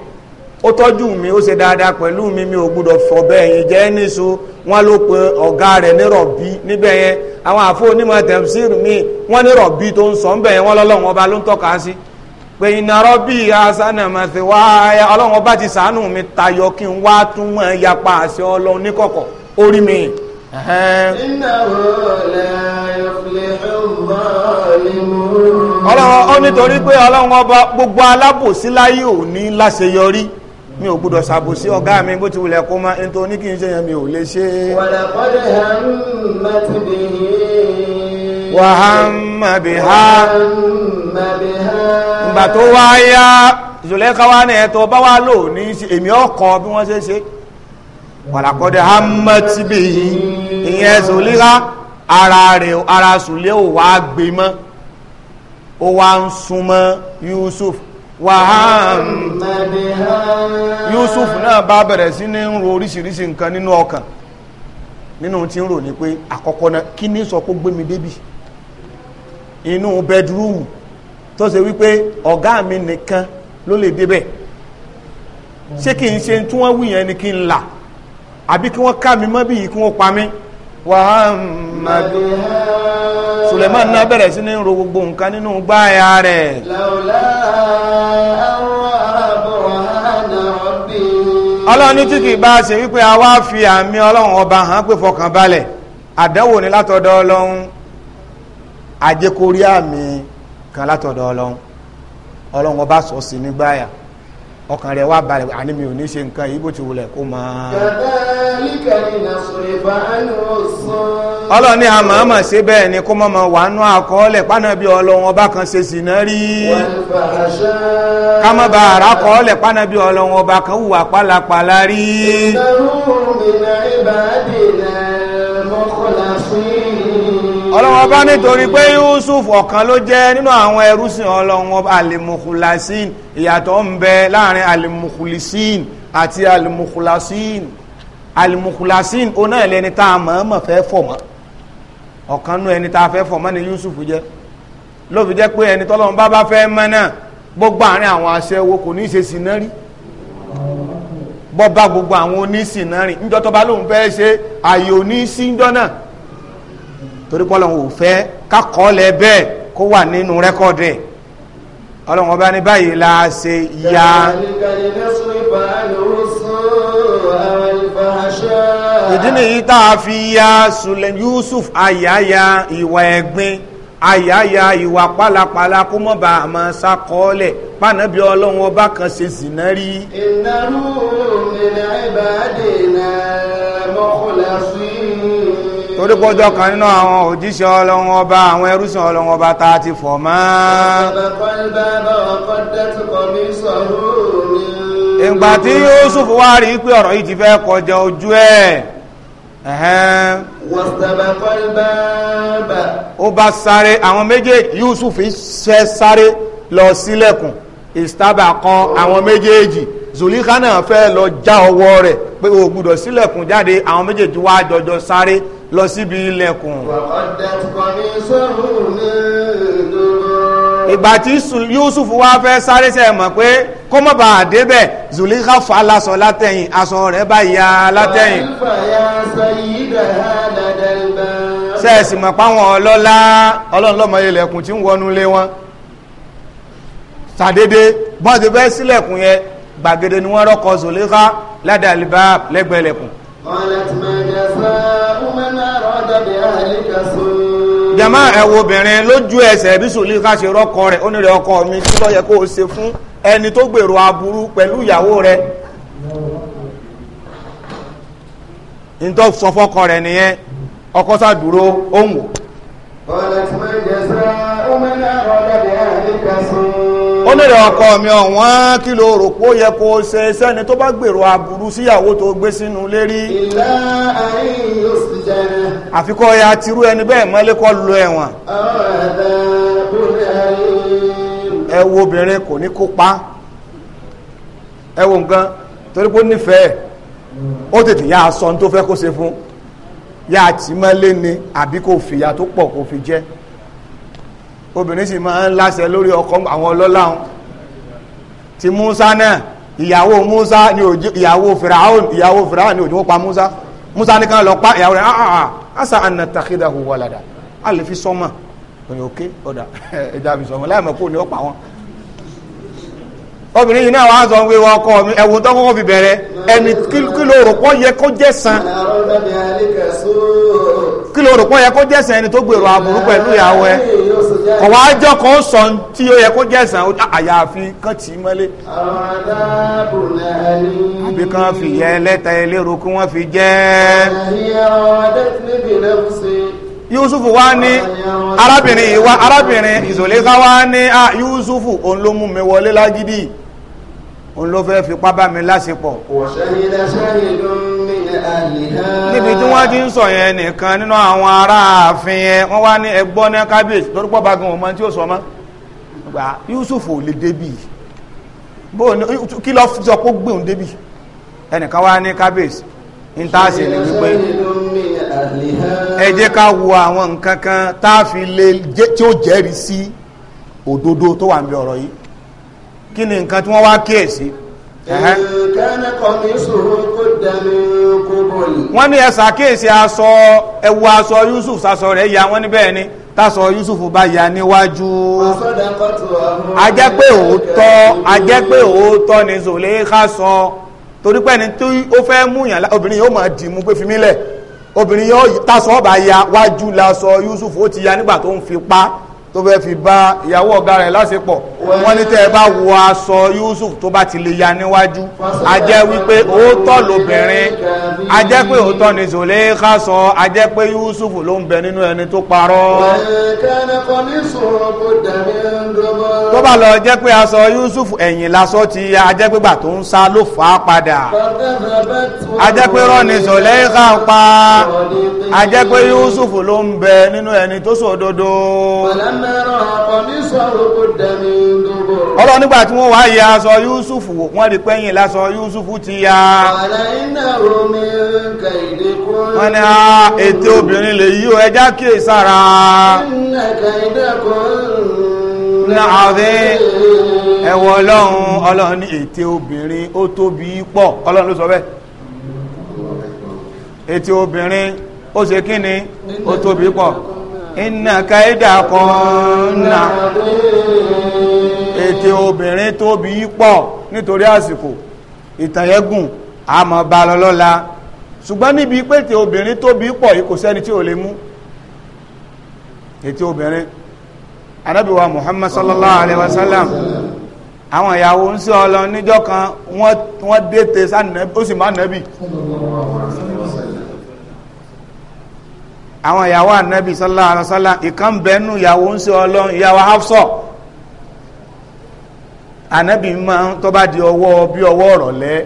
Speaker 1: ó tọ́jú mi ó ṣe dáadáa pẹ̀lú mi mi ò gbúdọ̀ ẹ̀yìn jẹ́ níṣu wọ́n ló pe ọ̀gá rẹ̀ ní rọ̀bí níbẹ̀ yẹn àwọn àfọ onímọ̀ tẹ̀síìrì mi wọ́n ní rọ̀bí tó ń sọ ńbẹ̀ yẹn wọ́n lọ́lọ́run ọba ló ń tọ́ka sí pé iná wá ọlọ́run ọba ti sàánù mi tayọ kí n wá tún yapa àṣẹ ọlọ́run níkọ̀kọ̀ orí mi. ọlọ́run ó nítorí pé ọlọ́run ọba gbogbo òní láṣeyọrí mi ò gbúdọ̀ sàbò sí ọ̀gá mi bó ti wulẹ̀ kó má ẹni tó ní kí n ṣe yẹn mi ò lè ṣe wàhámà bí ha ìgbà tó wàlàkọ́dẹ̀ hamati ìyẹn Zulaikha ara rẹ̀ ara sùlẹ̀ ò wá gbé mọ́ ó wá ń súnmọ́ Yusuf wàhán Yusuf náà bá bẹ̀rẹ̀ sí ní ń ro oríṣiríṣi nǹkan nínú ọkàn nínú tí ń rò ní pé àkọ́kọ́ náà kí ní sọ kó gbé mi débì inú bedroom tó ṣe wípé ọ̀gá mi nìkan ló lè débẹ̀ ṣé kí n ṣe tí wọ́n wí yẹn ni kí n là àbí kí wọ́n ká mi mọ́ bí kí wọ́n pa mí. wàhámà Suleiman náà bẹ̀rẹ̀ sí ní ro gbogbo nǹkan nínú gbáàyà rẹ̀.
Speaker 3: ọlọ́run ní tí kì í
Speaker 1: bá ṣe wípé a wá fi àmì ọlọ́run ọba hàn pé fọkàn balẹ̀ àdánwò ni látọ̀dọ̀ ọlọ́run àjẹkórí àmì kan látọ̀dọ̀ ọlọ́run ọlọ́run ọba sọ sí nígbàyà. So ọkàn rẹ̀ wá balẹ̀ àní mi ò ní ṣe nǹkan yìí bó ti wulẹ̀ kó máa. ọlọ́ni bẹ́ẹ̀ ni kó mọ̀mọ́ wà nú àkọọ́lẹ̀ pánà bí ọlọ́run ọba kan ṣe sì náà rí. kámọ́bà ara kọ́ọ́lẹ̀ pánà bí ọlọ́run ọba kan pálapàla rí. mi
Speaker 3: náà náà mọ́kànlá fún ọlọ́wọ́n bá nítorí pé
Speaker 1: Yusuf ọ̀kan ló jẹ́ nínú àwọn ẹrúsìn ọlọ́wọ́n alimukhulasin ìyàtọ̀ ń bẹ láàrin alimukhulasin àti alimukhulasin alimukhulasin ó náà lẹni tá a mọ̀ọ́mọ̀ fẹ́ fọ̀ mọ́ ọ̀kan nú ẹni tá a fẹ́ fọ̀ mọ́ ni Yusuf jẹ́ ló fi jẹ́ pé ẹni tọ́lọ́wọ́n bá bá fẹ́ mọ́ náà gbogbo àárín àwọn aṣẹ́wó kò ní í ṣe sìnárí bọ́ bá gbogbo àwọn onísìnárí níjọ́ tó bá lóun fẹ́ ṣe àyè onísìndọ́nà torí pé ọlọ́run ò fẹ́ kákọ́ lẹ bẹ́ẹ̀ kó wà nínú rẹ́kọ̀dì ẹ̀ ọlọ́run ọba ní báyìí la ṣe ya. ìdí nìyí tá a fi ya sulem yusuf ayaya ìwà ẹ̀gbin ayaya ìwà pálapàla kó mọ̀ bá a máa ṣàkọọ́lẹ̀ pànàbí ọlọ́run ọba kan ṣe sì rí.
Speaker 3: ìnáwó mi ní àìbáàdì náà
Speaker 1: torí pọ́jọ́ kan nínú àwọn òjíṣẹ́ ọlọ́run ọba àwọn ẹrúṣẹ́ ọlọ́run ọba tá a ti fọ̀ mọ́. ìgbà tí Yusuf wá rí pé ọ̀rọ̀ yìí ti fẹ́ kọjá ojú ẹ̀ ó bá sáré àwọn méjèèjì Yusuf ṣe sáré lọ sílẹ̀kùn ìstábà kan àwọn méjèèjì Zulika fẹ́ lọ já ọwọ́ rẹ̀ pé o gbúdọ̀ sílẹ̀kùn jáde àwọn méjèèjì wá jọjọ sáré lọ síbi ilẹ̀kùn. ìgbà tí Yusuf wá fẹ́ sáré sẹ́ mọ̀ pé kó mọ̀ bá a débẹ̀ Zulika fa aláṣọ látẹ̀yìn aṣọ rẹ̀ bá ya látẹ̀yìn. sẹ́ẹ̀sì mọ̀ páwọn ọlọ́lá ọlọ́run lọ́mọ ilẹ̀kùn tí ń wọnú lé wọn. sàdédé bọ́n ti bẹ́ sílẹ̀kùn yẹn gbàgede ni wọ́n rọ́kọ Zulika ládàlíbá lẹ́gbẹ̀ẹ́lẹ̀kùn
Speaker 3: قالت ما جزاء من أراد بأهلك
Speaker 1: سوءا jama ẹ wo obìnrin lójú ẹsẹ̀ bí sùlíkà ṣe rọ́kọ rẹ̀ ó ní rẹ̀ ọkọ mi kí ló yẹ kó o ṣe fún ẹni tó gbèrò aburú pẹ̀lú ìyàwó rẹ̀ ntọ́ sọ fọ́kọ nìyẹn ọkọ sá dúró ó ń wò.
Speaker 3: قالت ما جزاء من
Speaker 1: ó lè ọkọ mi ọ̀wọ́n kí ló rò pé ó yẹ kó ṣe sẹ́ni tó bá gbèrò aburú síyàwó tó gbé sínú lérí àfikọ́ ya tirú ẹni bẹ́ẹ̀ mọ́lé kọ́ lọ ẹ̀wọ̀n ẹ obìnrin kò ní kópa ẹ nǹkan torí pé nífẹ̀ẹ́ ó tètè yá aṣọ tó fẹ́ kó ṣe fún yá àtìmọ́lé ni àbí kò fìyà tó pọ̀ kó fi jẹ́ obìnrin sì máa ń láṣẹ lórí ọkọ àwọn ọlọ́lá wọn ti Musa náà ìyàwó Musa ni òjò ìyàwó Firaun ìyàwó Firaun ni òjò wọn pa Musa Musa ní kan lọ pa ìyàwó rẹ̀ ah ah, ah asa anatakidahu walada a lè fi sọmọ òyìn òkè ọ̀dà ẹja fi sọmọ láì mọ̀ kó ní ọ̀pá wọn obìnrin yìí náà wàá sọ wíwọ ọkọ mi ẹ̀wù tó kọ́kọ́ fi bẹ̀rẹ̀ ẹni kí ló yẹ kó jẹ́ san kí ló yẹ kó jẹ́ san ẹni tó gbèrò àbùrú pẹ̀lú ìyàwó ẹ kọ̀wá àjọ kan sọ tí ó yẹ kó jẹ̀sán àyàfi kán tì í mọ́lé. àbí kan fi yẹ lẹ́tà ẹlẹ́rọ kí wọ́n fi jẹ́. Yusuf wá ní arábìnrin yìí wá arábìnrin ìzòlẹ́ká wá ní ah, Yusuf òun ló mú mi wọlé lágídí òun ló fẹ́ fipá bá mi láṣepọ̀. wọ́n ṣe ní
Speaker 3: ẹ̀ṣẹ́
Speaker 1: níbi tí wọ́n ti ń sọ yẹn nìkan nínú àwọn aráàfin yẹn wọ́n wá ní ẹgbọ́n ní kábíyèsí torí pọ́ bá gan ọmọ tí ó sọ mọ́ gbà Yusuf ò lè débì kí lọ sọ kó gbé òun débì ẹnìkan wá ní kábíyèsí ń tá a sì ní wípé ẹ jẹ́ ká wo àwọn nǹkan kan tá a fi lè tí ó jẹ́rìí sí òdodo tó wà níbi ọ̀rọ̀ yìí kí ni nǹkan tí wọ́n wá kíyèsí. wọ́n ní ẹ ṣàkíyèsí aṣọ ẹwu aṣọ Yusuf sasọ rẹ̀ ya wọ́n ní bẹ́ẹ̀ ni tásọ Yusuf bá ya níwájú ajẹ́ pé òótọ́ ajẹ́ pé òótọ́ ni Zòléhà sọ torí pé ẹni tí ó fẹ́ múyàn obìnrin yóò máa dì mú pé fi mílẹ̀ obìnrin yóò tásọ bá ya wájú lásọ Yusuf ó ti ya nígbà tó ń fi pa tó fẹ́ fi bá ìyàwó ọ̀gá rẹ̀ láṣepọ̀ wọ́n ní tẹ́ ẹ bá wo aṣọ Yusuf tó bá ti lè ya níwájú a jẹ́ wípé òótọ́ lobìnrin a pé òótọ́ ni Zòlékà sọ a pé Yusuf ló ń bẹ nínú ẹni tó parọ́.
Speaker 3: tó bá lọ jẹ́
Speaker 1: pé aṣọ Yusuf ẹ̀yìn lásọ ti ya a jẹ́ pé gbà tó ń sá ló fà á padà a jẹ́ pé rọ́ọ̀nì Zòlékà pa a pé Yusuf ló ń bẹ nínú ẹni tó sòdodo ọlọ́ nígbà tí wọ́n wá ya aṣọ Yusuf wò wọ́n rí pẹ́yìn lásọ Yusuf ti ya
Speaker 3: wọ́n ní a ah, ètè obìnrin lè
Speaker 1: yí o ẹjá kíè sára láàrin ẹwọ ọlọ́run ọlọ́run ní ètè obìnrin ó tóbi pọ̀ ọlọ́run ló sọ bẹ́ẹ̀ ètè obìnrin ó ṣe kíni ó tóbi pọ̀ iná kaida kọ́nà ètè obìnrin tóbi pọ̀ nítorí àsìkò ìtàyẹ́gùn àmọ́ bá lọ́lọ́la ṣùgbọ́n níbi pé ètè obìnrin tóbi pọ̀ yìí sẹ́ni tí ò lè mú ètè obìnrin anábìwa Muhammad sallallahu alaihi wasallam àwọn ìyàwó ń sí ọlọ níjọ́ kan wọ́n dé tẹ sáà ó sì má nẹ́bì àwọn ìyàwó Anabi sallallahu alaihi wasallam ìkan bẹ́ẹ̀nù ìyàwó ń ṣe ọlọ́run ìyàwó hafsọ Anabi máa ń tó di ọwọ́ bí ọwọ́ ọ̀rọ̀lẹ́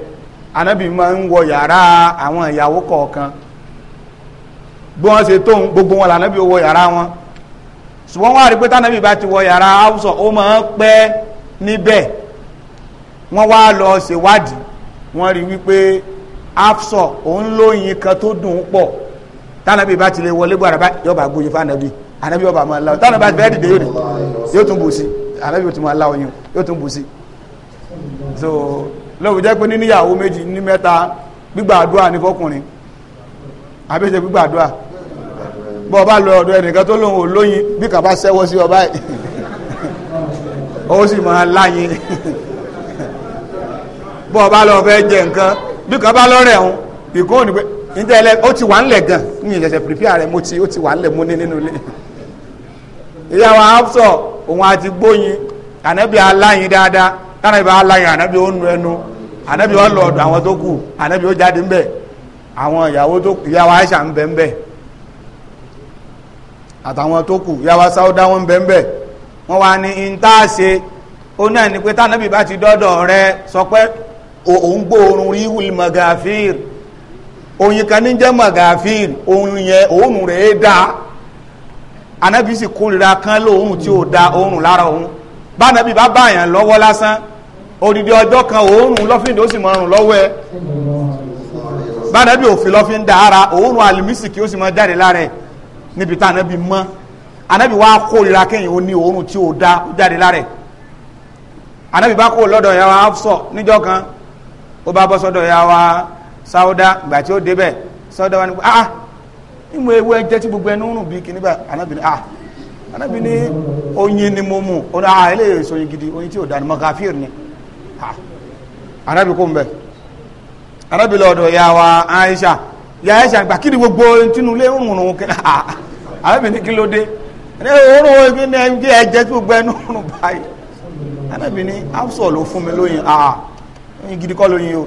Speaker 1: Anabi máa ń wọ yàrá àwọn ìyàwó kọ̀ọ̀kan bí wọ́n ṣe tóun gbogbo wọn lànábì wọ yàrá wọn ṣùgbọ́n wọ́n rí pé tánábì bá ti wọ yàrá hafsọ ó máa ń pẹ́ níbẹ̀ wọ́n wá lọ ṣèwádìí wọ́n rí wípé hafsọ òun lóyin kan tó dùn ún pọ̀ tánàbí ba ti lè wọlé bọ àràbá yọba gbóyin fànàbí ànàbí yọba máa láwọn tánàbí bá dìde yóò dé yóò tún bù sí ànàbí yóò tún máa láwọn yóò yóò tún bù sí. so lọ́wọ́ jẹ́ pé níníyàwó méjì ní mẹ́ta gbígbà àdúrà ní fọkùnrin àbẹ́sẹ̀ gbígbà àdúrà bọ́ ọba lọ ọ̀dọ̀ ẹnìkan tó lóun ò lóyin bí kàbá sẹ́wọ́ sí ọba yìí ó sì máa láyin bọ́ ọba lọ fẹ́ jẹ nǹkan bí kàbá lọ́rẹ̀ ọ̀hún ìkóhùn ni njẹ ẹlẹ ó ti wà ń lẹ gan ní ìṣẹ̀ṣẹ̀ pìrìpìà rẹ mo ti ó ti wà ń lẹ mo ní nínú ilé ìyàwó afsọ òun àti gbóyin ànábì aláyin dáadáa tánàbí aláyin ànábì ó nu ẹnu ànábì ó lọ ọ̀dọ̀ àwọn tó kù ànábì ó jáde ńbẹ àwọn ìyàwó tó kù ìyàwó Aisha ń ńbẹ àtàwọn tó kù ìyàwó Sauda wọn ń ńbẹ wọn wá ní intaase ó náà ní pé tánàbì bá ti dọdọ rẹ sọ òun gbóòórùn ríhùl magafir oyin kan ní jẹ́ magafil ohun yẹn òórùn rẹ̀ dá anabi sì kórìíra kan lóòórùn tí ò da òórùn lára òun bánabi bá báyàn lọ́wọ́ lásán odidi ọjọ́ kan òórùn lọ́fíndì ó sì mọ ọrùn lọ́wọ́ ẹ bánabi òfin lọ́fín da ara òórùn alimisi kí ó sì mọ jáde lára ẹ níbi tá anabi mọ anabi wá ó ní tí da anabi bá kó lọ́dọ̀ wa Hafsọ níjọ́ kan ó bá bọ́ sọ́dọ̀ ìyá wa. sáwọ́dá ìgbà tí ó débẹ̀ sáwọ́dá wa ah, ah ìmọ̀ ewu ẹjẹ́ tí gbogbo ẹnu rùn bí kìíní bá anábì ní ah anábì ní oyin ni mo mú ọ̀nà ah eléyìí sọyìn gidi oyin tí ò dànù mọ́ káfíìrì ni ah anábì kò ń bẹ̀ anábì lọ́dọ̀ ya wa Aisha ya Aisha gbà kí ni gbogbo tinú lé rùn rùn kí ah anábì ah. ní kí ló dé ní òórùn ebi ní ẹjẹ́ tí gbogbo ẹnu rùn báyìí anábì ní Hafsa ló fún mi lóyin ah oyin gidi kọ́ lóyin o.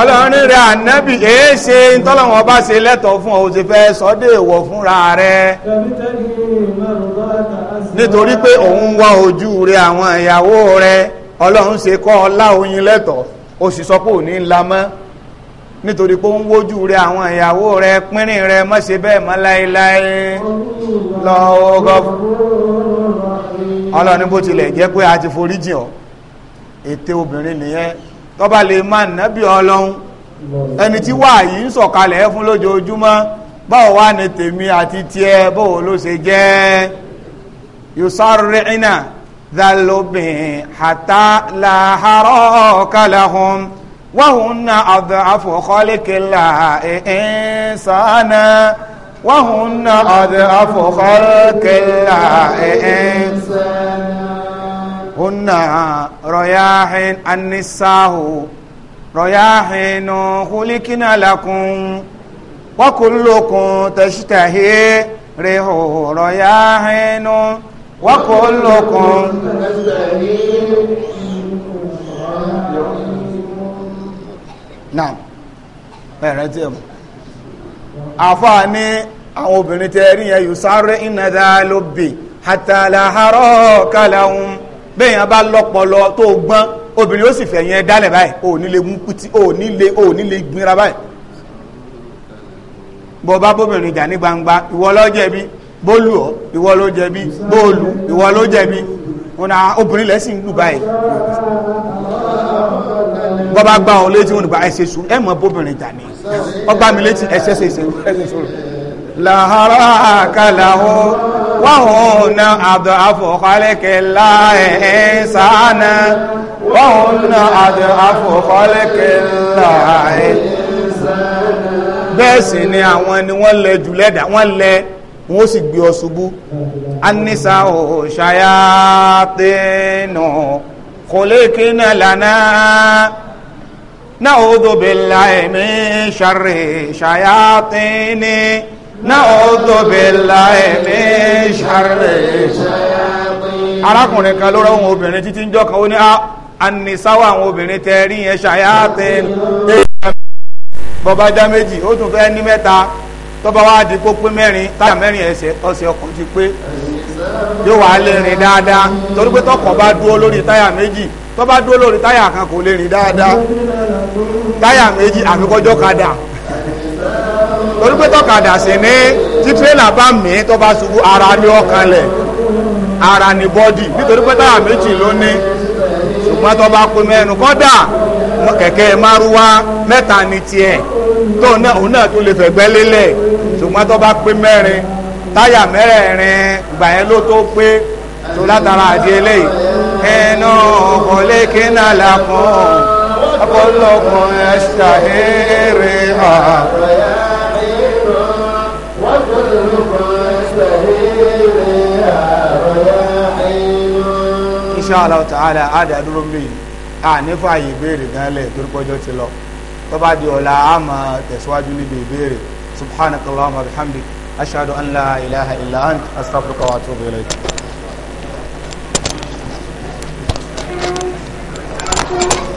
Speaker 2: ọlọ́run rẹ̀ ànábì
Speaker 1: èé ṣe tọ́lọ́wọ́n bá ṣe lẹ́tọ̀ọ́ fún ọ ṣe fẹ́ sọ́dẹ̀ ìwọ̀ fúnra rẹ̀ nítorí pé òun wá ojú rẹ̀ àwọn ìyàwó rẹ̀ ọlọ́run ṣe kọ́ ọlá oyin lẹ́tọ̀ọ́ ó sì sọ pé òní ńlá mọ́ nítorí pé ó ń wójú rẹ̀ àwọn ìyàwó rẹ̀ pínrín rẹ̀ mọ́ ṣe bẹ́ẹ̀ mọ́ láéláé lọ́wọ́ gọ́fù ọlọ́run bó tilẹ̀ jẹ́ pé a ti foríjìn ọ́ ète obìnrin nìyẹn tọ́ba lè máa nábì ọlọ́run ẹni tí wàyí ń sọ̀kalẹ̀ fún lójoojúmọ́ báwo wá ní tèmi àti tiẹ̀ báwo ló ṣe jẹ́ yusarri'na dhalubin hatta la haraka lahum wa hunna adhafu khaliqillahi insana wa hunna adhafu khaliqillahi insana hunna royahin anisahu royahinu hulikina lakun wakulukun tashitahi rihu royahinu wakulukun naam bẹ̀rẹ̀ tí ẹ̀mù àfáà ní àwọn obìnrin tẹ́ẹ̀rí yẹn yìí sáré ìnàdá lóbi hàtàlà àárọ̀ kàlàun bẹ́ẹ̀ yẹn bá lọ́pọlọ tó gbọ́n obìnrin ó sì fẹ̀ yẹn dálẹ̀ báyìí ò ní lè mú kùtì ò ní lè ò ní lè gbinra báyìí bọ́ bá bóbìnrin jà ní gbangba ìwọ ló jẹ̀bi bó lù ọ́ ìwọ ló jẹ̀bi bó lù ìwọ ló jẹ̀bi wọn náà obìnrin lẹ́sìn lù báyìí bọ́ bá gbá òun létí wọn nígbà ẹsẹ̀ sùn ẹ̀ mọ̀ bóbìnrin jà ní ọgbà mi létí ẹsẹ̀ sẹ̀ ẹsẹ̀ sùn làhárà kàlà ó. وهن أضعف خلق الله إنسانا وهن أضعف خلق الله bẹ́ẹ̀ sì ni àwọn ni wọ́n lẹ jù lẹ́dà wọ́n lẹ wọ́n sì gbé ọ ṣubú anisa ṣayatinu kòlékínà lánàá náà ó dòbí láì mí Na'udhu billahi min sharri shayatin. arákùnrin kan ló rọ́wọ́n obìnrin títí ń jọ́ kan ó ní ànisáwọ̀ àwọn obìnrin tẹ rí yẹn shayatin bọ́bá já méjì ó tún fẹ́ ní mẹ́ta tọ́ba wá di kó pé mẹ́rin táyà mẹ́rin ẹsẹ̀ ọ̀sẹ̀ ọkọ̀ ti pé yóò wá lè rìn dáadáa torí pé tọkọ̀ bá dúró lórí táyà méjì tọ́ba dúró lórí táyà kan kò lè rìn dáadáa táyà méjì àfikọ́jọ́ kadà torí pé tọ́kadà sí ní tí tírélà bá mí tó bá ṣubú ara ní ọkàn lẹ̀ ara ní bọ́dì nítorí pé táyà méjì ló ní ṣùgbọ́n tó bá pín mẹ́nu kọ́dà kẹ̀kẹ́ márúwá mẹ́ta ní tiẹ̀ tó náà òun náà tó lè fẹ̀gbẹ́ lélẹ̀ ṣùgbọ́n tó bá pín mẹ́rin táyà mẹ́rẹ̀ẹ̀rin gbà yẹn ló tó pé tó látara àdí eléyìí ẹnu ọ̀pọ̀lẹ́ kí náà làkùn ọ̀pọ̀lọpọ̀ ẹ̀ṣà eré insha Allah ta'ala àdàdúró mi ànífà yìí béèrè gan lẹ̀ torí pọ́jọ́ ti lọ tó bá di ọ̀la a máa tẹ̀síwájú níbi ìbéèrè subhanakallahumma wa bihamdik ashhadu an la ilaha illa wa atubu ilayk. Thank you.